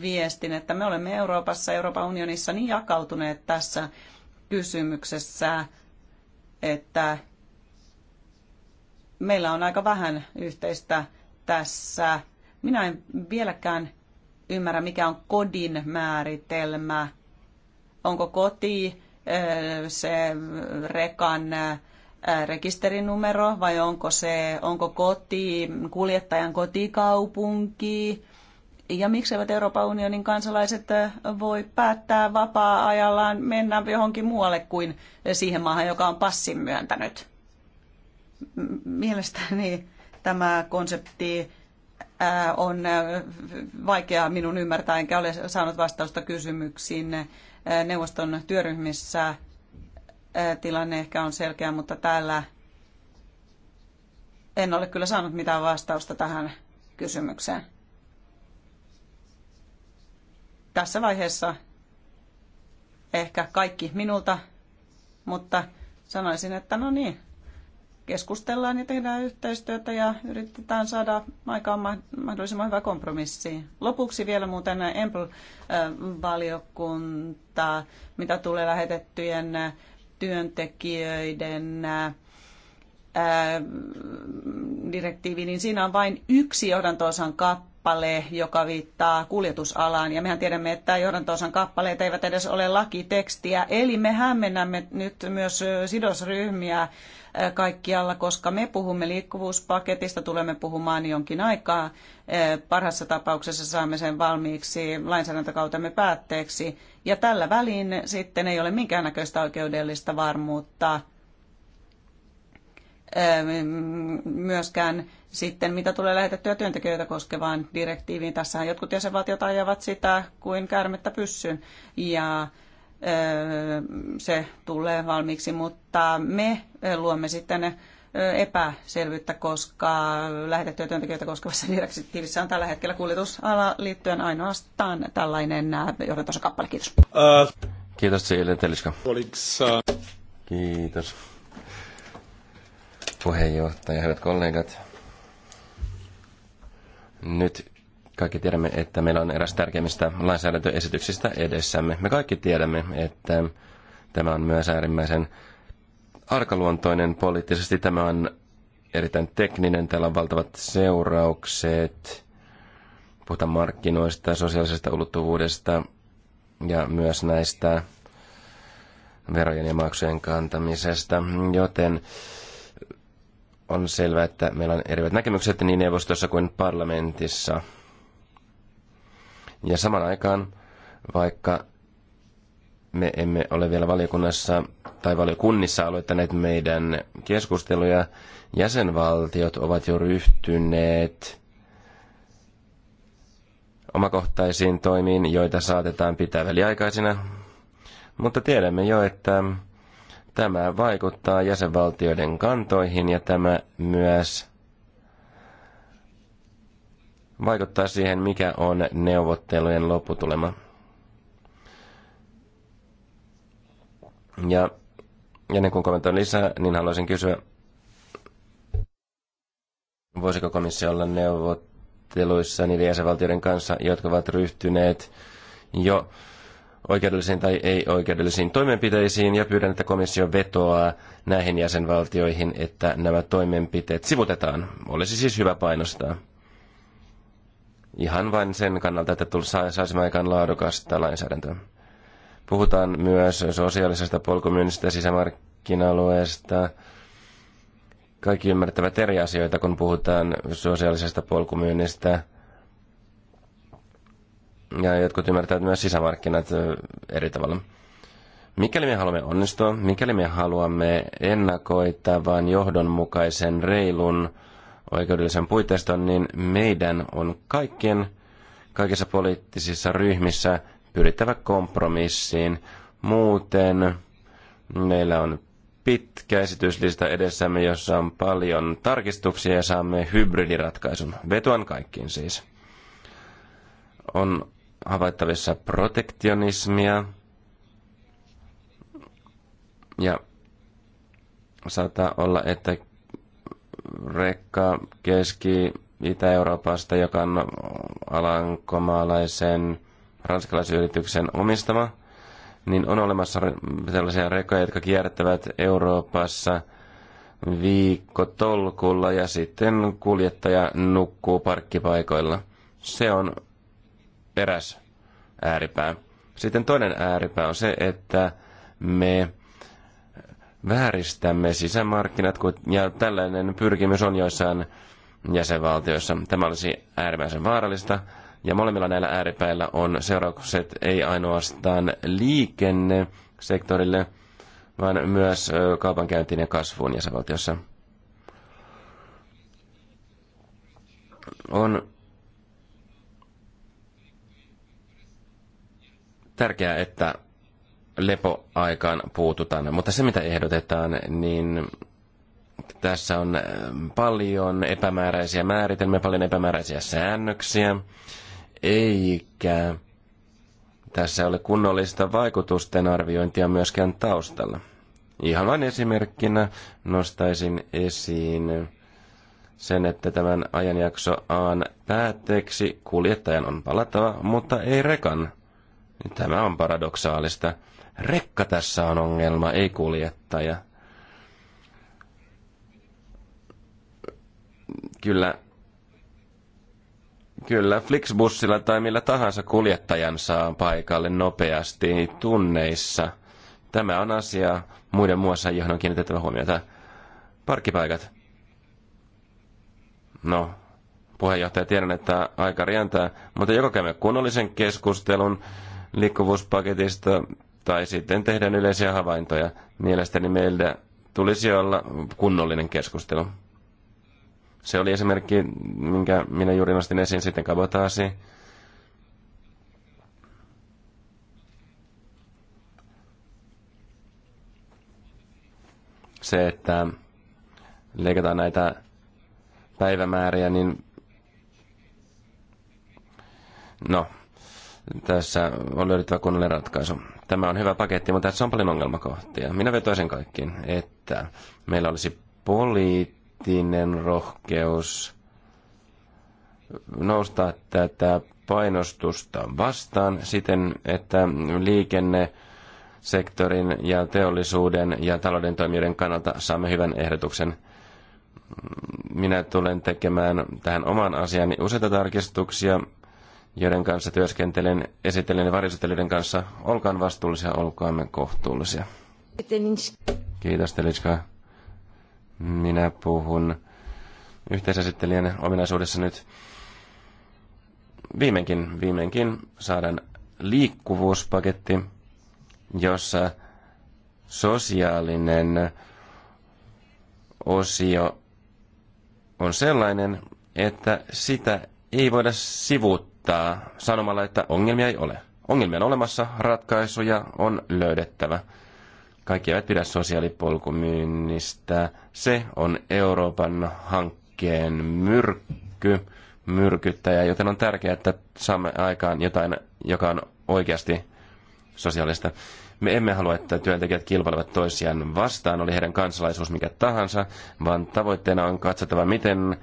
C: viestin, että me olemme Euroopassa, Euroopan unionissa niin jakautuneet tässä kysymyksessä, että meillä on aika vähän yhteistä tässä. Minä en vieläkään ymmärrä, mikä on kodin määritelmä – onko koti se rekan rekisterinumero vai onko se onko koti kuljettajan kotikaupunki ja mikseivät Euroopan unionin kansalaiset voi päättää vapaa-ajallaan mennä johonkin muualle kuin siihen maahan, joka on passin myöntänyt? Mielestäni tämä konsepti on vaikea minun ymmärtää, enkä ole saanut vastausta kysymyksiin neuvoston työryhmissä tilanne ehkä on selkeä, mutta täällä en ole kyllä saanut mitään vastausta tähän kysymykseen. Tässä vaiheessa ehkä kaikki minulta, mutta sanoisin, että no niin, keskustellaan ja tehdään yhteistyötä ja yritetään saada aikaan mahdollisimman hyvä kompromissi. Lopuksi vielä muuten Empl-valiokunta, äh, mitä tulee lähetettyjen työntekijöiden äh, direktiivi, niin siinä on vain yksi johdantoosan kappale kappale, joka viittaa kuljetusalaan. Ja mehän tiedämme, että johdantoosan kappaleet eivät edes ole lakitekstiä. Eli me hämmennämme nyt myös sidosryhmiä kaikkialla, koska me puhumme liikkuvuuspaketista, tulemme puhumaan jonkin aikaa. Parhassa tapauksessa saamme sen valmiiksi lainsäädäntökautemme päätteeksi. Ja tällä välin sitten ei ole minkäännäköistä oikeudellista varmuutta myöskään sitten, mitä tulee lähetettyä työntekijöitä koskevaan direktiiviin. Tässähän jotkut jäsenvaltiot ajavat sitä kuin käärmettä pyssyn ja se tulee valmiiksi, mutta me luomme sitten epäselvyyttä, koska lähetettyä työntekijöitä koskevassa direktiivissä on tällä hetkellä kuljetusala liittyen ainoastaan tällainen johdantosakappale. Kiitos.
B: Kiitos Siili Teliska. Kiitos puheenjohtaja, hyvät kollegat. Nyt kaikki tiedämme, että meillä on eräs tärkeimmistä lainsäädäntöesityksistä edessämme. Me kaikki tiedämme, että tämä on myös äärimmäisen arkaluontoinen poliittisesti. Tämä on erittäin tekninen, täällä on valtavat seuraukset. Puhutaan markkinoista, sosiaalisesta ulottuvuudesta ja myös näistä verojen ja maksujen kantamisesta, joten on selvää, että meillä on erivät näkemykset niin neuvostossa kuin parlamentissa. Ja saman aikaan, vaikka me emme ole vielä valiokunnassa tai valiokunnissa aloittaneet meidän keskusteluja, jäsenvaltiot ovat jo ryhtyneet omakohtaisiin toimiin, joita saatetaan pitää väliaikaisina. Mutta tiedämme jo, että Tämä vaikuttaa jäsenvaltioiden kantoihin ja tämä myös vaikuttaa siihen, mikä on neuvottelujen lopputulema. Ja ennen kuin kommentoin lisää, niin haluaisin kysyä, voisiko komissio olla neuvotteluissa niiden jäsenvaltioiden kanssa, jotka ovat ryhtyneet jo oikeudellisiin tai ei-oikeudellisiin toimenpiteisiin ja pyydän, että komissio vetoaa näihin jäsenvaltioihin, että nämä toimenpiteet sivutetaan. Olisi siis hyvä painostaa. Ihan vain sen kannalta, että saisimme aikaan laadukasta lainsäädäntöä. Puhutaan myös sosiaalisesta polkumyynnistä, ja sisämarkkinalueesta. Kaikki ymmärtävät eri asioita, kun puhutaan sosiaalisesta polkumyynnistä – ja jotkut ymmärtävät myös sisämarkkinat eri tavalla. Mikäli me haluamme onnistua, mikäli me haluamme ennakoitavan, johdonmukaisen, reilun oikeudellisen puitteiston, niin meidän on kaikkien kaikissa poliittisissa ryhmissä pyrittävä kompromissiin. Muuten meillä on pitkä esityslista edessämme, jossa on paljon tarkistuksia ja saamme hybridiratkaisun. Vetuan kaikkiin siis. On havaittavissa protektionismia ja saattaa olla, että rekka keski Itä-Euroopasta, joka on alankomaalaisen ranskalaisen yrityksen omistama, niin on olemassa sellaisia rekoja, jotka kiertävät Euroopassa tolkulla ja sitten kuljettaja nukkuu parkkipaikoilla. Se on eräs ääripää. Sitten toinen ääripää on se, että me vääristämme sisämarkkinat, ja tällainen pyrkimys on joissain jäsenvaltioissa. Tämä olisi äärimmäisen vaarallista, ja molemmilla näillä ääripäillä on seuraukset ei ainoastaan liikennesektorille, vaan myös kaupankäyntiin ja kasvuun jäsenvaltiossa. On tärkeää, että lepoaikaan puututaan. Mutta se, mitä ehdotetaan, niin tässä on äh, paljon epämääräisiä määritelmiä, paljon epämääräisiä säännöksiä, eikä tässä ole kunnollista vaikutusten arviointia myöskään taustalla. Ihan vain esimerkkinä nostaisin esiin sen, että tämän ajanjakso A päätteeksi kuljettajan on palattava, mutta ei rekan niin tämä on paradoksaalista. Rekka tässä on ongelma, ei kuljettaja. Kyllä, kyllä Flixbussilla tai millä tahansa kuljettajan saa paikalle nopeasti tunneissa. Tämä on asia muiden muassa, johon on kiinnitettävä huomiota. Parkkipaikat. No, puheenjohtaja, tiedän, että aika rientää, mutta joko käymme kunnollisen keskustelun, liikkuvuuspaketista tai sitten tehdään yleisiä havaintoja. Mielestäni meillä tulisi olla kunnollinen keskustelu. Se oli esimerkki, minkä minä juuri nostin esiin sitten kabotaasi. Se, että leikataan näitä päivämääriä, niin no, tässä on löydettävä kunnollinen ratkaisu. Tämä on hyvä paketti, mutta tässä on paljon ongelmakohtia. Minä vetoisin kaikkiin, että meillä olisi poliittinen rohkeus nousta tätä painostusta vastaan siten, että liikenne sektorin ja teollisuuden ja talouden toimijoiden kannalta saamme hyvän ehdotuksen. Minä tulen tekemään tähän oman asiani useita tarkistuksia, joiden kanssa työskentelen, esittelen ja varjostelijoiden kanssa. Olkaan vastuullisia, olkaamme kohtuullisia. Kiitos, Telitska. Minä puhun yhteisesittelijän ominaisuudessa nyt. Viimeinkin, viimeinkin saadaan liikkuvuuspaketti, jossa sosiaalinen osio on sellainen, että sitä ei voida sivuuttaa aloittaa sanomalla, että ongelmia ei ole. Ongelmia on olemassa, ratkaisuja on löydettävä. Kaikki eivät pidä sosiaalipolkumyynnistä. Se on Euroopan hankkeen myrkky, myrkyttäjä, joten on tärkeää, että saamme aikaan jotain, joka on oikeasti sosiaalista. Me emme halua, että työntekijät kilpailevat toisiaan vastaan, oli heidän kansalaisuus mikä tahansa, vaan tavoitteena on katsottava, miten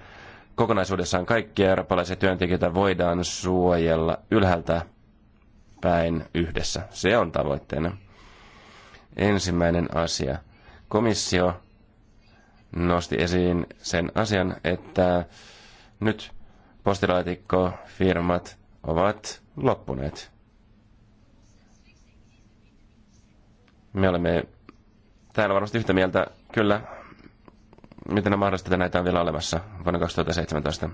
B: kokonaisuudessaan kaikkia eurooppalaisia työntekijöitä voidaan suojella ylhäältä päin yhdessä. Se on tavoitteena. Ensimmäinen asia. Komissio nosti esiin sen asian, että nyt postilaatikkofirmat ovat loppuneet. Me olemme täällä varmasti yhtä mieltä, kyllä miten on mahdollista, että näitä on vielä olemassa vuonna 2017?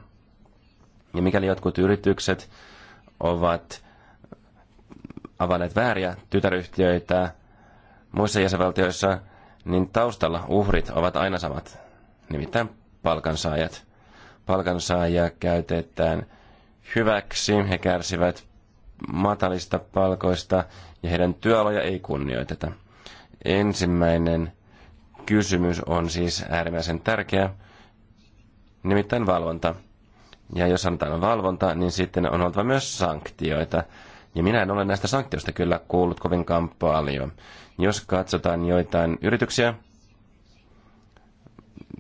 B: Ja mikäli jotkut yritykset ovat avanneet vääriä tytäryhtiöitä muissa jäsenvaltioissa, niin taustalla uhrit ovat aina samat, nimittäin palkansaajat. Palkansaajia käytetään hyväksi, he kärsivät matalista palkoista ja heidän työoloja ei kunnioiteta. Ensimmäinen kysymys on siis äärimmäisen tärkeä, nimittäin valvonta. Ja jos sanotaan valvonta, niin sitten on oltava myös sanktioita. Ja minä en ole näistä sanktioista kyllä kuullut kovin paljon. Jos katsotaan joitain yrityksiä,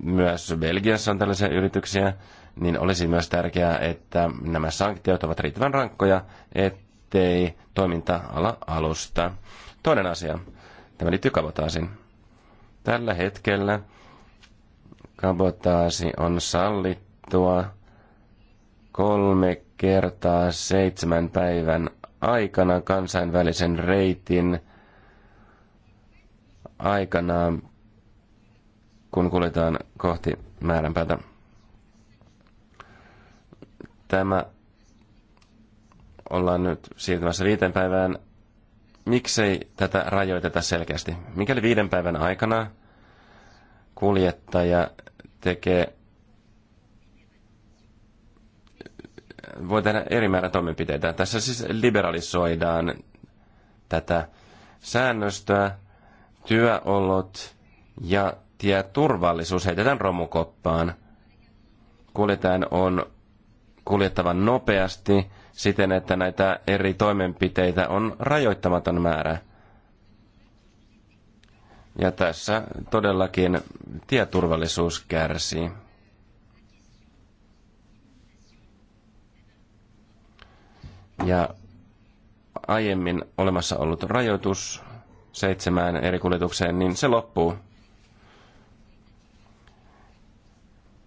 B: myös Belgiassa on tällaisia yrityksiä, niin olisi myös tärkeää, että nämä sanktiot ovat riittävän rankkoja, ettei toiminta ala alusta. Toinen asia, tämä liittyy kabotaasin. Tällä hetkellä kabotaasi on sallittua kolme kertaa seitsemän päivän aikana kansainvälisen reitin aikana, kun kuljetaan kohti määränpäätä. Tämä ollaan nyt siirtymässä viiteen päivään miksei tätä rajoiteta selkeästi? Mikäli viiden päivän aikana kuljettaja tekee voi tehdä eri määrä toimenpiteitä. Tässä siis liberalisoidaan tätä säännöstöä, työolot ja tieturvallisuus heitetään romukoppaan. kuljetaan on kuljettava nopeasti, siten, että näitä eri toimenpiteitä on rajoittamaton määrä. Ja tässä todellakin tieturvallisuus kärsii. Ja aiemmin olemassa ollut rajoitus seitsemään eri kuljetukseen, niin se loppuu.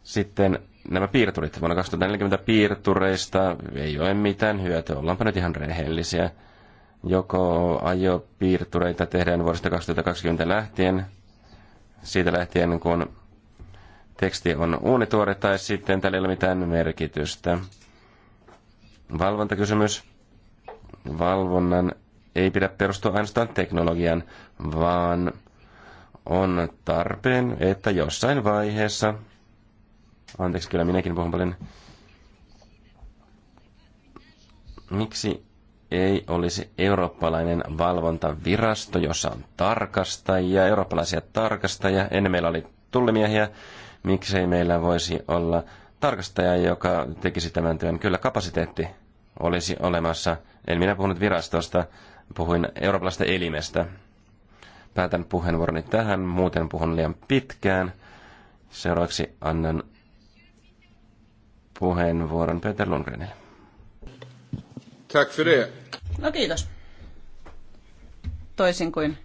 B: Sitten nämä piirturit. Vuonna 2040 piirtureista ei ole mitään hyötyä, ollaanpa nyt ihan rehellisiä. Joko ajopiirtureita tehdään vuodesta 2020 lähtien, siitä lähtien kun teksti on uunituore, tai sitten tällä ei ole mitään merkitystä. Valvontakysymys. Valvonnan ei pidä perustua ainoastaan teknologian, vaan on tarpeen, että jossain vaiheessa Anteeksi, kyllä minäkin puhun paljon. Miksi ei olisi eurooppalainen valvontavirasto, jossa on tarkastajia, eurooppalaisia tarkastajia. Ennen meillä oli tullimiehiä. Miksei meillä voisi olla tarkastaja, joka tekisi tämän työn? Kyllä kapasiteetti olisi olemassa. En minä puhunut virastosta, puhuin eurooppalaisesta elimestä. Päätän puheenvuoroni tähän, muuten puhun liian pitkään. Seuraavaksi annan puheenvuoron Peter Lundgrenille.
C: Tack för det. No kiitos. Toisin kuin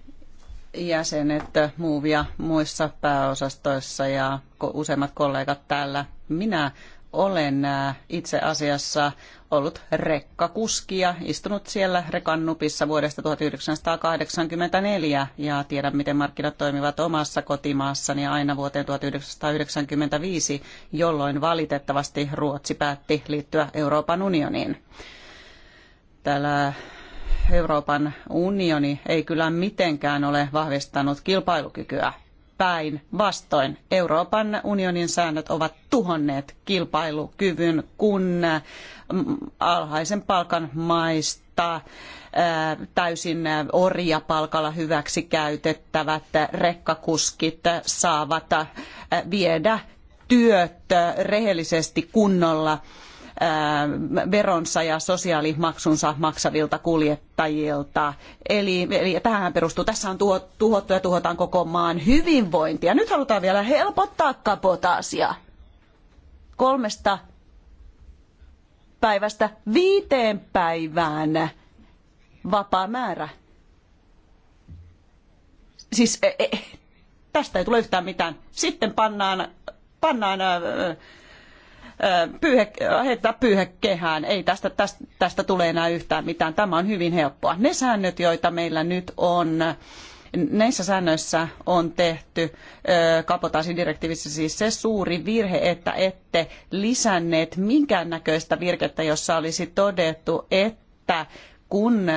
C: jäsenet muuvia muissa pääosastoissa ja useimmat kollegat täällä, minä olen äh, itse asiassa ollut rekkakuskia, istunut siellä rekan nupissa vuodesta 1984 ja tiedän, miten markkinat toimivat omassa kotimaassani aina vuoteen 1995, jolloin valitettavasti Ruotsi päätti liittyä Euroopan unioniin. Täällä Euroopan unioni ei kyllä mitenkään ole vahvistanut kilpailukykyä päin. Vastoin Euroopan unionin säännöt ovat tuhonneet kilpailukyvyn, kun mm, alhaisen palkan maista täysin orjapalkalla hyväksi käytettävät rekkakuskit saavat viedä työt rehellisesti kunnolla veronsa ja sosiaalimaksunsa maksavilta kuljettajilta. Eli, eli tähän perustuu. Tässä on tuho, tuhottu ja tuhotaan koko maan hyvinvointia. Nyt halutaan vielä helpottaa kapotaasia. Kolmesta päivästä viiteen päivään vapaa määrä. Siis e, e, tästä ei tule yhtään mitään. Sitten pannaan, pannaan pyyhe, heittää kehään Ei tästä, tästä, tästä tule enää yhtään mitään. Tämä on hyvin helppoa. Ne säännöt, joita meillä nyt on, näissä säännöissä on tehty kapotaasidirektiivissä siis se suuri virhe, että ette lisänneet minkäännäköistä virkettä, jossa olisi todettu, että kun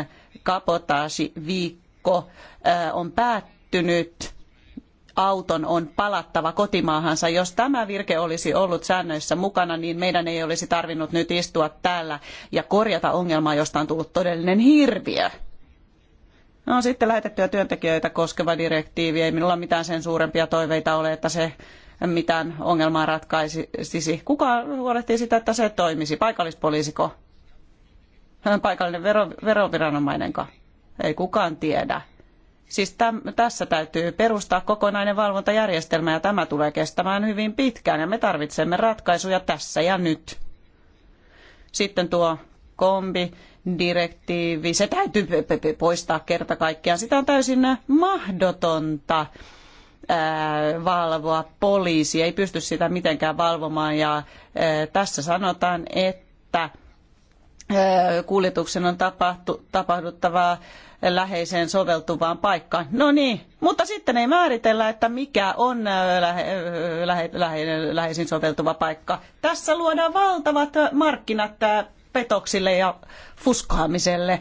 C: kapotaasiviikko on päättynyt, auton on palattava kotimaahansa. Jos tämä virke olisi ollut säännöissä mukana, niin meidän ei olisi tarvinnut nyt istua täällä ja korjata ongelmaa, josta on tullut todellinen hirviö. No sitten lähetettyjä työntekijöitä koskeva direktiivi. Ei minulla mitään sen suurempia toiveita ole, että se mitään ongelmaa ratkaisisi. Kuka huolehtii sitä, että se toimisi? Paikallispoliisiko? Paikallinen vero, veroviranomainenko? Ei kukaan tiedä. Siis täm, tässä täytyy perustaa kokonainen valvontajärjestelmä ja tämä tulee kestämään hyvin pitkään ja me tarvitsemme ratkaisuja tässä ja nyt. Sitten tuo kombi direktiivi, se täytyy poistaa kerta kaikkiaan. Sitä on täysin mahdotonta valvoa. Poliisi ei pysty sitä mitenkään valvomaan ja tässä sanotaan, että kuljetuksen on tapahtu, tapahduttavaa läheiseen soveltuvaan paikkaan. No niin, mutta sitten ei määritellä, että mikä on äh, lähe, äh, lähe, lähe, läheisin soveltuva paikka. Tässä luodaan valtavat markkinat äh, petoksille ja fuskaamiselle,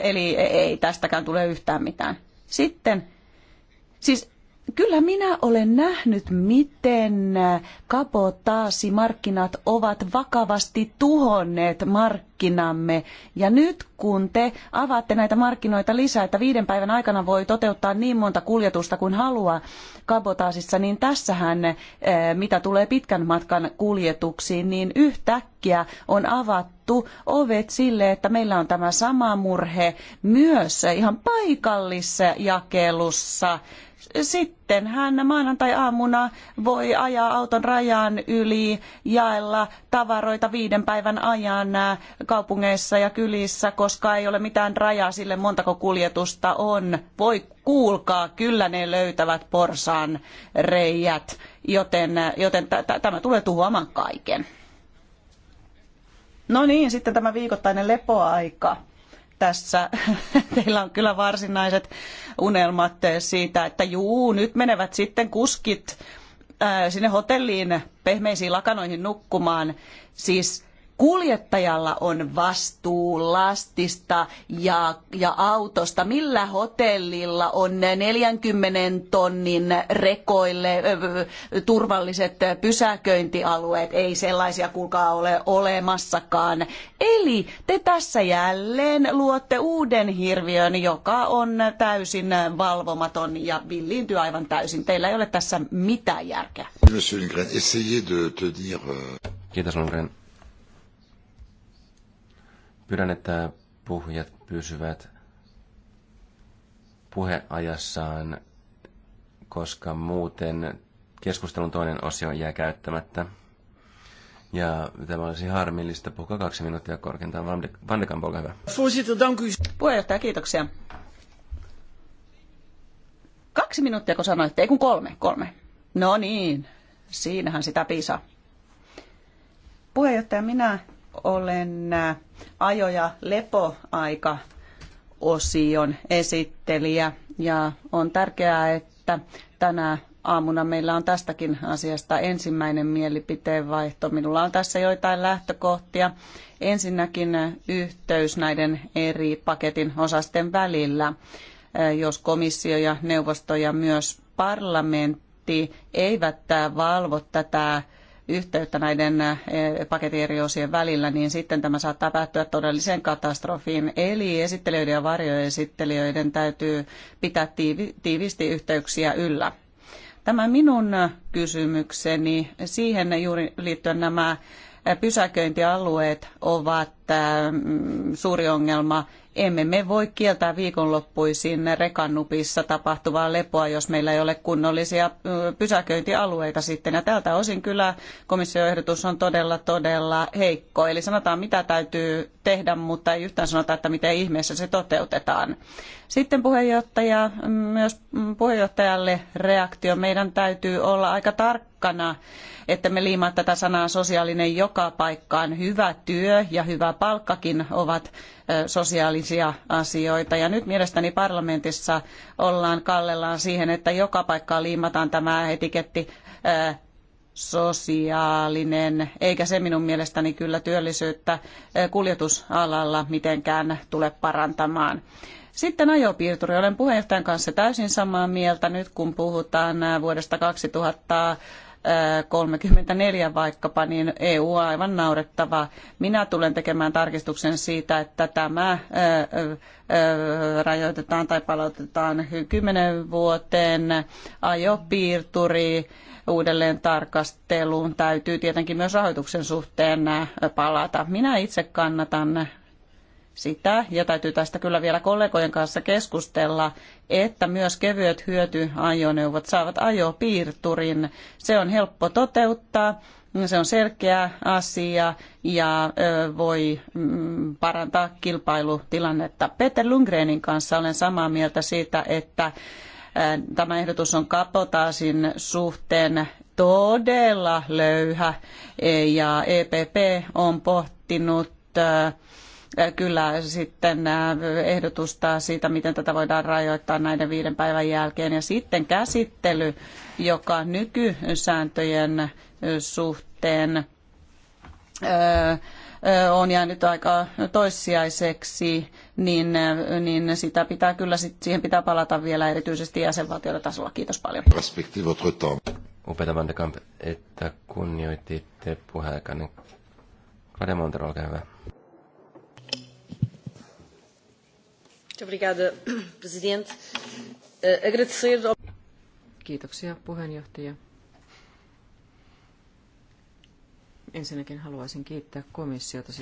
C: eli e-, ei tästäkään tule yhtään mitään. Sitten, siis Kyllä minä olen nähnyt, miten kabotaasimarkkinat ovat vakavasti tuhonneet markkinamme. Ja nyt kun te avaatte näitä markkinoita lisää, että viiden päivän aikana voi toteuttaa niin monta kuljetusta kuin haluaa kabotaasissa, niin tässähän, eh, mitä tulee pitkän matkan kuljetuksiin, niin yhtäkkiä on avattu ovet sille, että meillä on tämä sama murhe myös ihan paikallisjakelussa. jakelussa sitten hän maanantai-aamuna voi ajaa auton rajan yli, jaella tavaroita viiden päivän ajan äh, kaupungeissa ja kylissä, koska ei ole mitään rajaa sille montako kuljetusta on. Voi kuulkaa, kyllä ne löytävät porsaan reijät, joten, äh, joten tämä tulee tuhoamaan kaiken. No niin, sitten tämä viikoittainen lepoaika tässä teillä on kyllä varsinaiset unelmat siitä, että juu, nyt menevät sitten kuskit äh, sinne hotelliin pehmeisiin lakanoihin nukkumaan. Siis kuljettajalla on vastuu lastista ja, ja autosta, millä hotellilla on 40 tonnin rekoille turvalliset pysäköintialueet, ei sellaisia kukaan ole olemassakaan. Eli te tässä jälleen luotte uuden hirviön, joka on täysin valvomaton ja villiintyy aivan täysin. Teillä ei ole tässä mitään järkeä.
B: Euh, Kiitos Lundgren. Pyydän, että puhujat pysyvät puheajassaan, koska muuten keskustelun toinen osio jää käyttämättä. Ja tämä olisi harmillista. Puhukaa kaksi minuuttia korkeintaan. Van de Kamp, olkaa hyvä.
C: Puheenjohtaja, kiitoksia. Kaksi minuuttia, kun sanoitte, ei kun kolme, kolme. No niin, siinähän sitä piisaa. Puheenjohtaja, minä olen äh, ajo- ja lepoaika osion esittelijä ja on tärkeää, että tänä aamuna meillä on tästäkin asiasta ensimmäinen mielipiteenvaihto. Minulla on tässä joitain lähtökohtia. Ensinnäkin äh, yhteys näiden eri paketin osasten välillä. Äh, jos komissio ja neuvosto ja myös parlamentti eivät valvo tätä yhteyttä näiden eh, paketin eri osien välillä, niin sitten tämä saattaa päättyä todelliseen katastrofiin. Eli esittelijöiden ja varjoesittelijöiden täytyy pitää tiiviisti yhteyksiä yllä. Tämä minun kysymykseni, siihen juuri liittyen nämä eh, pysäköintialueet ovat eh, mm, suuri ongelma emme me voi kieltää viikonloppuisin rekannupissa tapahtuvaa lepoa, jos meillä ei ole kunnollisia pysäköintialueita sitten. Ja tältä osin kyllä komissioehdotus on todella, todella heikko. Eli sanotaan, mitä täytyy tehdä, mutta ei yhtään sanota, että miten ihmeessä se toteutetaan. Sitten puheenjohtaja, myös puheenjohtajalle reaktio. Meidän täytyy olla aika tarkkana, että me liimaa tätä sanaa sosiaalinen joka paikkaan. Hyvä työ ja hyvä palkkakin ovat sosiaalisia asioita. Ja nyt mielestäni parlamentissa ollaan kallellaan siihen, että joka paikkaan liimataan tämä etiketti sosiaalinen, eikä se minun mielestäni kyllä työllisyyttä kuljetusalalla mitenkään tule parantamaan. Sitten ajopiirturi. Olen puheenjohtajan kanssa täysin samaa mieltä nyt, kun puhutaan vuodesta 2000 34 vaikkapa, niin EU on aivan naurettava. Minä tulen tekemään tarkistuksen siitä, että tämä rajoitetaan tai palautetaan 10 vuoteen ajopiirturi uudelleen tarkasteluun täytyy tietenkin myös rahoituksen suhteen palata. Minä itse kannatan sitä, ja täytyy tästä kyllä vielä kollegojen kanssa keskustella, että myös kevyet hyötyajoneuvot saavat ajopiirturin. Se on helppo toteuttaa, se on selkeä asia ja voi mm, parantaa kilpailutilannetta. Peter Lundgrenin kanssa olen samaa mieltä siitä, että tämä ehdotus on kapotaasin suhteen todella löyhä ja EPP on pohtinut Äh, kyllä sitten äh, ehdotusta siitä, miten tätä voidaan rajoittaa näiden viiden päivän jälkeen. Ja sitten käsittely, joka nykysääntöjen äh, suhteen on jäänyt aika toissijaiseksi, niin, niin sitä pitää kyllä, siihen pitää palata vielä erityisesti jäsenvaltioiden tasolla. Kiitos paljon.
B: Upeta Vandekamp, että kunnioititte Kade Montero, olkaa hyvä.
A: Eh, Kiitoksia puheenjohtaja. Ensinnäkin haluaisin kiittää komissiota,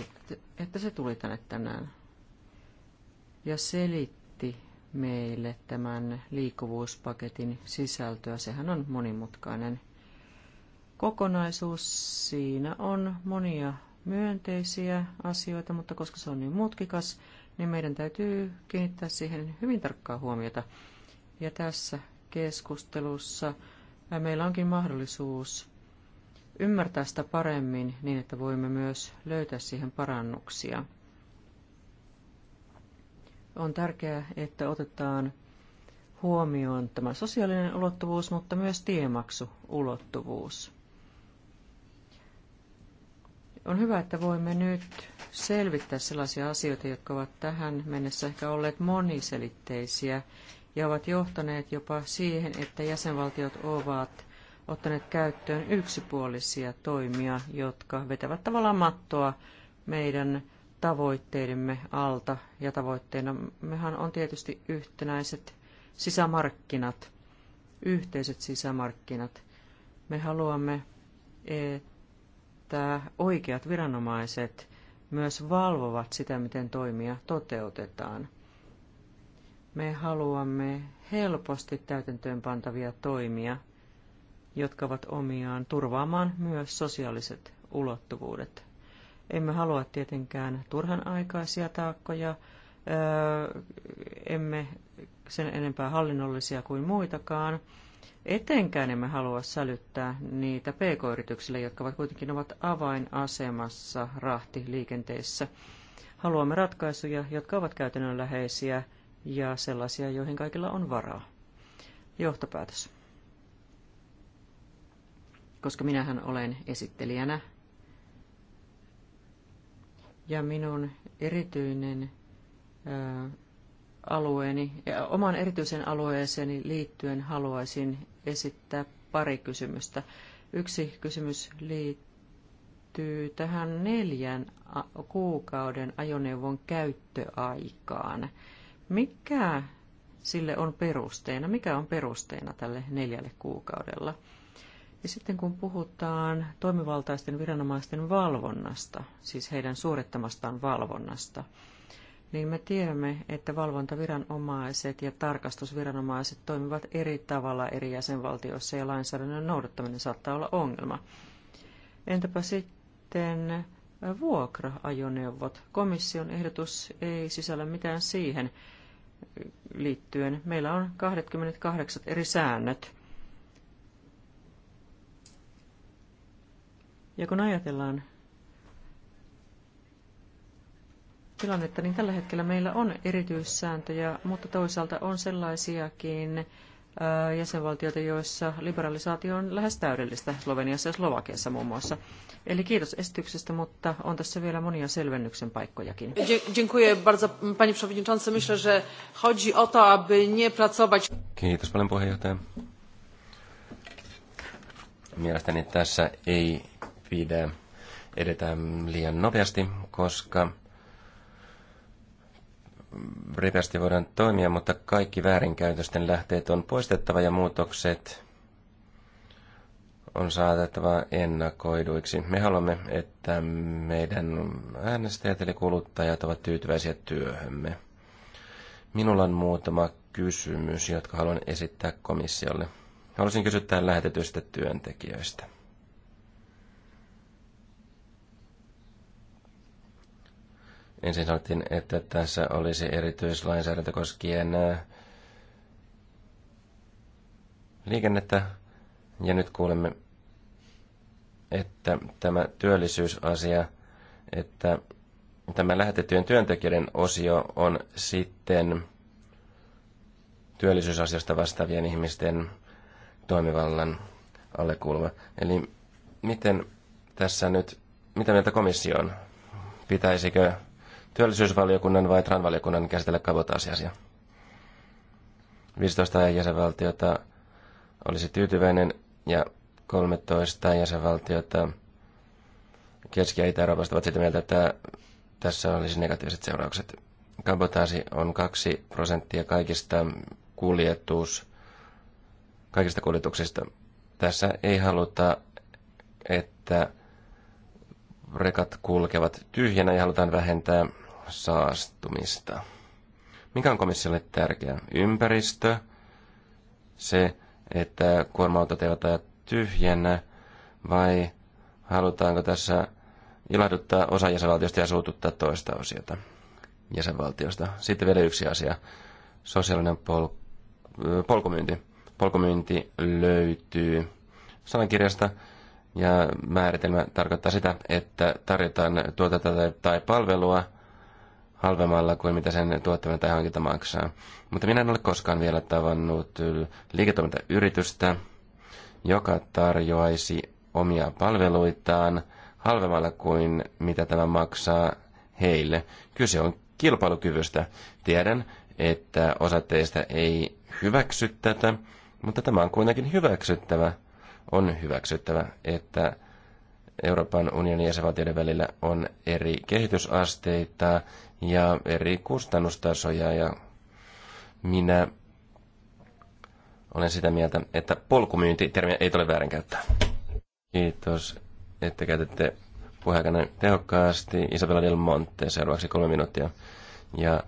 A: että se tuli tänne tänään ja selitti meille tämän liikkuvuuspaketin sisältöä. Sehän on monimutkainen kokonaisuus. Siinä on monia myönteisiä asioita, mutta koska se on niin mutkikas, niin meidän täytyy kiinnittää siihen hyvin tarkkaa huomiota. Ja tässä keskustelussa meillä onkin mahdollisuus ymmärtää sitä paremmin niin, että voimme myös löytää siihen parannuksia. On tärkeää, että otetaan huomioon tämä sosiaalinen ulottuvuus, mutta myös tiemaksuulottuvuus. On hyvä, että voimme nyt selvittää sellaisia asioita, jotka ovat tähän mennessä ehkä olleet moniselitteisiä ja ovat johtaneet jopa siihen, että jäsenvaltiot ovat ottaneet käyttöön yksipuolisia toimia, jotka vetävät tavallaan mattoa meidän tavoitteidemme alta. Ja tavoitteena mehän on tietysti yhtenäiset sisämarkkinat, yhteiset sisämarkkinat. Me haluamme, että että oikeat viranomaiset myös valvovat sitä, miten toimia toteutetaan. Me haluamme helposti täytäntöön pantavia toimia, jotka ovat omiaan turvaamaan myös sosiaaliset ulottuvuudet. Emme halua tietenkään turhan aikaisia taakkoja, emme sen enempää hallinnollisia kuin muitakaan. Etenkään emme halua sälyttää niitä pk-yrityksille, jotka ovat kuitenkin ovat avainasemassa rahtiliikenteessä. Haluamme ratkaisuja, jotka ovat käytännönläheisiä ja sellaisia, joihin kaikilla on varaa. Johtopäätös. Koska minähän olen esittelijänä ja minun erityinen alueeni, ja oman erityisen alueeseeni liittyen haluaisin esittää pari kysymystä. Yksi kysymys liittyy tähän neljän kuukauden ajoneuvon käyttöaikaan. Mikä sille on perusteena? Mikä on perusteena tälle neljälle kuukaudella? Ja sitten kun puhutaan toimivaltaisten viranomaisten valvonnasta, siis heidän suorittamastaan valvonnasta, niin me tiedämme, että valvontaviranomaiset ja tarkastusviranomaiset toimivat eri tavalla eri jäsenvaltioissa ja lainsäädännön noudattaminen saattaa olla ongelma. Entäpä sitten vuokra-ajoneuvot? Komission ehdotus ei sisällä mitään siihen liittyen. Meillä on 28 eri säännöt. Ja kun ajatellaan tilannetta, niin tällä hetkellä meillä on erityissääntöjä, mutta toisaalta on sellaisiakin jäsenvaltioita, joissa liberalisaatio on lähes täydellistä, Sloveniassa ja Slovakiassa muun muassa. Eli kiitos esityksestä, mutta on tässä vielä monia selvennyksen paikkojakin. chodzi aby nie pracować...
B: Kiitos paljon puheenjohtaja. Mielestäni tässä ei pidä edetä liian nopeasti, koska ripeästi voidaan toimia, mutta kaikki väärinkäytösten lähteet on poistettava ja muutokset on saatettava ennakoiduiksi. Me haluamme, että meidän äänestäjät eli kuluttajat ovat tyytyväisiä työhömme. Minulla on muutama kysymys, jotka haluan esittää komissiolle. Haluaisin kysyä lähetetyistä työntekijöistä. Ensin sanottiin, että tässä olisi erityislainsäädäntö koskien äh, liikennettä. Ja nyt kuulemme, että tämä työllisyysasia, että tämä lähetettyjen työntekijöiden osio on sitten työllisyysasiasta vastaavien ihmisten toimivallan alle kuuluva. Eli miten tässä nyt, mitä mieltä komissio Pitäisikö työllisyysvaliokunnan vai TRAN-valiokunnan käsitellä kabotaasiasia. 15 jäsenvaltiota olisi tyytyväinen ja 13 jäsenvaltiota Keski- ja Itä-Euroopasta ovat sitä mieltä, että tässä olisi negatiiviset seuraukset. Kabotaasi on 2 prosenttia kaikista kuljetus, kaikista kuljetuksista. Tässä ei haluta, että rekat kulkevat tyhjänä ja halutaan vähentää saastumista. Mikä on komissiolle tärkeää? Ympäristö, se, että kuorma-autot eivät aja tyhjennä, vai halutaanko tässä ilahduttaa osa jäsenvaltiosta ja suututtaa toista osiota jäsenvaltiosta. Sitten vielä yksi asia, sosiaalinen pol- polkumyynti. Polkumyynti löytyy sanakirjasta, ja määritelmä tarkoittaa sitä, että tarjotaan tuotetta tai palvelua – halvemmalla kuin mitä sen tuottaminen tai hankinta maksaa. Mutta minä en ole koskaan vielä tavannut liiketoimintayritystä, joka tarjoaisi omia palveluitaan halvemmalla kuin mitä tämä maksaa heille. Kyse on kilpailukyvystä. Tiedän, että osa teistä ei hyväksy tätä, mutta tämä on kuitenkin hyväksyttävä. On hyväksyttävä, että Euroopan unionin jäsenvaltioiden välillä on eri kehitysasteita ja eri kustannustasoja ja minä olen sitä mieltä, että polkumyyntitermiä ei tule väärinkäyttää. Kiitos, että käytätte puheenjohtajana tehokkaasti. Isabella Del Monte seuraavaksi kolme minuuttia. Ja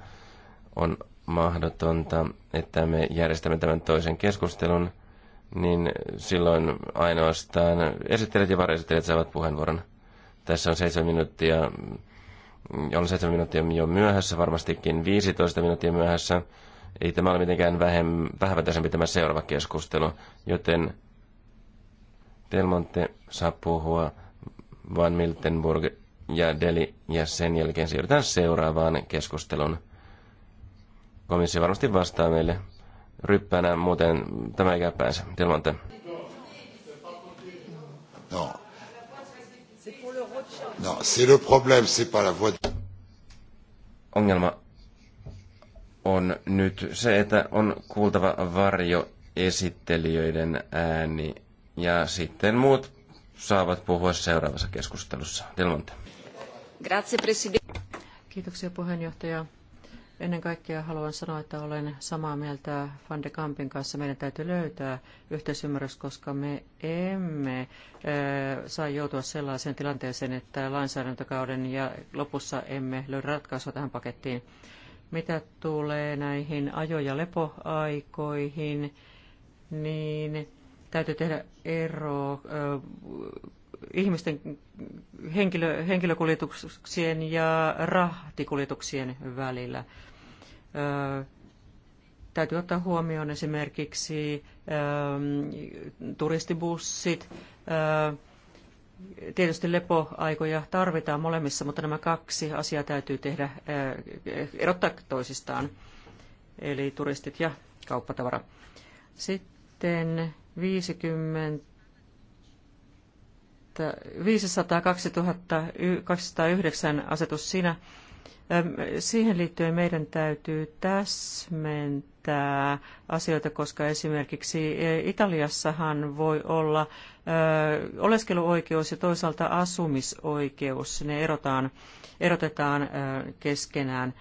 B: on mahdotonta, että me järjestämme tämän toisen keskustelun, niin silloin ainoastaan esittelijät ja varaesittelijät saavat puheenvuoron. Tässä on seitsemän minuuttia Mm, On 7 minuuttia jo myöhässä, varmastikin 15 minuuttia myöhässä. Ei tämä ole mitenkään vähem, tämä seuraava keskustelu, joten Telmonte saa puhua, Van Miltenburg ja Deli, ja sen jälkeen siirrytään seuraavaan keskusteluun. Komissio varmasti vastaa meille ryppänä, muuten tämä ei käy päänsä. Telmonte. No,
C: c'est le problème, c'est pas la
B: Ongelma on nyt se, että on kuultava varjoesittelijöiden ääni ja sitten muut saavat puhua seuraavassa keskustelussa. Delmonte.
C: Grazie,
A: presidente. Kiitoksia puheenjohtaja. Ennen kaikkea haluan sanoa, että olen samaa mieltä Van de Kampin kanssa. Meidän täytyy löytää yhteisymmärrys, koska me emme eh, saa joutua sellaiseen tilanteeseen, että lainsäädäntökauden ja lopussa emme löydä ratkaisua tähän pakettiin. Mitä tulee näihin ajo- ja lepoaikoihin, niin täytyy tehdä ero eh, ihmisten henkilö, henkilökuljetuksien ja rahtikuljetuksien välillä täytyy ottaa huomioon esimerkiksi turistibussit. Tietysti lepoaikoja tarvitaan molemmissa, mutta nämä kaksi asiaa täytyy tehdä, erottaa toisistaan, eli turistit ja kauppatavara. Sitten 50 502 209 asetus siinä Siihen liittyen meidän täytyy täsmentää asioita, koska esimerkiksi Italiassahan voi olla oleskeluoikeus ja toisaalta asumisoikeus. Ne erotaan, erotetaan keskenään.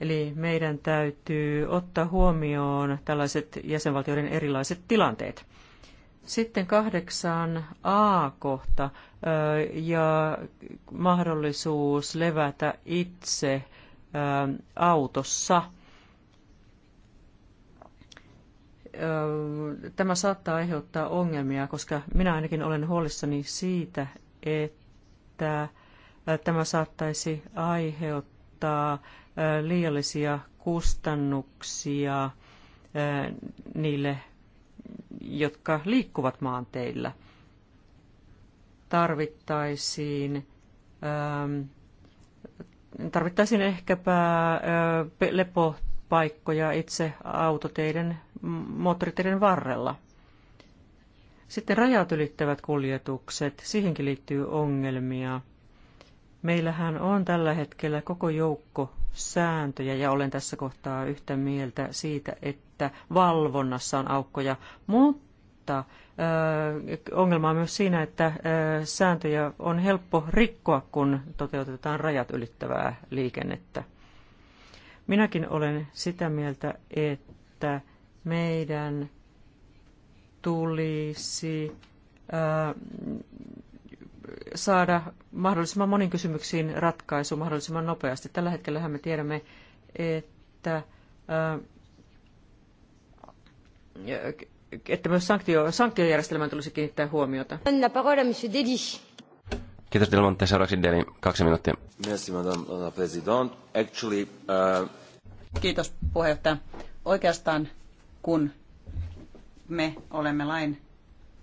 A: Eli meidän täytyy ottaa huomioon tällaiset jäsenvaltioiden erilaiset tilanteet. Sitten kahdeksan A-kohta ja mahdollisuus levätä itse autossa. Tämä saattaa aiheuttaa ongelmia, koska minä ainakin olen huolissani siitä, että tämä saattaisi aiheuttaa liiallisia kustannuksia niille, jotka liikkuvat maanteillä – tarvittaisiin, ähm, tarvittaisiin ehkäpä äh, lepopaikkoja itse autoteiden, moottoriteiden varrella. Sitten rajat ylittävät kuljetukset, siihenkin liittyy ongelmia. Meillähän on tällä hetkellä koko joukko sääntöjä ja olen tässä kohtaa yhtä mieltä siitä, että valvonnassa on aukkoja, mutta noudattaa. Ongelma on myös siinä, että sääntöjä on helppo rikkoa, kun toteutetaan rajat ylittävää liikennettä. Minäkin olen sitä mieltä, että meidän tulisi saada mahdollisimman monin kysymyksiin ratkaisu mahdollisimman nopeasti. Tällä hetkellä me tiedämme, että että myös sanktio, sanktiojärjestelmään tulisi kiinnittää
C: huomiota. La parole monsieur Deli.
B: Kiitos Delmonte. Seuraavaksi Deli, kaksi minuuttia. Merci, madame la présidente. Actually, uh...
C: Kiitos puheenjohtaja. Oikeastaan kun me olemme lain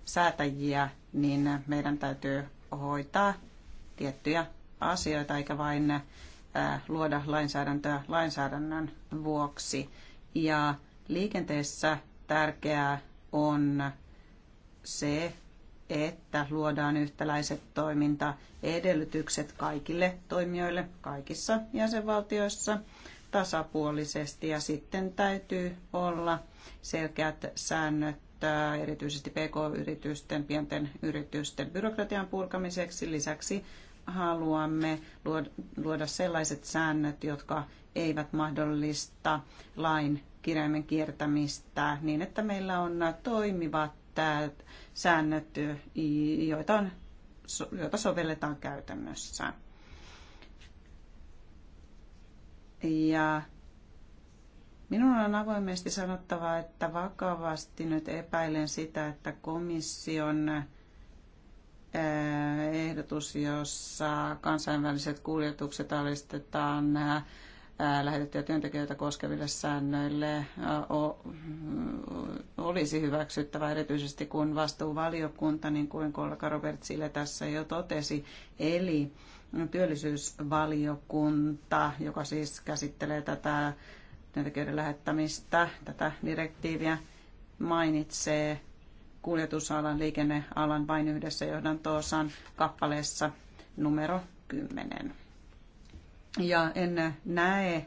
C: säätäjiä, niin meidän täytyy hoitaa tiettyjä asioita eikä vain uh, luoda lainsäädäntöä lainsäädännön vuoksi. Ja liikenteessä tärkeää on se, että luodaan yhtäläiset toimintaedellytykset kaikille toimijoille kaikissa jäsenvaltioissa tasapuolisesti ja sitten täytyy olla selkeät säännöt äh, erityisesti pk-yritysten, pienten yritysten byrokratian purkamiseksi. Lisäksi haluamme luoda sellaiset säännöt, jotka eivät mahdollista lain kirjaimen kiertämistä niin, että meillä on toimivat äh, säännöt, joita, on, joita sovelletaan käytännössä. Ja minun on avoimesti sanottava, että vakavasti nyt epäilen sitä, että komission äh, ehdotus, jossa kansainväliset kuljetukset alistetaan äh, lähetettyjä työntekijöitä koskeville säännöille mm, olisi hyväksyttävä, erityisesti kun vastuuvaliokunta, niin kuin kollega Robert Sille tässä jo totesi, eli työllisyysvaliokunta, joka siis käsittelee tätä työntekijöiden lähettämistä, tätä direktiiviä, mainitsee kuljetusalan, liikennealan vain yhdessä johdanto-osan kappaleessa numero 10. Ja en näe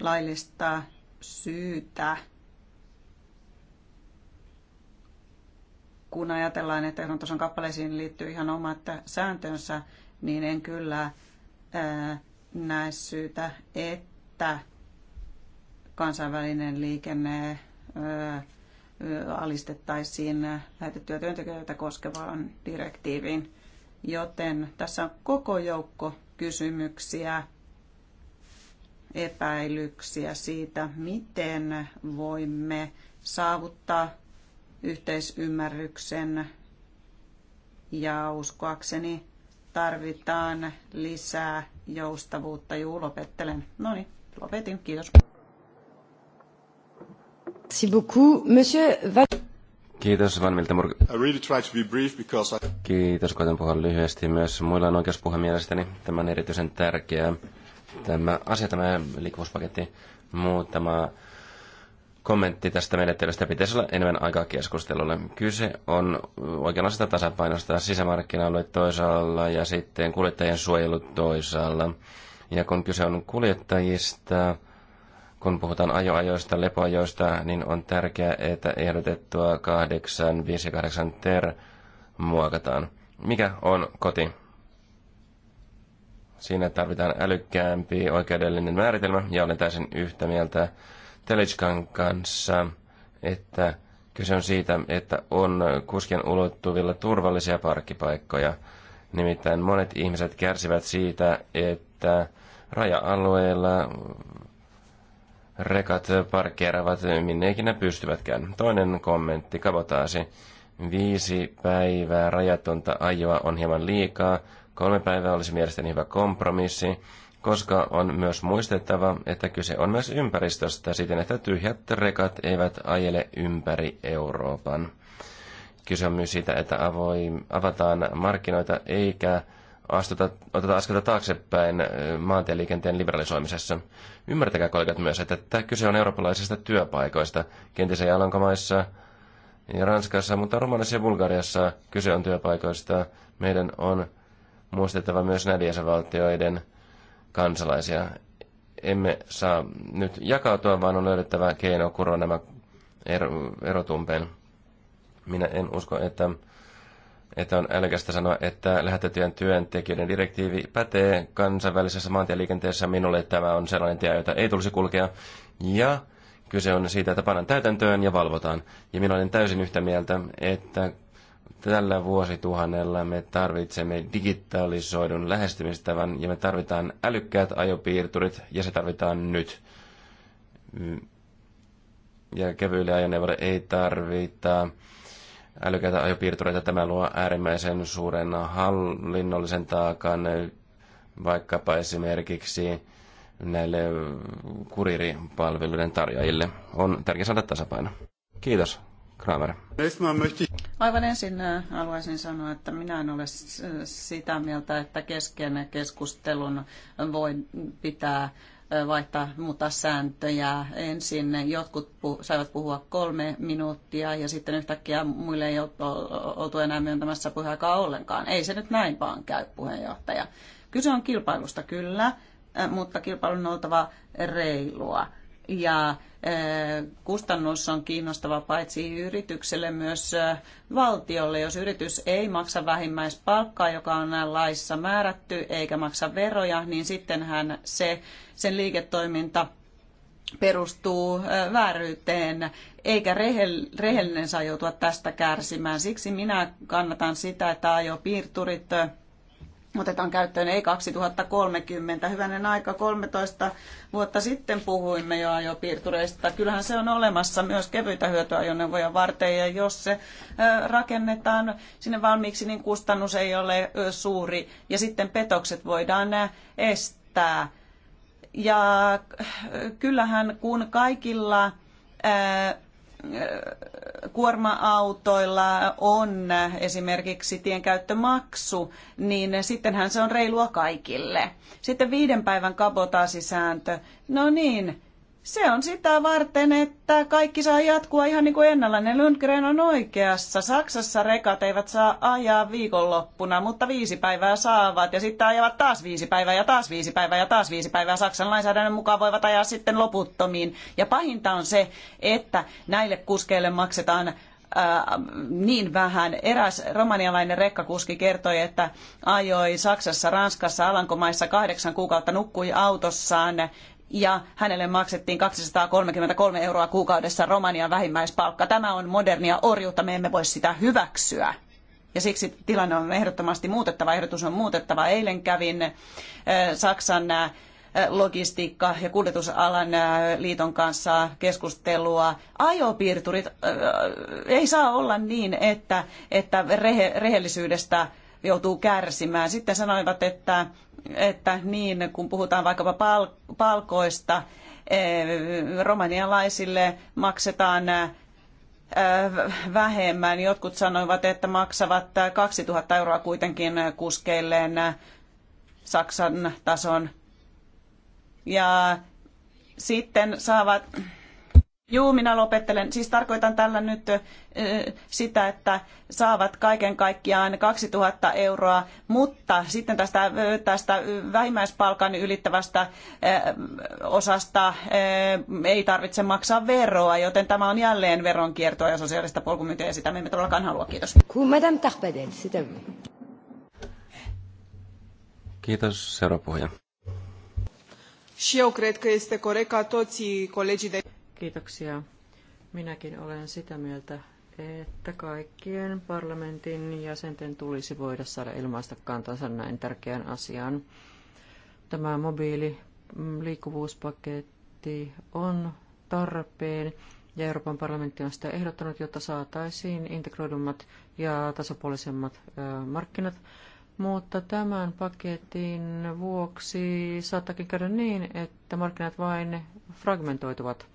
C: laillista syytä, kun ajatellaan, että tuossa kappaleisiin liittyy ihan omat sääntönsä, niin en kyllä näe syytä, että kansainvälinen liikenne alistettaisiin lähetettyä työntekijöitä koskevaan direktiiviin. Joten tässä on koko joukko kysymyksiä, epäilyksiä siitä, miten voimme saavuttaa yhteisymmärryksen ja uskoakseni tarvitaan lisää joustavuutta. Juu, lopettelen. No niin, lopetin. Kiitos.
A: Merci beaucoup. Monsieur
B: Kiitos Van Miltenburg.
A: I really try to be brief because I...
B: Kiitos, koitan puhua lyhyesti. Myös muilla on oikeus puhua mielestäni. Tämä on erityisen tärkeä tämä asia, tämä liikkuvuuspaketti. Muutama kommentti tästä menettelystä. Pitäisi olla enemmän aikaa keskustelulle. Kyse on oikeanlaisesta tasapainosta sisämarkkina-alue toisaalla ja sitten kuljettajien suojelu toisaalla. Ja kun kyse on kuljettajista, kun puhutaan ajoajoista, lepoajoista, niin on tärkeää, että ehdotettua kahdeksan 5 ja ter muokataan. Mikä on koti? Siinä tarvitaan älykkäämpi oikeudellinen määritelmä, ja olen täysin yhtä mieltä Telitskan kanssa, että kyse on siitä, että on kuskien ulottuvilla turvallisia parkkipaikkoja. Nimittäin monet ihmiset kärsivät siitä, että raja alueella rekat parkkeeravat minne ikinä pystyvätkään. Toinen kommentti, kabotaasi. Viisi päivää rajatonta ajoa on hieman liikaa. Kolme päivää olisi mielestäni hyvä kompromissi, koska on myös muistettava, että kyse on myös ympäristöstä siten, että tyhjät rekat eivät ajele ympäri Euroopan. Kyse on myös siitä, että avoin, avataan markkinoita eikä astuta, oteta askelta taaksepäin äh, maantieliikenteen liberalisoimisessa. Ymmärtäkää kollegat myös, että tämä kyse on eurooppalaisista työpaikoista. Kenties ei Alankomaissa ja Ranskassa, mutta Romaniassa ja Bulgariassa kyse on työpaikoista. Meidän on muistettava myös näiden jäsenvaltioiden kansalaisia. Emme saa nyt jakautua, vaan on löydettävä keino kuroa nämä er-, erotumpeen. Minä en usko, että että on älykästä sanoa, että lähetettyjen työntekijöiden direktiivi pätee kansainvälisessä maantieliikenteessä. Minulle tämä on sellainen tie, jota ei tulisi kulkea. Ja kyse on siitä, että panan täytäntöön ja valvotaan. Ja minä olen täysin yhtä mieltä, että tällä vuosituhannella me tarvitsemme digitalisoidun lähestymistavan ja me tarvitaan älykkäät ajopiirturit ja se tarvitaan nyt. Mm. Ja kevyille ajoneuvoille ei tarvita älykäitä ajopiirtureita. Tämä luo äärimmäisen suuren hallinnollisen taakan vaikkapa esimerkiksi näille kuriripalveluiden tarjoajille. On tärkeää saada tasapaino. Kiitos. Kramer.
C: Aivan ensin äh, haluaisin sanoa, että minä en ole sitä mieltä, että kesken keskustelun voi pitää vaihtaa, muuttaa sääntöjä. Ensin jotkut pu- saivat puhua kolme minuuttia ja sitten yhtäkkiä muille ei oltu enää myöntämässä puheaikaa ollenkaan. Ei se nyt näin vaan käy, puheenjohtaja. Kyse on kilpailusta kyllä, eh, mutta kilpailun oltava reilua ja kustannus on kiinnostava paitsi yritykselle myös valtiolle. Jos yritys ei maksa vähimmäispalkkaa, joka on näin laissa määrätty, eikä maksa veroja, niin sittenhän se, sen liiketoiminta perustuu vääryyteen, eikä rehellinen saa joutua tästä kärsimään. Siksi minä kannatan sitä, että ajopiirturit piirturit otetaan käyttöön, ei 2030. Hyvänen aika, 13 vuotta sitten puhuimme jo ajopiirtureista. Kyllähän se on olemassa myös kevyitä hyötyajoneuvoja varten, ja jos se rakennetaan sinne valmiiksi, niin kustannus ei ole suuri, ja sitten petokset voidaan estää. Ja kyllähän kun kaikilla kuorma-autoilla on esimerkiksi tienkäyttömaksu, niin sittenhän se on reilua kaikille. Sitten viiden päivän kabotaasisääntö. No niin, se on sitä varten, että kaikki saa jatkua ihan niin kuin ennallaan. Lundgren on oikeassa. Saksassa rekat eivät saa ajaa viikonloppuna, mutta viisi päivää saavat. Ja sitten ajavat taas viisi päivää ja taas viisi päivää ja taas viisi päivää. Saksan lainsäädännön mukaan voivat ajaa sitten loputtomiin. Ja pahinta on se, että näille kuskeille maksetaan Ää, äh, niin vähän. Eräs romanialainen rekkakuski kertoi, että ajoi Saksassa, Ranskassa, Alankomaissa kahdeksan kuukautta, nukkui autossaan ja hänelle maksettiin 233 euroa kuukaudessa Romanian vähimmäispalkka. Tämä on modernia orjuutta, me emme voi sitä hyväksyä. Ja siksi tilanne on ehdottomasti muutettava, ehdotus on muutettava. Eilen kävin Saksan logistiikka- ja kuljetusalan liiton kanssa keskustelua. Ajopiirturit, ei saa olla niin, että, että rehe, rehellisyydestä joutuu kärsimään. Sitten sanoivat, että, että niin, kun puhutaan vaikkapa palkoista, eh, romanialaisille maksetaan eh, vähemmän. Jotkut sanoivat, että maksavat 2000 euroa kuitenkin kuskeilleen eh, Saksan tason. Ja sitten saavat Juu, minä lopettelen. Siis tarkoitan tällä nyt sitä, että saavat kaiken kaikkiaan 2000 euroa, mutta sitten tästä, tästä vähimmäispalkan ylittävästä osasta ei tarvitse maksaa veroa, joten tämä on jälleen veronkiertoa ja sosiaalista polkumyyntiä ja sitä me emme todellakaan halua. Kiitos.
B: Kiitos, seuraava puhuja.
A: Și eu cred că este corect ca toți colegii de... Kiitoksia. Minäkin olen sitä mieltä, että kaikkien parlamentin jäsenten tulisi voida saada ilmaista kantansa näin tärkeään asiaan. Tämä mobiili mm, liikkuvuuspaketti on tarpeen ja Euroopan parlamentti on sitä ehdottanut, jotta saataisiin integroidummat ja tasapuolisemmat markkinat. Mutta tämän paketin vuoksi saattakin käydä niin, että markkinat vain fragmentoituvat.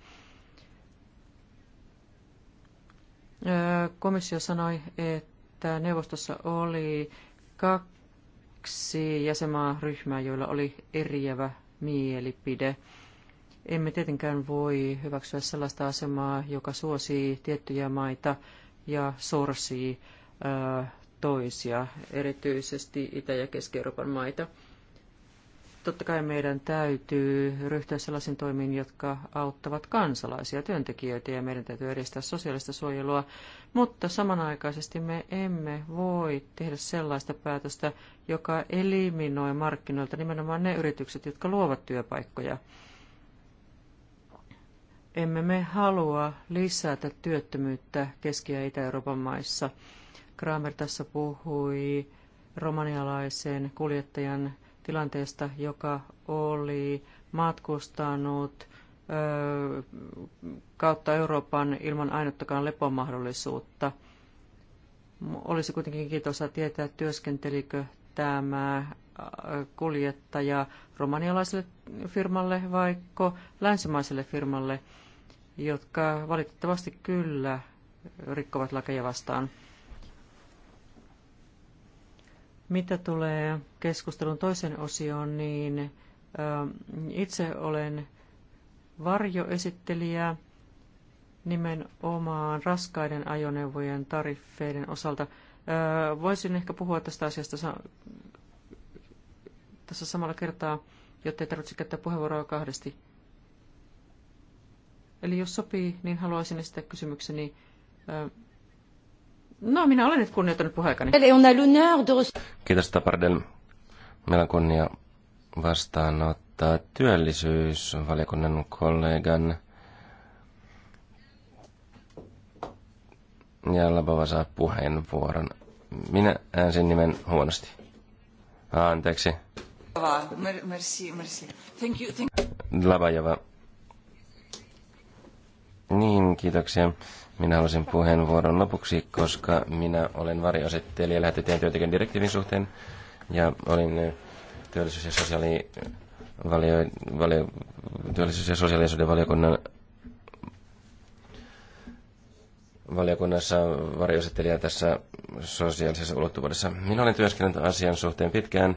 A: Komissio sanoi, että neuvostossa oli kaksi jäsenmaaryhmää, joilla oli eriävä mielipide. Emme tietenkään voi hyväksyä sellaista asemaa, joka suosii tiettyjä maita ja sorsii toisia, erityisesti Itä- ja Keski-Euroopan maita totta kai meidän täytyy ryhtyä sellaisiin toimiin, jotka auttavat kansalaisia, työntekijöitä ja meidän täytyy edistää sosiaalista suojelua, mutta samanaikaisesti me emme voi tehdä sellaista päätöstä, joka eliminoi markkinoilta nimenomaan ne yritykset, jotka luovat työpaikkoja. Emme me halua lisätä työttömyyttä Keski- ja Itä-Euroopan maissa. Kramer tässä puhui romanialaisen kuljettajan tilanteesta, joka oli matkustanut kautta Euroopan ilman ainuttakaan lepomahdollisuutta. Olisi kuitenkin kiitosa tietää, työskentelikö tämä kuljettaja romanialaiselle firmalle vaikka länsimaiselle firmalle, jotka valitettavasti kyllä rikkovat lakeja vastaan. Mitä tulee keskustelun toisen osioon, niin itse olen varjoesittelijä nimenomaan raskaiden ajoneuvojen tariffeiden osalta. Voisin ehkä puhua tästä asiasta tässä samalla kertaa, jotta ei tarvitse käyttää puheenvuoroa kahdesti. Eli jos sopii, niin haluaisin esittää kysymykseni No, minä olen nyt kunnioittanut puheaikani.
B: Kiitos, Tapardel. Meillä on kunnia vastaanottaa työllisyysvaliokunnan kollegan ja Labova saa puheenvuoron. Minä äänsin nimen huonosti. Anteeksi.
C: Merci, merci. Thank you, thank
B: Labajava. Niin, kiitoksia. Minä halusin puheenvuoron lopuksi, koska minä olen varjoasettelija lähetettyjen työntekijän direktiivin suhteen ja olin eh, työllisyys- ja sosiaali- valio, valio, työllisyys- ja sosiaalisuuden valiokunnan valiokunnassa varjoesittelijä tässä sosiaalisessa ulottuvuudessa. Minä olen työskennellyt asian suhteen pitkään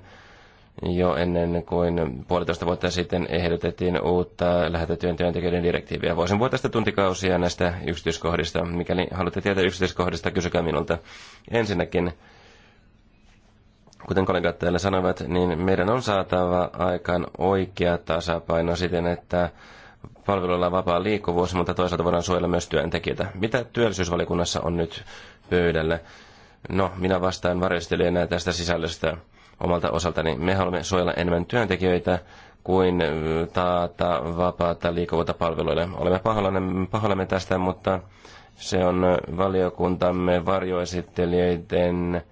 B: jo ennen kuin puolitoista vuotta sitten ehdotettiin uutta lähetettyjen työntekijöiden direktiiviä. Voisin puhua tästä tuntikausia näistä yksityiskohdista. Mikäli haluatte tietää yksityiskohdista, kysykää minulta. Ensinnäkin, kuten kollegat täällä sanoivat, niin meidän on saatava aikaan oikea tasapaino siten, että palveluilla on vapaa liikkuvuus, mutta toisaalta voidaan suojella myös työntekijöitä. Mitä työllisyysvalikunnassa on nyt pöydällä? No, minä vastaan varjostelijana tästä sisällöstä omalta osaltani. Me haluamme suojella enemmän työntekijöitä kuin taata vapaata liikkuvuutta palveluille. Olemme pahoillamme, tästä, mutta se on valiokuntamme varjoesittelijöiden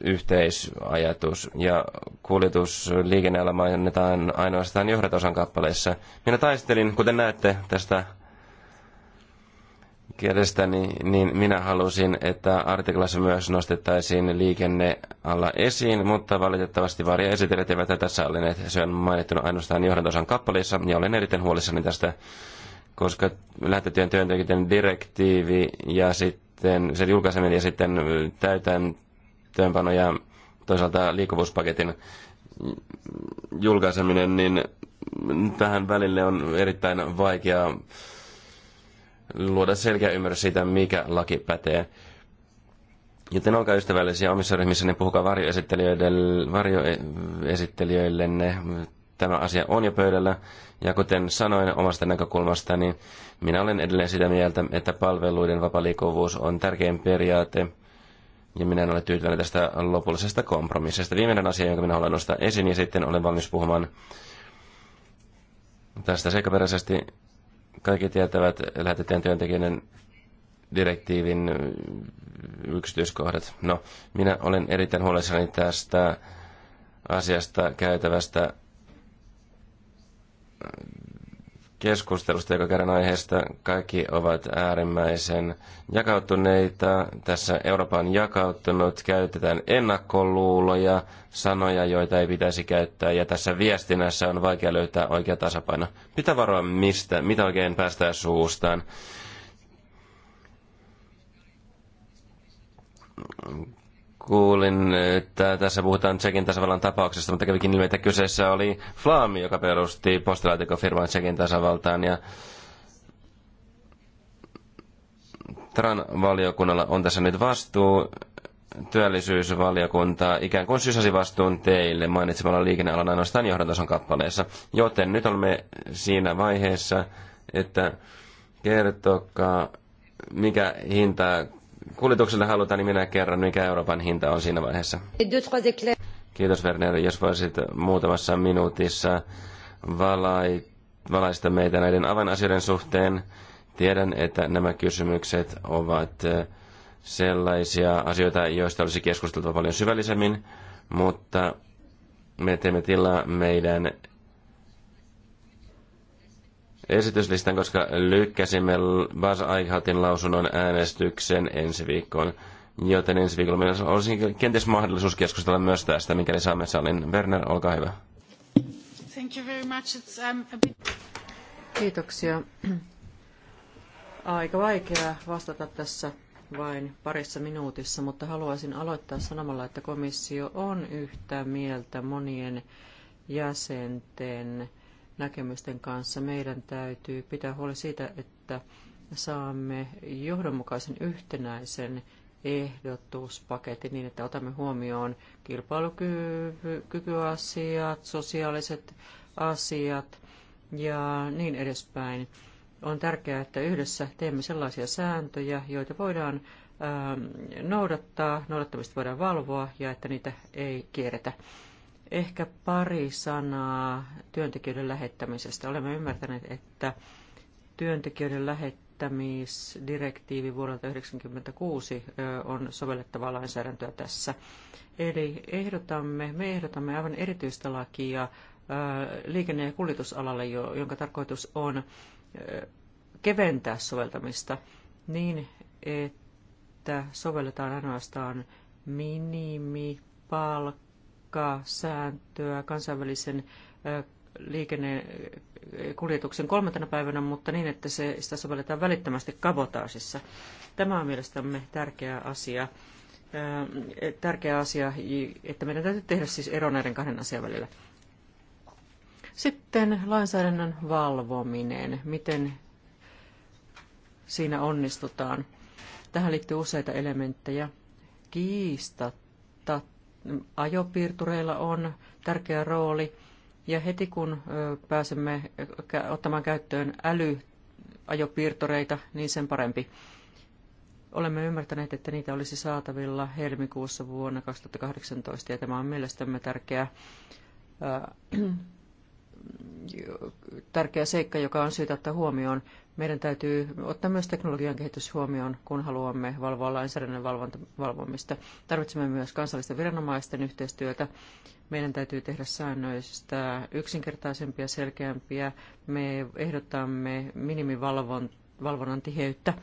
B: yhteisajatus ja kuljetusliikenneala mainitaan ainoastaan johdatosan kappaleissa. Minä taistelin, kuten näette, tästä kielestäni, niin minä halusin, että artiklassa myös nostettaisiin liikennealla esiin, mutta valitettavasti varja esitelijät eivät tätä sallineet. Se on mainittu ainoastaan johdantosan kappaleissa, ja olen erittäin huolissani tästä, koska lähtötyön työntekijöiden direktiivi ja sitten se julkaiseminen ja sitten täytäntöönpano ja toisaalta liikkuvuuspaketin julkaiseminen, niin tähän välille on erittäin vaikea luoda selkeä ymmärrys siitä, mikä laki pätee. Joten olkaa ystävällisiä omissa ryhmissänne, puhukaa varjoesittelijöillenne. Tämä asia on jo pöydällä. Ja kuten sanoin omasta näkökulmastani, niin minä olen edelleen sitä mieltä, että palveluiden vapaa on tärkein periaate. Ja minä en ole tyytyväinen tästä lopullisesta kompromissista. Viimeinen asia, jonka minä haluan nostaa esiin, ja sitten olen valmis puhumaan tästä seikkaperäisesti kaikki tietävät lähetetään työntekijöiden direktiivin yksityiskohdat. No, minä olen erittäin huolissani tästä asiasta käytävästä keskustelusta, joka kerran aiheesta kaikki ovat äärimmäisen jakautuneita. Tässä Eurooppa on jakautunut, käytetään ennakkoluuloja, sanoja, joita ei pitäisi käyttää, ja tässä viestinnässä on vaikea löytää oikea tasapaino. Mitä varoa mistä, mitä oikein päästää suustaan kuulin, että tässä puhutaan Tsekin tasavallan tapauksesta, mutta kävikin ilmi, että kyseessä oli Flaami, joka perusti postilaatikofirman Tsekin tasavaltaan. Ja TRAN-valiokunnalla on tässä nyt vastuu. Työllisyysvaliokunta ikään kuin sysäsi vastuun teille mainitsemalla liikennealan ainoastaan johdantason kappaleessa. Joten nyt olemme siinä vaiheessa, että kertokaa mikä hinta kuljetuksella halutaan, niin minä kerron, mikä Euroopan hinta on siinä vaiheessa. Kiitos Werner, jos voisit muutamassa minuutissa valai, valaista meitä näiden avainasioiden suhteen. Tiedän, että nämä kysymykset ovat eh, sellaisia asioita, joista olisi keskusteltava paljon syvällisemmin, mutta me teemme tilaa meidän esityslistan, koska lykkäsimme Buzz Aikhatin lausunnon äänestyksen ensi viikkoon. Joten ensi viikolla meillä olisi kenties mahdollisuus keskustella myös tästä, mikäli saamme salin. Werner, olkaa hyvä.
C: Thank you very much. It's, um, a bit...
A: Kiitoksia. Aika vaikea vastata tässä vain parissa minuutissa, mutta haluaisin aloittaa sanomalla, että komissio on yhtä mieltä monien jäsenten näkemysten kanssa. Meidän täytyy pitää huoli siitä, että saamme johdonmukaisen yhtenäisen ehdotuspaketin niin, että otamme huomioon kilpailukykyasiat, sosiaaliset asiat ja niin edespäin. On tärkeää, että yhdessä teemme sellaisia sääntöjä, joita voidaan ähm, noudattaa, noudattamista voidaan valvoa ja että niitä ei kierretä. Ehkä pari sanaa työntekijöiden lähettämisestä. Olemme ymmärtäneet, että työntekijöiden lähettämisdirektiivi vuodelta 1996 on sovellettavaa lainsäädäntöä tässä. Eli ehdotamme, me ehdotamme aivan erityistä lakia liikenne- ja kuljetusalalle, jonka tarkoitus on keventää soveltamista niin, että sovelletaan ainoastaan minimipalkkaa tiukkaa sääntöä kansainvälisen liikennekuljetuksen kolmantena päivänä, mutta niin, että se, sitä sovelletaan välittömästi kabotaasissa. Tämä on mielestämme tärkeä asia. Tärkeä asia, että meidän täytyy tehdä siis ero näiden kahden asian välillä. Sitten lainsäädännön valvominen. Miten siinä onnistutaan? Tähän liittyy useita elementtejä. Kiistatta ajopiirtureilla on tärkeä rooli. Ja heti kun pääsemme ottamaan käyttöön älyajopiirtoreita, niin sen parempi. Olemme ymmärtäneet, että niitä olisi saatavilla helmikuussa vuonna 2018, ja tämä on mielestämme tärkeä, ää, tärkeä seikka, joka on syytä ottaa huomioon. Meidän täytyy ottaa myös teknologian kehitys huomioon, kun haluamme valvoa lainsäädännön valvomista. Tarvitsemme myös kansallisten viranomaisten yhteistyötä. Meidän täytyy tehdä säännöistä yksinkertaisempia, selkeämpiä. Me ehdotamme minimivalvonnan tiheyttä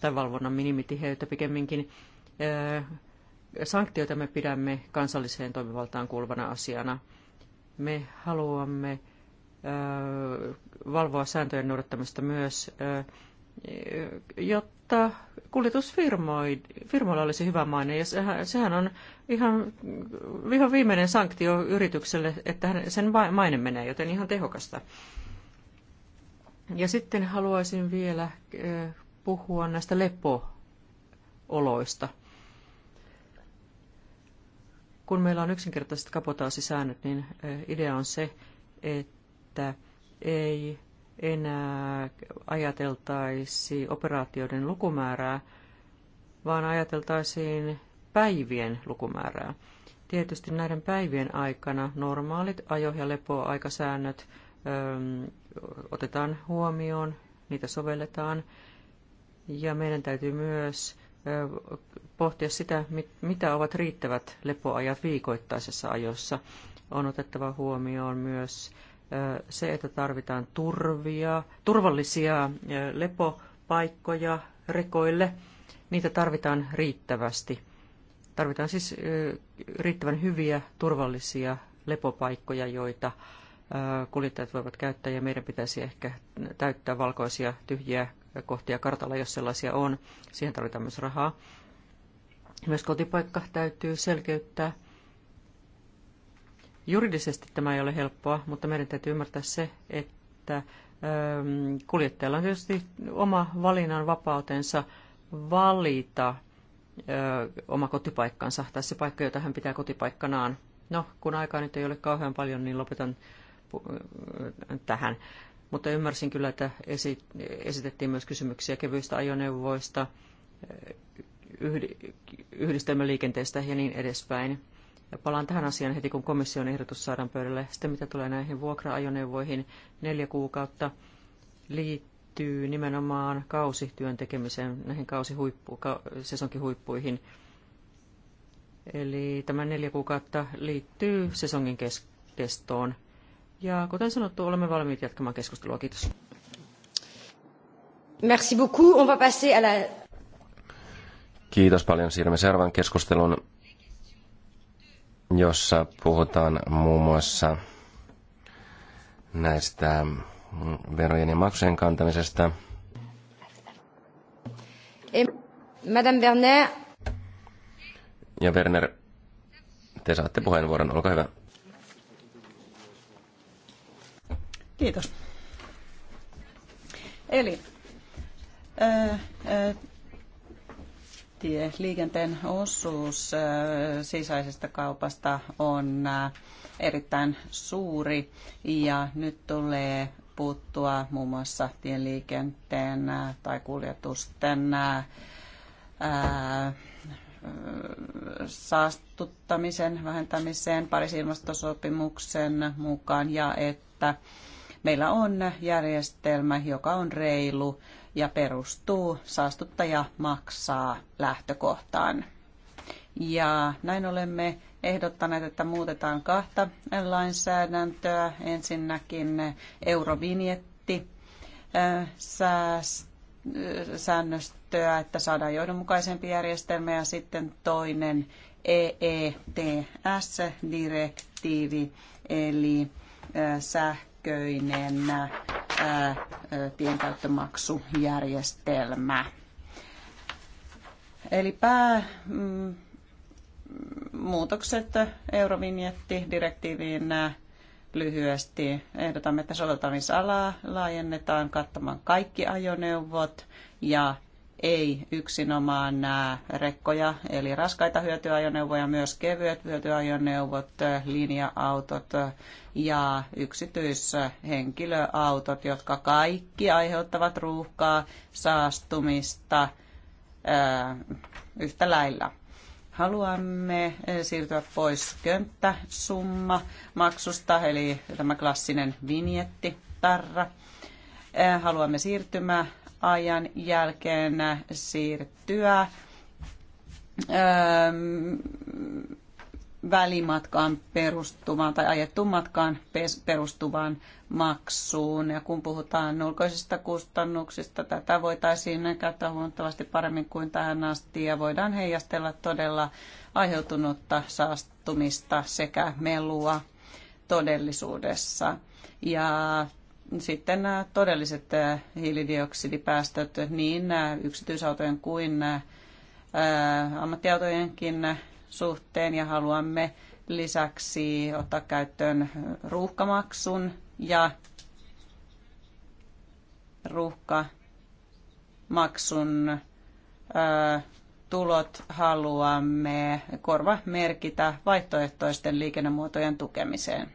A: tai valvonnan minimitiheyttä pikemminkin. Sanktioita me pidämme kansalliseen toimivaltaan kuuluvana asiana. Me haluamme valvoa sääntöjen noudattamista myös, jotta kuljetusfirmoilla olisi hyvä maine. Ja sehän on ihan, ihan viimeinen sanktio yritykselle, että sen maine menee, joten ihan tehokasta. Ja sitten haluaisin vielä puhua näistä lepooloista. Kun meillä on yksinkertaiset kapotaasisäännöt, niin idea on se, että että ei enää ajateltaisi operaatioiden lukumäärää, vaan ajateltaisiin päivien lukumäärää. Tietysti näiden päivien aikana normaalit ajo- ja lepoaikasäännöt ö, otetaan huomioon, niitä sovelletaan. Ja meidän täytyy myös ö, pohtia sitä, mit, mitä ovat riittävät lepoajat viikoittaisessa ajossa. On otettava huomioon myös se, että tarvitaan turvia, turvallisia lepopaikkoja rekoille, niitä tarvitaan riittävästi. Tarvitaan siis riittävän hyviä, turvallisia lepopaikkoja, joita kuljettajat voivat käyttää, ja meidän pitäisi ehkä täyttää valkoisia tyhjiä kohtia kartalla, jos sellaisia on. Siihen tarvitaan myös rahaa. Myös kotipaikka täytyy selkeyttää Juridisesti tämä ei ole helppoa, mutta meidän täytyy ymmärtää se, että ähm, kuljettajalla on tietysti oma valinnan vapautensa valita äh, oma kotipaikkansa tai se paikka, jota hän pitää kotipaikkanaan. No, kun aikaa nyt ei ole kauhean paljon, niin lopetan äh, tähän. Mutta ymmärsin kyllä, että esitettiin myös kysymyksiä kevyistä ajoneuvoista, äh, yhdistelmäliikenteestä ja niin edespäin. Ja palaan tähän asiaan heti, kun komission ehdotus saadaan pöydälle. Sitten mitä tulee näihin vuokra-ajoneuvoihin, neljä kuukautta liittyy nimenomaan kausityön tekemiseen, näihin kausihuippu, ka, Eli tämä neljä kuukautta liittyy sesongin kestoon. Ja kuten sanottu, olemme valmiit jatkamaan keskustelua. Kiitos. Merci beaucoup. On va passer à la...
B: Kiitos paljon. Siirrymme seuraavan keskustelun jossa puhutaan muun muassa näistä verojen ja maksujen kantamisesta.
A: Madame Werner.
B: Ja Werner, te saatte puheenvuoron, olkaa hyvä.
C: Kiitos. Eli tie, liikenteen osuus äh, sisäisestä kaupasta on äh, erittäin suuri ja nyt tulee puuttua muun muassa tieliikenteen äh, tai kuljetusten saastuttamisen vähentämiseen Pariisin ilmastosopimuksen mukaan ja että meillä on järjestelmä, joka on reilu ja perustuu saastuttaja maksaa lähtökohtaan. Ja näin olemme ehdottaneet, että muutetaan kahta lainsäädäntöä. Ensinnäkin eurovinjetti säännöstöä, että saadaan johdonmukaisempi järjestelmä ja sitten toinen EETS-direktiivi, eli sähköinen tienkäyttömaksujärjestelmä. Eli pää, mm, muutokset Eurovinjetti-direktiiviin lyhyesti. Ehdotamme, että soveltamisalaa laajennetaan kattamaan kaikki ajoneuvot ja ei yksinomaan nämä rekkoja, eli raskaita hyötyajoneuvoja, myös kevyet hyötyajoneuvot, linja-autot ja yksityishenkilöautot, jotka kaikki aiheuttavat ruuhkaa, saastumista yhtä lailla. Haluamme siirtyä pois könttäsumma maksusta, eli tämä klassinen vinjetti, tarra haluamme siirtymä ajan jälkeen siirtyä ähm, välimatkaan perustuvaan tai ajettuun matkaan perustuvaan maksuun. Ja kun puhutaan ulkoisista kustannuksista, tätä voitaisiin käyttää huomattavasti paremmin kuin tähän asti ja voidaan heijastella todella aiheutunutta saastumista sekä melua todellisuudessa. Ja sitten nämä äh, todelliset äh, hiilidioksidipäästöt niin äh, yksityisautojen kuin ammattiautojenkin suhteen ja haluamme lisäksi ottaa käyttöön ruuhkamaksun ja ruuhkamaksun tulot haluamme korva merkitä vaihtoehtoisten liikennemuotojen tukemiseen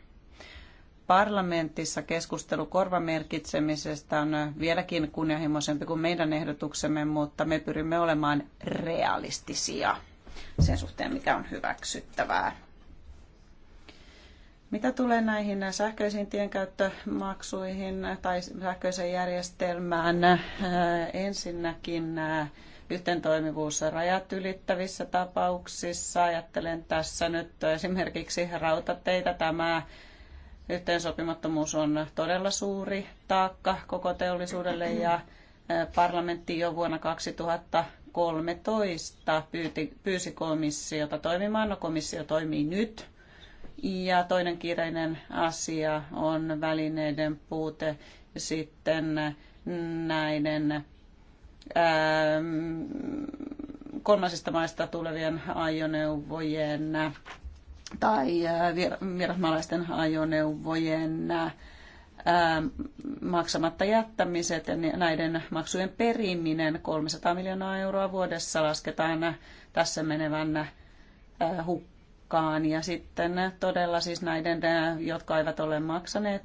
C: parlamentissa keskustelu korvamerkitsemisestä on vieläkin kunnianhimoisempi kuin meidän ehdotuksemme, mutta me pyrimme olemaan realistisia sen suhteen, mikä on hyväksyttävää. Mitä tulee näihin sähköisiin tienkäyttömaksuihin tai sähköiseen järjestelmään, ensinnäkin toimivuus rajat ylittävissä tapauksissa. Ajattelen tässä nyt esimerkiksi rautateitä. Tämä yhteensopimattomuus on todella suuri taakka koko teollisuudelle ja äh, parlamentti jo vuonna 2013 pyyti, pyysi komissiota toimimaan. No komissio toimii nyt. Ja toinen kiireinen asia on välineiden puute sitten näiden ähm, kolmasista maista tulevien ajoneuvojen tai äh, vierasmaalaisten ajoneuvojen äh, maksamatta jättämiset ja näiden maksujen periminen 300 miljoonaa euroa vuodessa lasketaan tässä menevän äh, hukkaan. Ja sitten todella siis näiden, jotka eivät ole maksaneet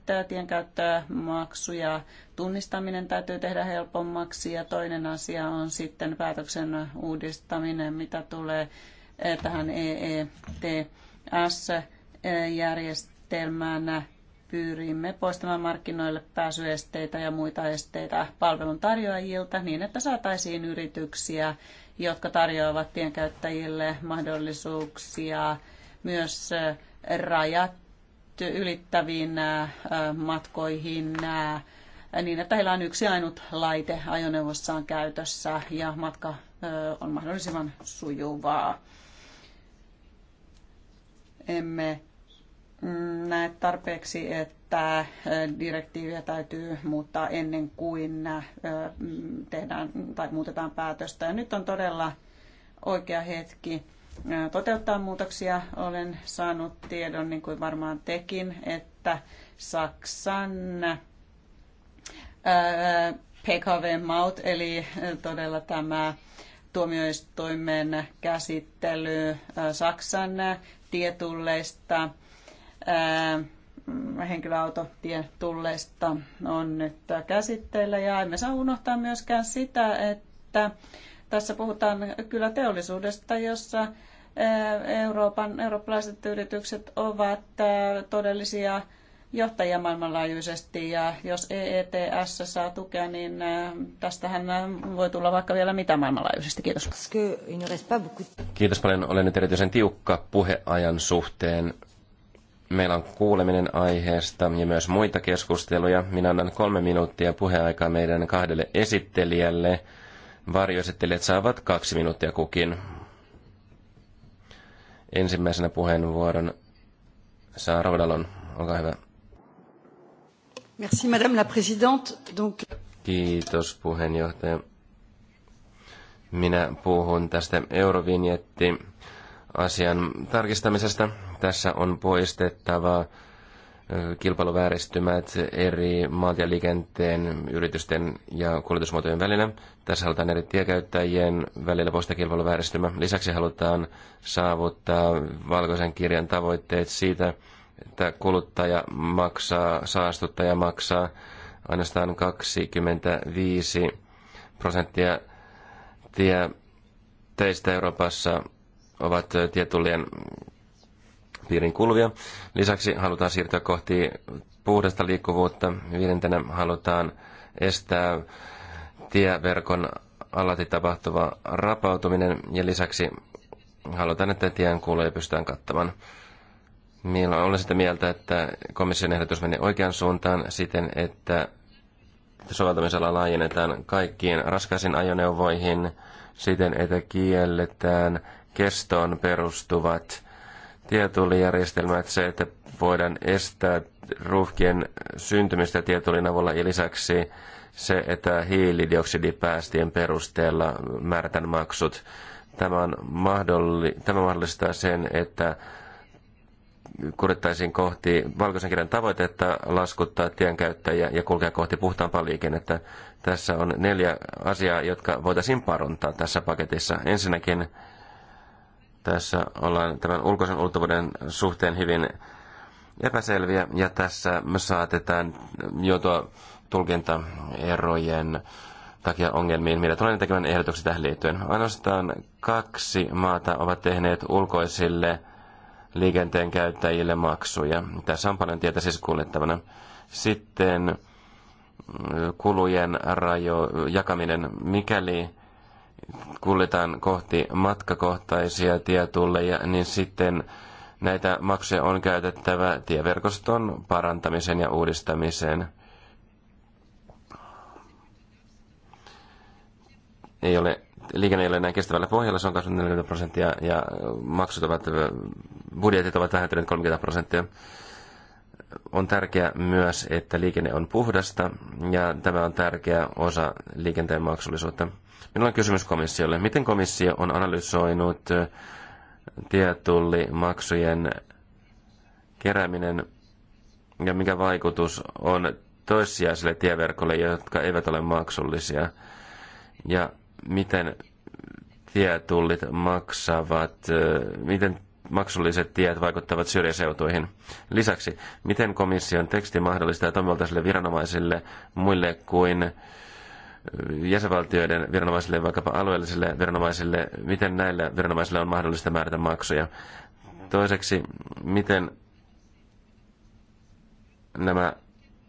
C: maksuja tunnistaminen täytyy tehdä helpommaksi. Ja toinen asia on sitten päätöksen uudistaminen, mitä tulee tähän EET S-järjestelmänä pyrimme poistamaan markkinoille pääsyesteitä ja muita esteitä palveluntarjoajilta niin, että saataisiin yrityksiä, jotka tarjoavat tienkäyttäjille mahdollisuuksia myös rajat ylittäviin äh, matkoihin äh, niin, että heillä on yksi ainut laite ajoneuvossaan käytössä ja matka äh, on mahdollisimman sujuvaa emme näe tarpeeksi, että direktiiviä täytyy muuttaa ennen kuin tehdään tai muutetaan päätöstä. Ja nyt on todella oikea hetki toteuttaa muutoksia. Olen saanut tiedon, niin kuin varmaan tekin, että Saksan PKV Maut, eli todella tämä tuomioistuimen käsittely Saksan tietulleista, henkilöautotietulleista on nyt käsitteillä. Ja emme saa unohtaa myöskään sitä, että tässä puhutaan kyllä teollisuudesta, jossa Euroopan, eurooppalaiset yritykset ovat todellisia johtajia maailmanlaajuisesti ja jos EETS saa tukea, niin äh, tästähän äh, voi tulla vaikka vielä mitä maailmanlaajuisesti. Kiitos.
B: Kiitos paljon. Olen nyt erityisen tiukka puheajan suhteen. Meillä on kuuleminen aiheesta ja myös muita keskusteluja. Minä annan kolme minuuttia puheaikaa meidän kahdelle esittelijälle. Varjoesittelijät saavat kaksi minuuttia kukin. Ensimmäisenä puheenvuoron saa Rodalon. Olkaa hyvä.
C: Merci, Madame la Présidente. Donc...
B: Kiitos puheenjohtaja. Minä puhun tästä eurovinjetti asian tarkistamisesta. Tässä on poistettava kilpailuvääristymät eri maantieliikenteen yritysten ja kuljetusmuotojen välillä. Tässä halutaan eri tiekäyttäjien välillä poistaa kilpailuvääristymä. Lisäksi halutaan saavuttaa valkoisen kirjan tavoitteet siitä, että kuluttaja maksaa, saastuttaja maksaa ainoastaan 25 prosenttia tie, teistä Euroopassa ovat tietullien piirin kuluvia. Lisäksi halutaan siirtyä kohti puhdasta liikkuvuutta. Viidentenä halutaan estää tieverkon alati tapahtuva rapautuminen ja lisäksi halutaan, että tien kuuluja pystytään kattamaan. Millä olen sitä mieltä, että komission ehdotus menee oikean suuntaan siten, että soveltamisella laajennetaan kaikkiin raskaisiin ajoneuvoihin siten, että kielletään kestoon perustuvat tietullijärjestelmät, se, että voidaan estää ruuhkien syntymistä tietullin avulla ja lisäksi se, että hiilidioksidipäästien perusteella määrätään maksut. Tämä, on mahdolli, tämä mahdollistaa sen, että kurittaisiin kohti valkoisen kirjan tavoitetta laskuttaa tienkäyttäjiä ja kulkea kohti puhtaampaa liikennettä. Tässä on neljä asiaa, jotka voitaisiin parantaa tässä paketissa. Ensinnäkin tässä ollaan tämän ulkoisen ulottuvuuden suhteen hyvin epäselviä ja tässä me saatetaan joutua tulkintaerojen takia ongelmiin, mitä tulee tekemään ehdotuksia tähän liittyen. Ainoastaan kaksi maata ovat tehneet ulkoisille liikenteen käyttäjille maksuja. Tässä on paljon tietä siis kuljettavana. Sitten mm, kulujen rajo, jakaminen, mikäli kuljetaan kohti matkakohtaisia tietulleja, niin sitten näitä maksuja on käytettävä tieverkoston parantamiseen ja uudistamiseen. Ei ole liikenne ei ole enää kestävällä pohjalla, se on kasvanut 40 prosenttia ja maksut ovat, budjetit ovat vähentyneet 30 prosenttia. On tärkeää myös, että liikenne on puhdasta ja tämä on tärkeä osa liikenteen maksullisuutta. Minulla on kysymys komissiolle. Miten komissio on analysoinut tietullimaksujen kerääminen ja mikä vaikutus on toissijaisille tieverkolle, jotka eivät ole maksullisia? Ja miten tietullit maksavat, miten maksulliset tiet vaikuttavat syrjäseutuihin. Lisäksi, miten komission teksti mahdollistaa toimivaltaisille viranomaisille muille kuin jäsenvaltioiden viranomaisille, vaikkapa alueellisille viranomaisille, miten näillä viranomaisilla on mahdollista määrätä maksuja. Toiseksi, miten nämä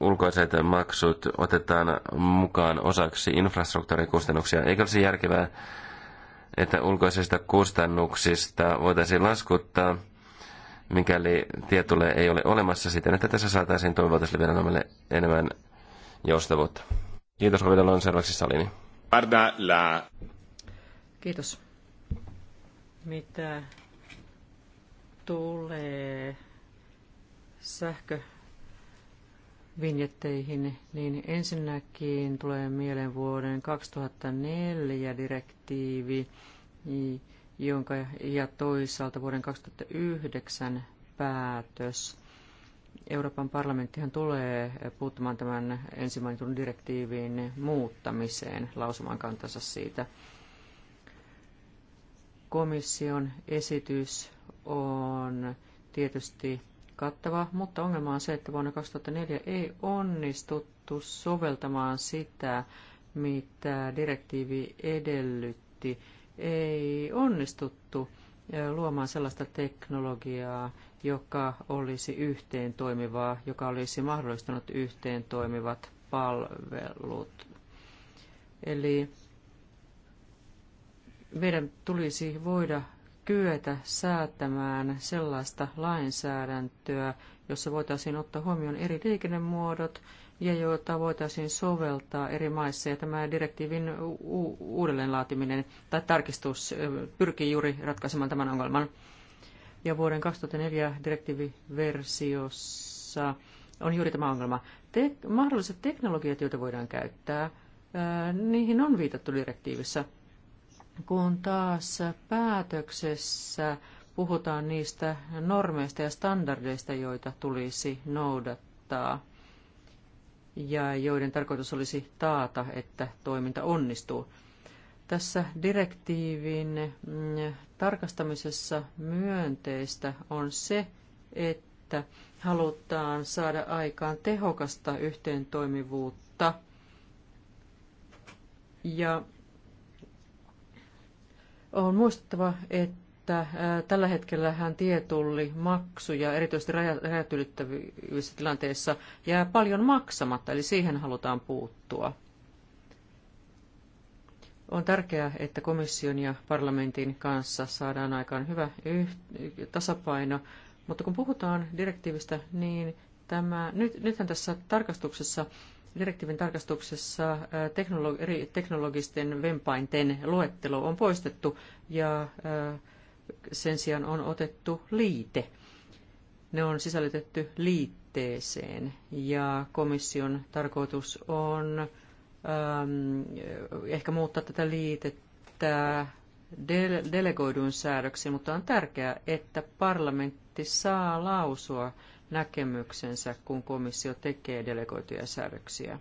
B: ulkoiset maksut otetaan mukaan osaksi infrastruktuurikustannuksia. Eikö olisi järkevää, että ulkoisista kustannuksista voitaisiin laskuttaa, mikäli tietulle ei ole olemassa siten, että tässä saataisiin toivottavasti viranomaille enemmän joustavuutta. Kiitos, Rovita seuraavaksi Salini.
A: Kiitos. Mitä tulee sähkö vinjetteihin, niin ensinnäkin tulee mieleen vuoden 2004 direktiivi, jonka ja toisaalta vuoden 2009 päätös. Euroopan parlamenttihan tulee puuttumaan tämän ensimmäisen direktiivin muuttamiseen, lausumaan kantansa siitä. Komission esitys on tietysti kattava, mutta ongelma on se, että vuonna 2004 ei onnistuttu soveltamaan sitä, mitä direktiivi edellytti. Ei onnistuttu eh, luomaan sellaista teknologiaa, joka olisi yhteen toimivaa, joka olisi mahdollistanut yhteen toimivat palvelut. Eli meidän tulisi voida kyetä säätämään sellaista lainsäädäntöä, jossa voitaisiin ottaa huomioon eri liikennemuodot ja joita voitaisiin soveltaa eri maissa. Ja tämä direktiivin u- uudelleenlaatiminen tai tarkistus pyrkii juuri ratkaisemaan tämän ongelman. Ja vuoden 2004 direktiiviversiossa on juuri tämä ongelma. Te- mahdolliset teknologiat, joita voidaan käyttää, niihin on viitattu direktiivissä – kun taas päätöksessä puhutaan niistä normeista ja standardeista, joita tulisi noudattaa ja joiden tarkoitus olisi taata, että toiminta onnistuu. Tässä direktiivin mm, tarkastamisessa myönteistä on se, että halutaan saada aikaan tehokasta yhteentoimivuutta ja on muistettava, että tällä hetkellä hän tietulli maksuja, erityisesti rajat ylittävissä tilanteissa, jää paljon maksamatta, eli siihen halutaan puuttua. On tärkeää, että komission ja parlamentin kanssa saadaan aikaan hyvä tasapaino, mutta kun puhutaan direktiivistä, niin tämä, nyt, nythän tässä tarkastuksessa direktiivin tarkastuksessa teknologi- eri teknologisten vempainten luettelo on poistettu ja sen sijaan on otettu liite. Ne on sisällytetty liitteeseen ja komission tarkoitus on ähm, ehkä muuttaa tätä liitettä dele- delegoiduin säädöksiin, mutta on tärkeää, että parlamentti saa lausua näkemyksensä, kun komissio tekee delegoituja säädöksiä.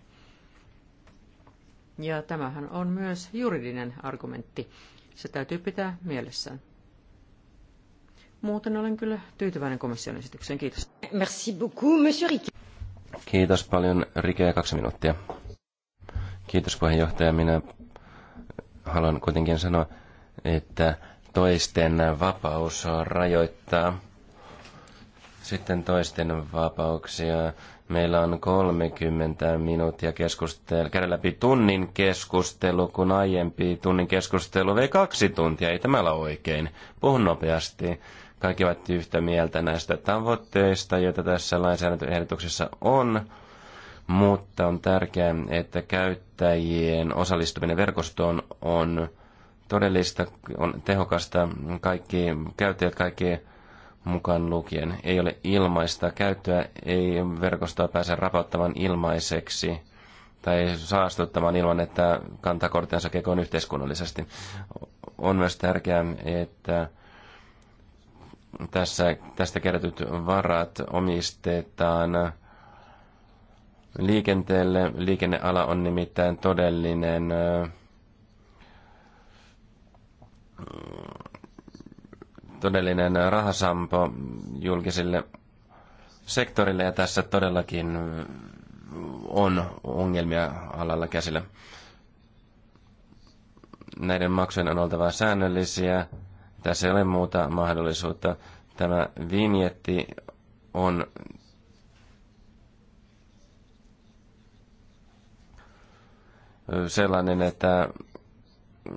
A: Ja tämähän on myös juridinen argumentti. Se täytyy pitää mielessään. Muuten olen kyllä tyytyväinen komission esitykseen. Kiitos. Merci beaucoup, monsieur Riquet.
B: Kiitos paljon, Rike, kaksi minuuttia. Kiitos puheenjohtaja. Minä haluan kuitenkin sanoa, että toisten vapaus rajoittaa sitten toisten vapauksia. Meillä on 30 minuuttia keskustelua. Käydä läpi tunnin keskustelu, kun aiempi tunnin keskustelu vei kaksi tuntia. Ei tämä ole oikein. Puhun nopeasti. Kaikki ovat yhtä mieltä näistä tavoitteista, joita tässä lainsäädäntöehdotuksessa on mutta on tärkeää, että käyttäjien osallistuminen verkostoon on todellista, on tehokasta. Kaikki käyttäjät, kaikki mukaan lukien. Ei ole ilmaista käyttöä, ei verkostoa pääse rapauttamaan ilmaiseksi tai saastuttamaan ilman, että kantaa kortensa kekoon yhteiskunnallisesti. On myös tärkeää, että tässä, tästä kerätyt varat omistetaan liikenteelle. Liikenneala on nimittäin todellinen todellinen rahasampo julkiselle sektorille ja tässä todellakin on ongelmia alalla käsillä. Näiden maksujen on oltava säännöllisiä. Tässä ei ole muuta mahdollisuutta. Tämä vinjetti on sellainen, että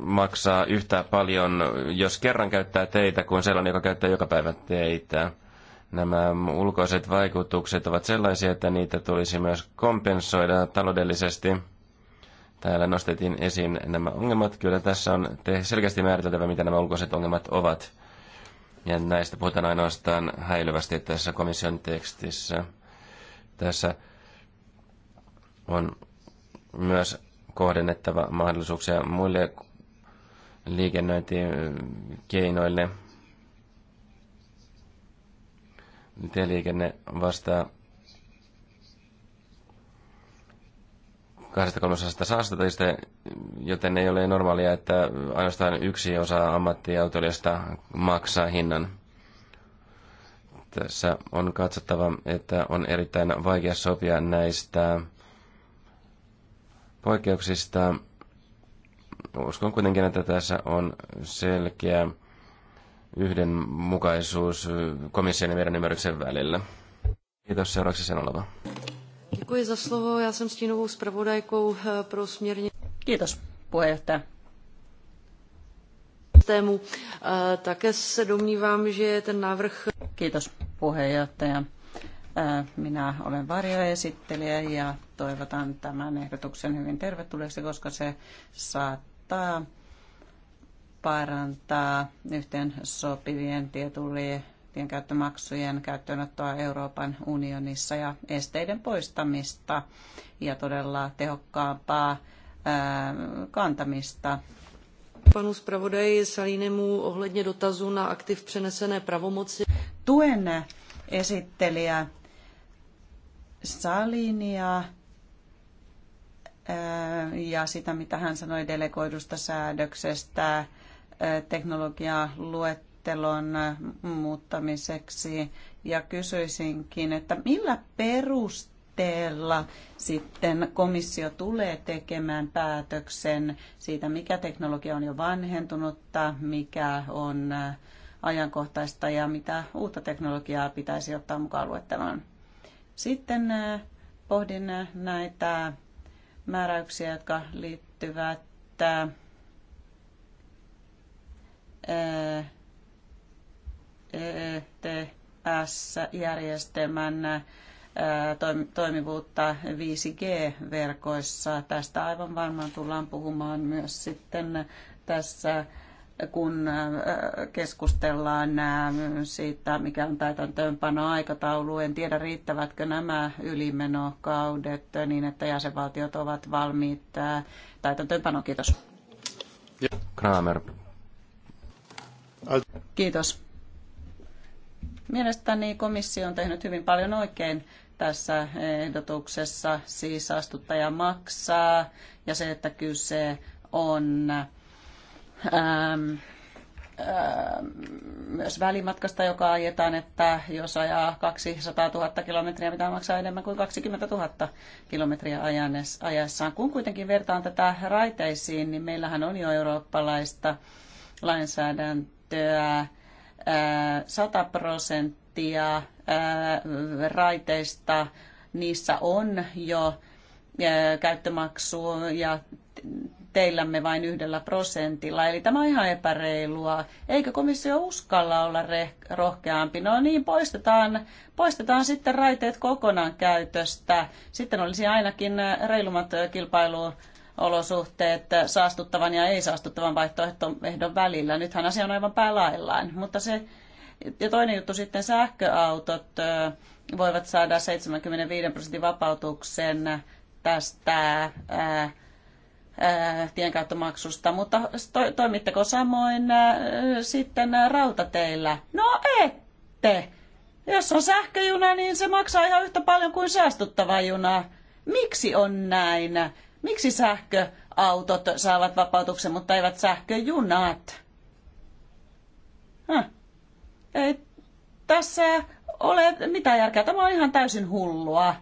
B: maksaa yhtä paljon, jos kerran käyttää teitä, kuin sellainen, joka käyttää joka päivä teitä. Nämä ulkoiset vaikutukset ovat sellaisia, että niitä tulisi myös kompensoida taloudellisesti. Täällä nostettiin esiin nämä ongelmat. Kyllä tässä on selkeästi määriteltävä, mitä nämä ulkoiset ongelmat ovat. Ja näistä puhutaan ainoastaan häilyvästi tässä komission tekstissä. Tässä on myös kohdennettava mahdollisuuksia muille liikennöintikeinoille. Tieliikenne vastaa kahdesta kolmasosasta joten ei ole normaalia, että ainoastaan yksi osa ammattiautoilijasta maksaa hinnan. Tässä on katsottava, että on erittäin vaikea sopia näistä poikkeuksista Uskon kuitenkin, että tässä on selkeä yhdenmukaisuus komission ja meidän ymmärryksen välillä. Kiitos seuraavaksi sen oleva.
A: za slovo. Já jsem eh, pro směrně. Kiitos puheenjohtaja. Tému. Eh,
C: také se domnívám, že ten návrh... Kiitos puheenjohtaja. Eh, minä olen varjoesittelijä ja toivotan tämän ehdotuksen hyvin tervetulleeksi, koska se saattaa auttaa parantaa yhteen sopivien tietullien käyttömaksujen käyttöönottoa Euroopan unionissa ja esteiden poistamista ja todella tehokkaampaa kantamista. Panu spravodaji Salinemu ohledně dotazu na aktiv přenesené pravomoci. Tuen esittelijä Salinia ja sitä, mitä hän sanoi delegoidusta säädöksestä teknologialuettelon muuttamiseksi. Ja kysyisinkin, että millä perusteella sitten komissio tulee tekemään päätöksen siitä, mikä teknologia on jo vanhentunutta, mikä on ajankohtaista ja mitä uutta teknologiaa pitäisi ottaa mukaan luetteloon. Sitten pohdin näitä määräyksiä, jotka liittyvät ets e järjestelmän toimivuutta 5G-verkoissa. Tästä aivan varmaan tullaan puhumaan myös sitten tässä kun äh, keskustellaan äh, siitä, mikä on täytäntöönpanoaikataulu. En tiedä, riittävätkö nämä ylimenokaudet niin, että jäsenvaltiot ovat valmiit äh, täytäntöönpano. Kiitos. Kramer. Kiitos. Mielestäni komissio on tehnyt hyvin paljon oikein tässä ehdotuksessa, siis astuttaja maksaa ja se, että kyse on Ähm, ähm, myös välimatkasta, joka ajetaan, että jos ajaa 200 000 kilometriä, mitä maksaa enemmän kuin 20 000 kilometriä ajassaan. Kun kuitenkin vertaan tätä raiteisiin, niin meillähän on jo eurooppalaista lainsäädäntöä 100 äh, prosenttia äh, raiteista. Niissä on jo äh, käyttömaksu ja teillämme vain yhdellä prosentilla. Eli tämä on ihan epäreilua. Eikö komissio uskalla olla rohkeampi? No niin, poistetaan, poistetaan sitten raiteet kokonaan käytöstä. Sitten olisi ainakin äh, reilummat äh, kilpailuolosuhteet äh, saastuttavan ja ei-saastuttavan vaihtoehdon välillä. Nythän asia on aivan päälaillaan, mutta se ja toinen juttu sitten sähköautot voivat saada 75 prosentin vapautuksen tästä ää, tienkäyttömaksusta, mutta to, toimitteko samoin sitten rautateillä? No ette. Jos on sähköjuna, niin se maksaa ihan yhtä paljon kuin saastuttava juna. Miksi on näin? Miksi sähköautot saavat vapautuksen, mutta eivät sähköjunat? Häh. Ei tässä ole mitään järkeä. Tämä on ihan täysin hullua.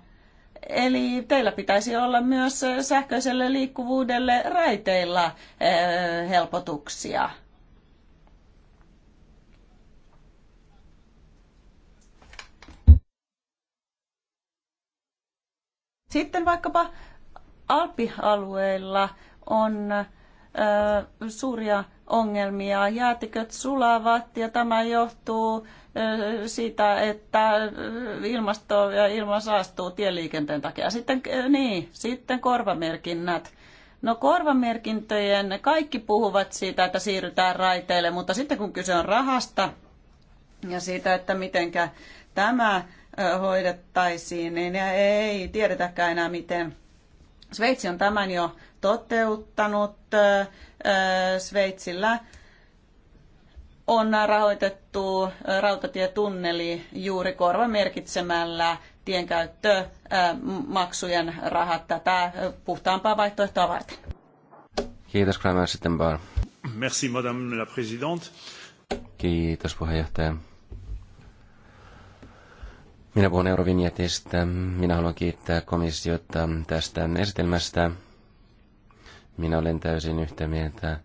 C: Eli teillä pitäisi olla myös sähköiselle liikkuvuudelle raiteilla eh, helpotuksia. Sitten vaikkapa Alppialueilla on ö, eh, suuria ongelmia. Jäätiköt sulavat ja tämä johtuu siitä, että ilmasto ja ilma saastuu tieliikenteen takia. Sitten, niin, sitten korvamerkinnät. No korvamerkintöjen, kaikki puhuvat siitä, että siirrytään raiteille, mutta sitten kun kyse on rahasta ja siitä, että mitenkä tämä hoidettaisiin, niin ei tiedetäkään enää miten. Sveitsi on tämän jo toteuttanut. Sveitsillä on rahoitettu rautatietunneli juuri korva merkitsemällä tienkäyttömaksujen rahat tätä puhtaampaa vaihtoehtoa varten.
B: Kiitos Kramer sitten
C: Merci madame la présidente.
B: Kiitos puheenjohtaja. Minä puhun Eurovinjetistä. Minä haluan kiittää komissiota tästä esitelmästä. Minä olen täysin yhtä mieltä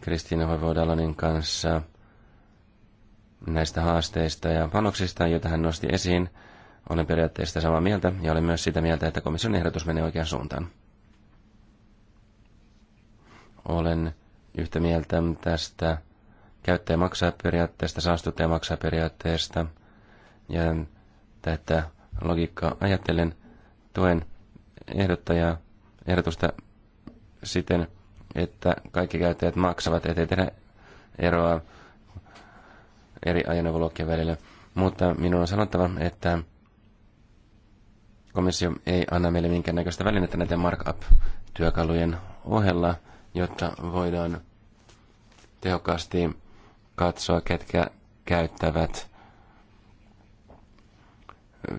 B: Kristiina Hoivodalonin kanssa – näistä haasteista ja panoksista, joita hän nosti esiin. Olen periaatteessa samaa mieltä ja olen myös sitä mieltä, että komission ehdotus menee oikeaan suuntaan. Olen yhtä mieltä tästä käyttäjä maksaa periaatteesta, saastuttaja maksaa periaatteesta ja tätä logiikkaa ajattelen tuen ehdottajaa ehdotusta siten, että kaikki käyttäjät maksavat, ettei tehdä eroa eri ajoneuvoluokkien välillä. Mutta minun on sanottava, että komissio ei anna meille minkäännäköistä välinettä näiden markup-työkalujen ohella, jotta voidaan tehokkaasti katsoa, ketkä käyttävät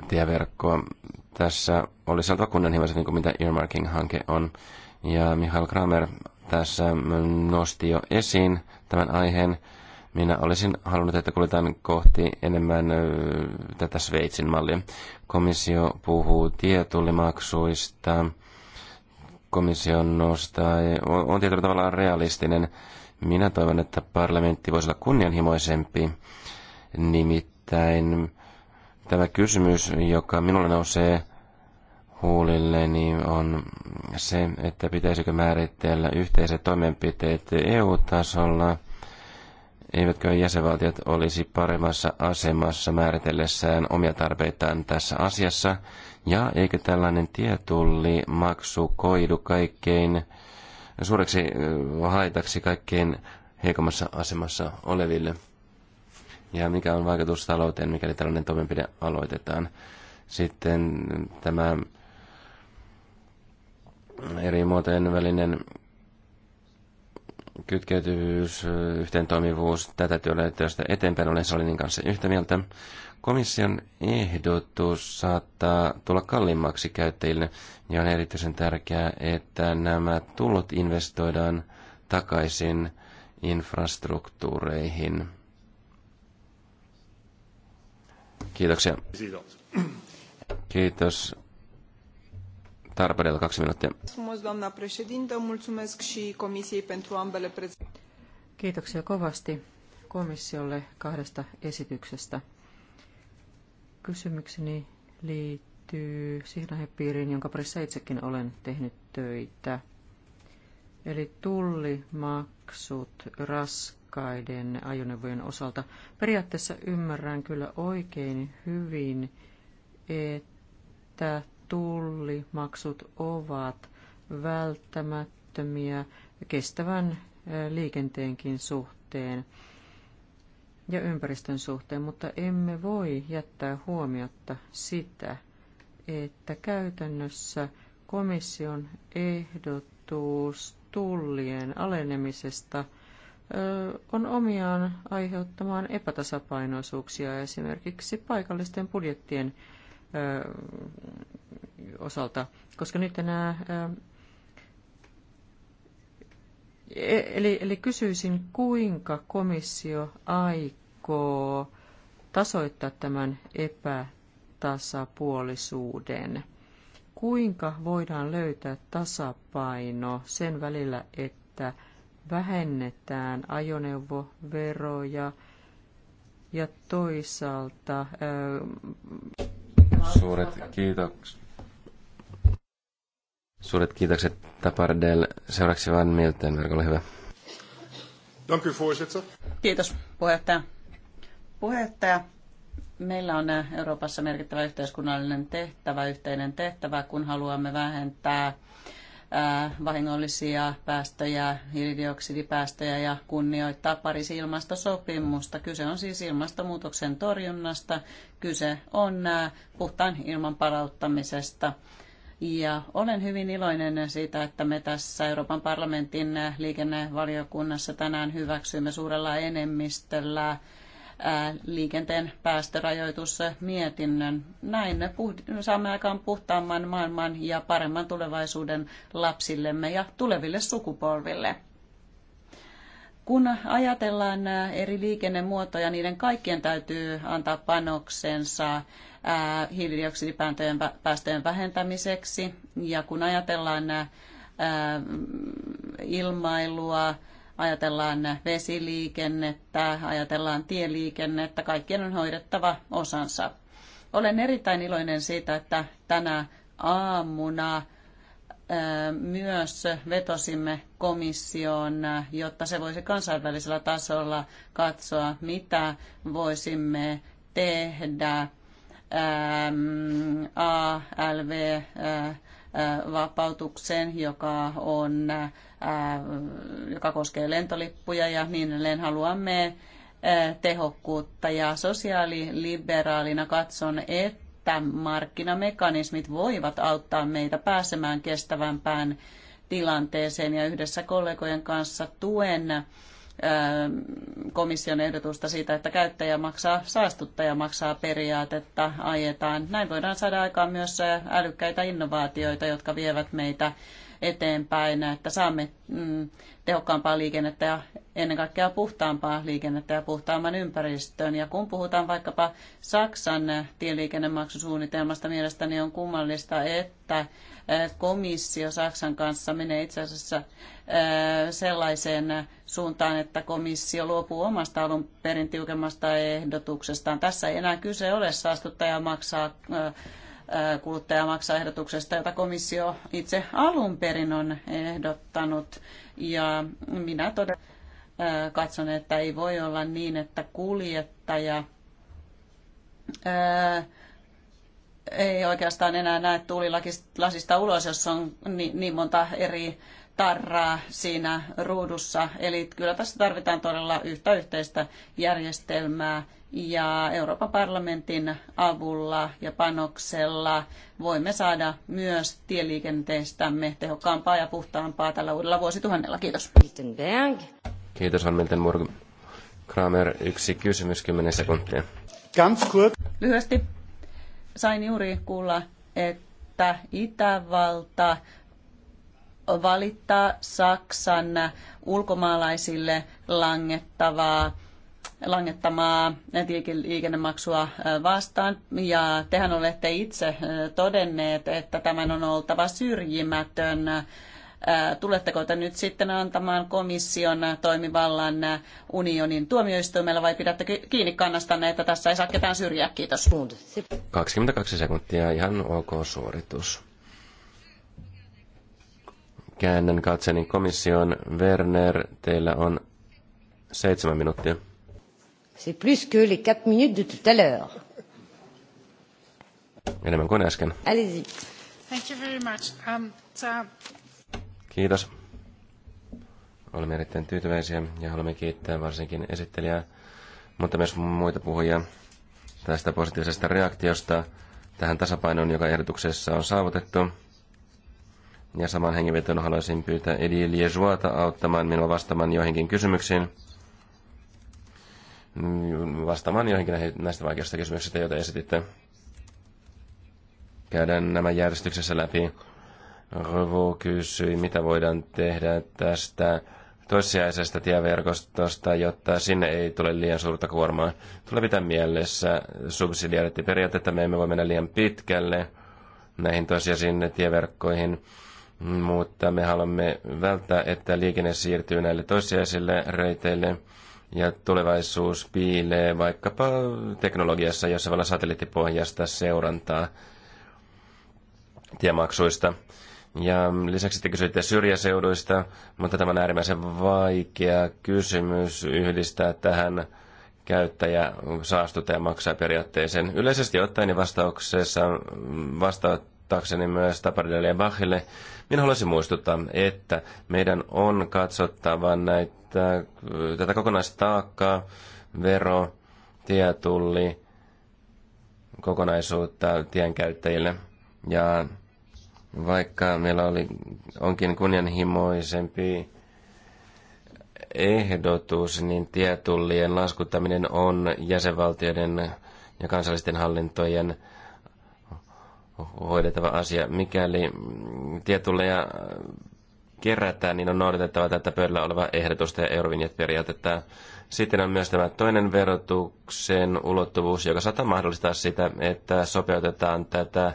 B: tieverkkoa. Tässä oli sanottava kunnianhimoiset, niin kuin mitä earmarking-hanke on. Ja Mihail Kramer tässä nosti jo esiin tämän aiheen. Minä olisin halunnut, että kuljetaan kohti enemmän tätä Sveitsin mallia. Komissio puhuu tietullimaksuista. Komissio nostaa, on tietyllä tavalla realistinen. Minä toivon, että parlamentti voisi olla kunnianhimoisempi. Nimittäin tämä kysymys, joka minulle nousee huulille, niin on se, että pitäisikö määritellä yhteiset toimenpiteet EU-tasolla – Eivätkö jäsenvaltiot olisi paremmassa asemassa määritellessään omia tarpeitaan tässä asiassa? Ja eikö tällainen maksu koidu kaikkein suureksi äh, haitaksi kaikkein heikommassa asemassa oleville? Ja mikä on vaikutus talouteen, mikäli tällainen toimenpide aloitetaan? Sitten tämä eri muotojen välinen kytkeytyvyys, yhteen toimivuus, tätä työlähetyöstä eteenpäin olen Salinin kanssa yhtä mieltä. Komission ehdotus saattaa tulla kalliimmaksi käyttäjille ja on erityisen tärkeää, että nämä tulot investoidaan takaisin infrastruktuureihin. Kiitoksia. Kiitos Tarpadella kaksi minuuttia.
A: Kiitoksia kovasti komissiolle kahdesta esityksestä. Kysymykseni liittyy siirrahepiiriin, jonka parissa itsekin olen tehnyt töitä. Eli tullimaksut raskaiden ajoneuvojen osalta. Periaatteessa ymmärrän kyllä oikein hyvin, että tullimaksut ovat välttämättömiä kestävän liikenteenkin suhteen ja ympäristön suhteen, mutta emme voi jättää huomiotta sitä, että käytännössä komission ehdotus tullien alenemisesta on omiaan aiheuttamaan epätasapainoisuuksia esimerkiksi paikallisten budjettien osalta, koska nyt nämä... E, eli, eli kysyisin, kuinka komissio aikoo tasoittaa tämän epätasapuolisuuden? Kuinka voidaan löytää tasapaino sen välillä, että vähennetään ajoneuvoveroja ja toisaalta...
B: Suuret kiitokset Suuret kiitokset Tapardel. Seuraavaksi Van Miltenberg, ole hyvä.
C: voorzitter. Kiitos, puheenjohtaja. Puheenjohtaja, meillä on äh, Euroopassa merkittävä yhteiskunnallinen tehtävä, yhteinen tehtävä, kun haluamme vähentää äh, vahingollisia päästöjä, hiilidioksidipäästöjä ja kunnioittaa Pariisin ilmastosopimusta. Kyse on siis ilmastonmuutoksen torjunnasta, kyse on äh, puhtaan ilman palauttamisesta ja olen hyvin iloinen siitä, että me tässä Euroopan parlamentin liikennevaliokunnassa tänään hyväksymme suurella enemmistöllä liikenteen päästörajoitusmietinnön. Näin saamme aikaan puhtaamman maailman ja paremman tulevaisuuden lapsillemme ja tuleville sukupolville. Kun ajatellaan eri liikennemuotoja, niiden kaikkien täytyy antaa panoksensa hiilidioksidipäästöjen vähentämiseksi. Ja kun ajatellaan ilmailua, ajatellaan vesiliikennettä, ajatellaan tieliikennettä, kaikkien on hoidettava osansa. Olen erittäin iloinen siitä, että tänä aamuna myös vetosimme komissioon, jotta se voisi kansainvälisellä tasolla katsoa, mitä voisimme tehdä ALV vapautukseen, joka, on, joka koskee lentolippuja ja niin edelleen. Haluamme tehokkuutta ja sosiaaliliberaalina katson, että markkinamekanismit voivat auttaa meitä pääsemään kestävämpään tilanteeseen ja yhdessä kollegojen kanssa tuen komission ehdotusta siitä, että käyttäjä maksaa, saastuttaja maksaa periaatetta ajetaan. Näin voidaan saada aikaan myös älykkäitä innovaatioita, jotka vievät meitä eteenpäin, että saamme mm, tehokkaampaa liikennettä ja ennen kaikkea puhtaampaa liikennettä ja puhtaamman ympäristön. Ja kun puhutaan vaikkapa Saksan tieliikennemaksusuunnitelmasta, mielestäni on kummallista, että komissio Saksan kanssa menee itse asiassa sellaiseen suuntaan, että komissio luopuu omasta alun perin tiukemmasta ehdotuksestaan. Tässä ei enää kyse ole saastuttaja maksaa kuluttaja maksaa ehdotuksesta, jota komissio itse alun perin on ehdottanut. Ja minä todella katson, että ei voi olla niin, että kuljettaja ei oikeastaan enää näe tuulilasista ulos, jos on niin, niin monta eri tarraa siinä ruudussa. Eli kyllä tässä tarvitaan todella yhtä yhteistä järjestelmää ja Euroopan parlamentin avulla ja panoksella voimme saada myös tieliikenteestämme tehokkaampaa ja puhtaampaa tällä uudella vuosituhannella. Kiitos.
B: Kiitos Hamilton Murg. Kramer, yksi kysymys, 10 sekuntia.
C: Lyhyesti sain juuri kuulla, että Itävalta valittaa Saksan ulkomaalaisille langettavaa langettamaa liikennemaksua äh, vastaan. Ja tehän olette itse äh, todenneet, että tämän on oltava syrjimätön Tuletteko te nyt sitten antamaan komission toimivallan unionin tuomioistuimella vai pidättekö kiinni kannastanne, että tässä ei saa ketään syrjää? Kiitos.
B: 22 sekuntia, ihan ok suoritus. Käännän katseeni komission. Werner, teillä on seitsemän minuuttia.
A: C'est plus que les quatre minutes de tout à l'heure.
B: Enemmän kuin äsken.
A: Allez-y.
C: Thank you very much. Um, so
B: Kiitos. Olemme erittäin tyytyväisiä ja haluamme kiittää varsinkin esittelijää, mutta myös muita puhujia tästä positiivisesta reaktiosta tähän tasapainoon, joka ehdotuksessa on saavutettu. Ja saman hengenvetoon haluaisin pyytää Edi Liesuota auttamaan minua vastaamaan joihinkin kysymyksiin. Vastaamaan joihinkin näistä vaikeista kysymyksistä, joita esititte. Käydään nämä järjestyksessä läpi. Revo kysyi, mitä voidaan tehdä tästä toissijaisesta tieverkostosta, jotta sinne ei tule liian suurta kuormaa. Tulee pitää mielessä että me emme voi mennä liian pitkälle näihin toissijaisiin tieverkkoihin, mutta me haluamme välttää, että liikenne siirtyy näille toissijaisille reiteille ja tulevaisuus piilee vaikkapa teknologiassa, jossa voidaan satelliittipohjasta seurantaa tiemaksuista. Ja lisäksi te kysyitte syrjäseuduista, mutta tämä on äärimmäisen vaikea kysymys yhdistää tähän käyttäjä ja maksaa periaatteeseen. Yleisesti ottaen vastauksessa vastauttakseni myös Tapardelle ja Bachille, minä haluaisin muistuttaa, että meidän on katsottava näitä, tätä kokonaistaakkaa, vero, tietulli, kokonaisuutta tienkäyttäjille. Ja vaikka meillä oli, onkin kunnianhimoisempi ehdotus, niin tietullien laskuttaminen on jäsenvaltioiden ja kansallisten hallintojen hoidettava asia. Mikäli tietulleja kerätään, niin on noudatettava tätä pöydällä olevaa ehdotusta ja Eurovinjet-periaatetta. Sitten on myös tämä toinen verotuksen ulottuvuus, joka saattaa mahdollistaa sitä, että sopeutetaan tätä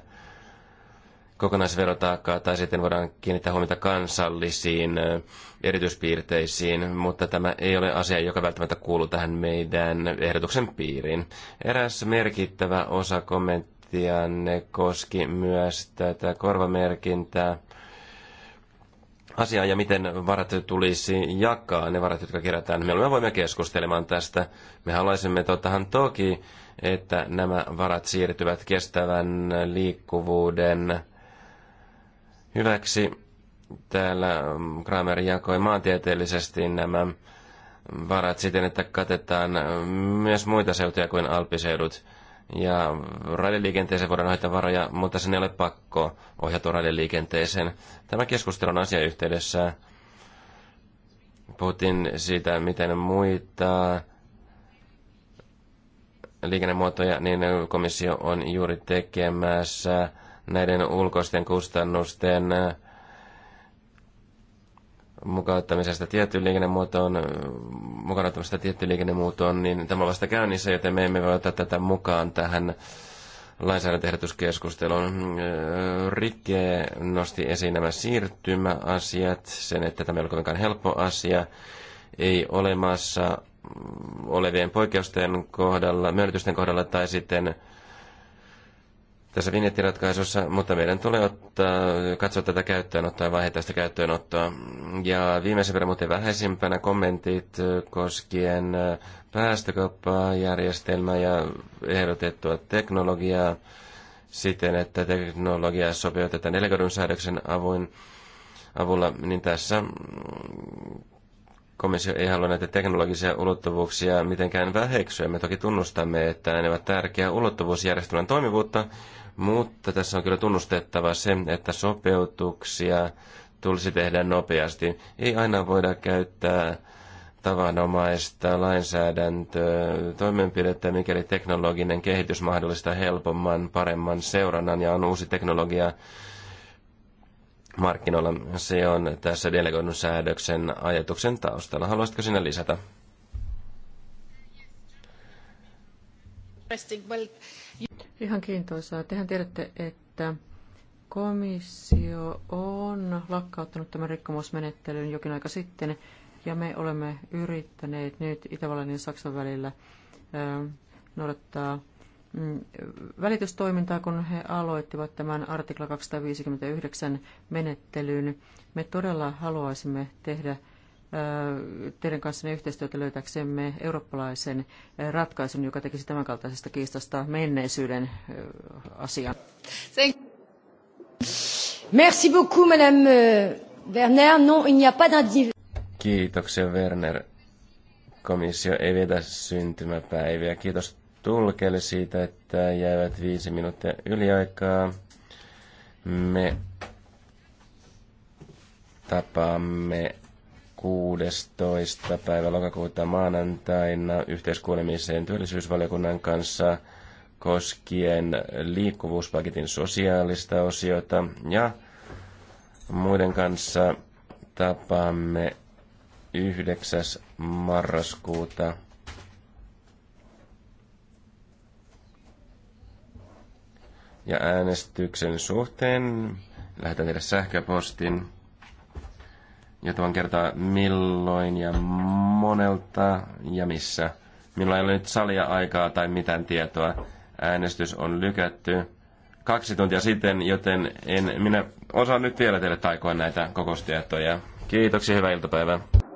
B: kokonaisverotaakkaa tai sitten voidaan kiinnittää huomiota kansallisiin erityispiirteisiin, mutta tämä ei ole asia, joka välttämättä kuuluu tähän meidän ehdotuksen piiriin. Eräs merkittävä osa kommenttianne koski myös tätä korvamerkintää asiaa ja miten varat tulisi jakaa, ne varat, jotka kerätään. Mieluummin voimme keskustelemaan tästä. Me haluaisimme tottahan toki, että nämä varat siirtyvät kestävän liikkuvuuden hyväksi. Täällä Kramer jakoi maantieteellisesti nämä varat siten, että katetaan myös muita seutuja kuin alpiseudut. Ja raideliikenteeseen voidaan ohjata varoja, mutta sen ei ole pakko ohjata raideliikenteeseen. Tämä keskustelun asiayhteydessä puhuttiin siitä, miten muita liikennemuotoja, niin komissio on juuri tekemässä näiden ulkoisten kustannusten äh, mukauttamisesta tiettyyn liikennemuotoon, äh, mukauttamisesta tiettyyn liikennemuotoon, niin tämä on vasta käynnissä, joten me emme voi ottaa tätä mukaan tähän lainsäädäntöehdotuskeskusteluun. Äh, Rikke nosti esiin nämä siirtymäasiat, sen, että tämä ei ole kovinkaan helppo asia. Ei olemassa olevien poikkeusten kohdalla, myönnytysten kohdalla tai sitten tässä vinjettiratkaisussa, mutta meidän tulee ottaa, katsoa tätä käyttöönottoa ja sitä käyttöönottoa. Ja viimeisen verran muuten vähäisimpänä kommentit koskien päästökauppaa, järjestelmää ja ehdotettua teknologiaa siten, että teknologiaa sopeutetaan neljäkodun säädöksen avuin, avulla, niin tässä komissio ei halua näitä teknologisia ulottuvuuksia mitenkään väheksyä. Me toki tunnustamme, että ne ovat tärkeä ulottuvuusjärjestelmän toimivuutta, mutta tässä on kyllä tunnustettava se, että sopeutuksia tulisi tehdä nopeasti. Ei aina voida käyttää tavanomaista lainsäädäntöä, toimenpidettä, mikäli teknologinen kehitys mahdollistaa helpomman, paremman seurannan ja on uusi teknologia markkinoilla. Se on tässä delegoidun säädöksen ajatuksen taustalla. Haluaisitko sinä lisätä?
A: Ihan kiintoisaa. Tehän tiedätte, että komissio on lakkauttanut tämän rikkomusmenettelyn jokin aika sitten, ja me olemme yrittäneet nyt Itävallan ja Saksan välillä noudattaa mm, välitystoimintaa, kun he aloittivat tämän artikla 259 menettelyn. Me todella haluaisimme tehdä teidän kanssanne yhteistyötä löytäksemme eurooppalaisen ratkaisun, joka tekisi tämän kaltaisesta kiistasta menneisyyden asian. Merci beaucoup, Madame euh, Werner. Non, il n'y a pas
B: Kiitoksia, Werner. Komissio ei vietä syntymäpäiviä. Kiitos tulkeille siitä, että jäivät viisi minuuttia yliaikaa. Me tapaamme 16. päivä lokakuuta maanantaina yhteiskuulemiseen työllisyysvaliokunnan kanssa koskien liikkuvuuspaketin sosiaalista osiota ja muiden kanssa tapaamme 9. marraskuuta ja äänestyksen suhteen lähetän teille sähköpostin ja tuon kertaa milloin ja monelta ja missä. Minulla ei ole nyt salia aikaa tai mitään tietoa. Äänestys on lykätty kaksi tuntia sitten, joten en minä osaa nyt vielä teille taikoa näitä kokoustietoja. Kiitoksia, hyvää iltapäivää.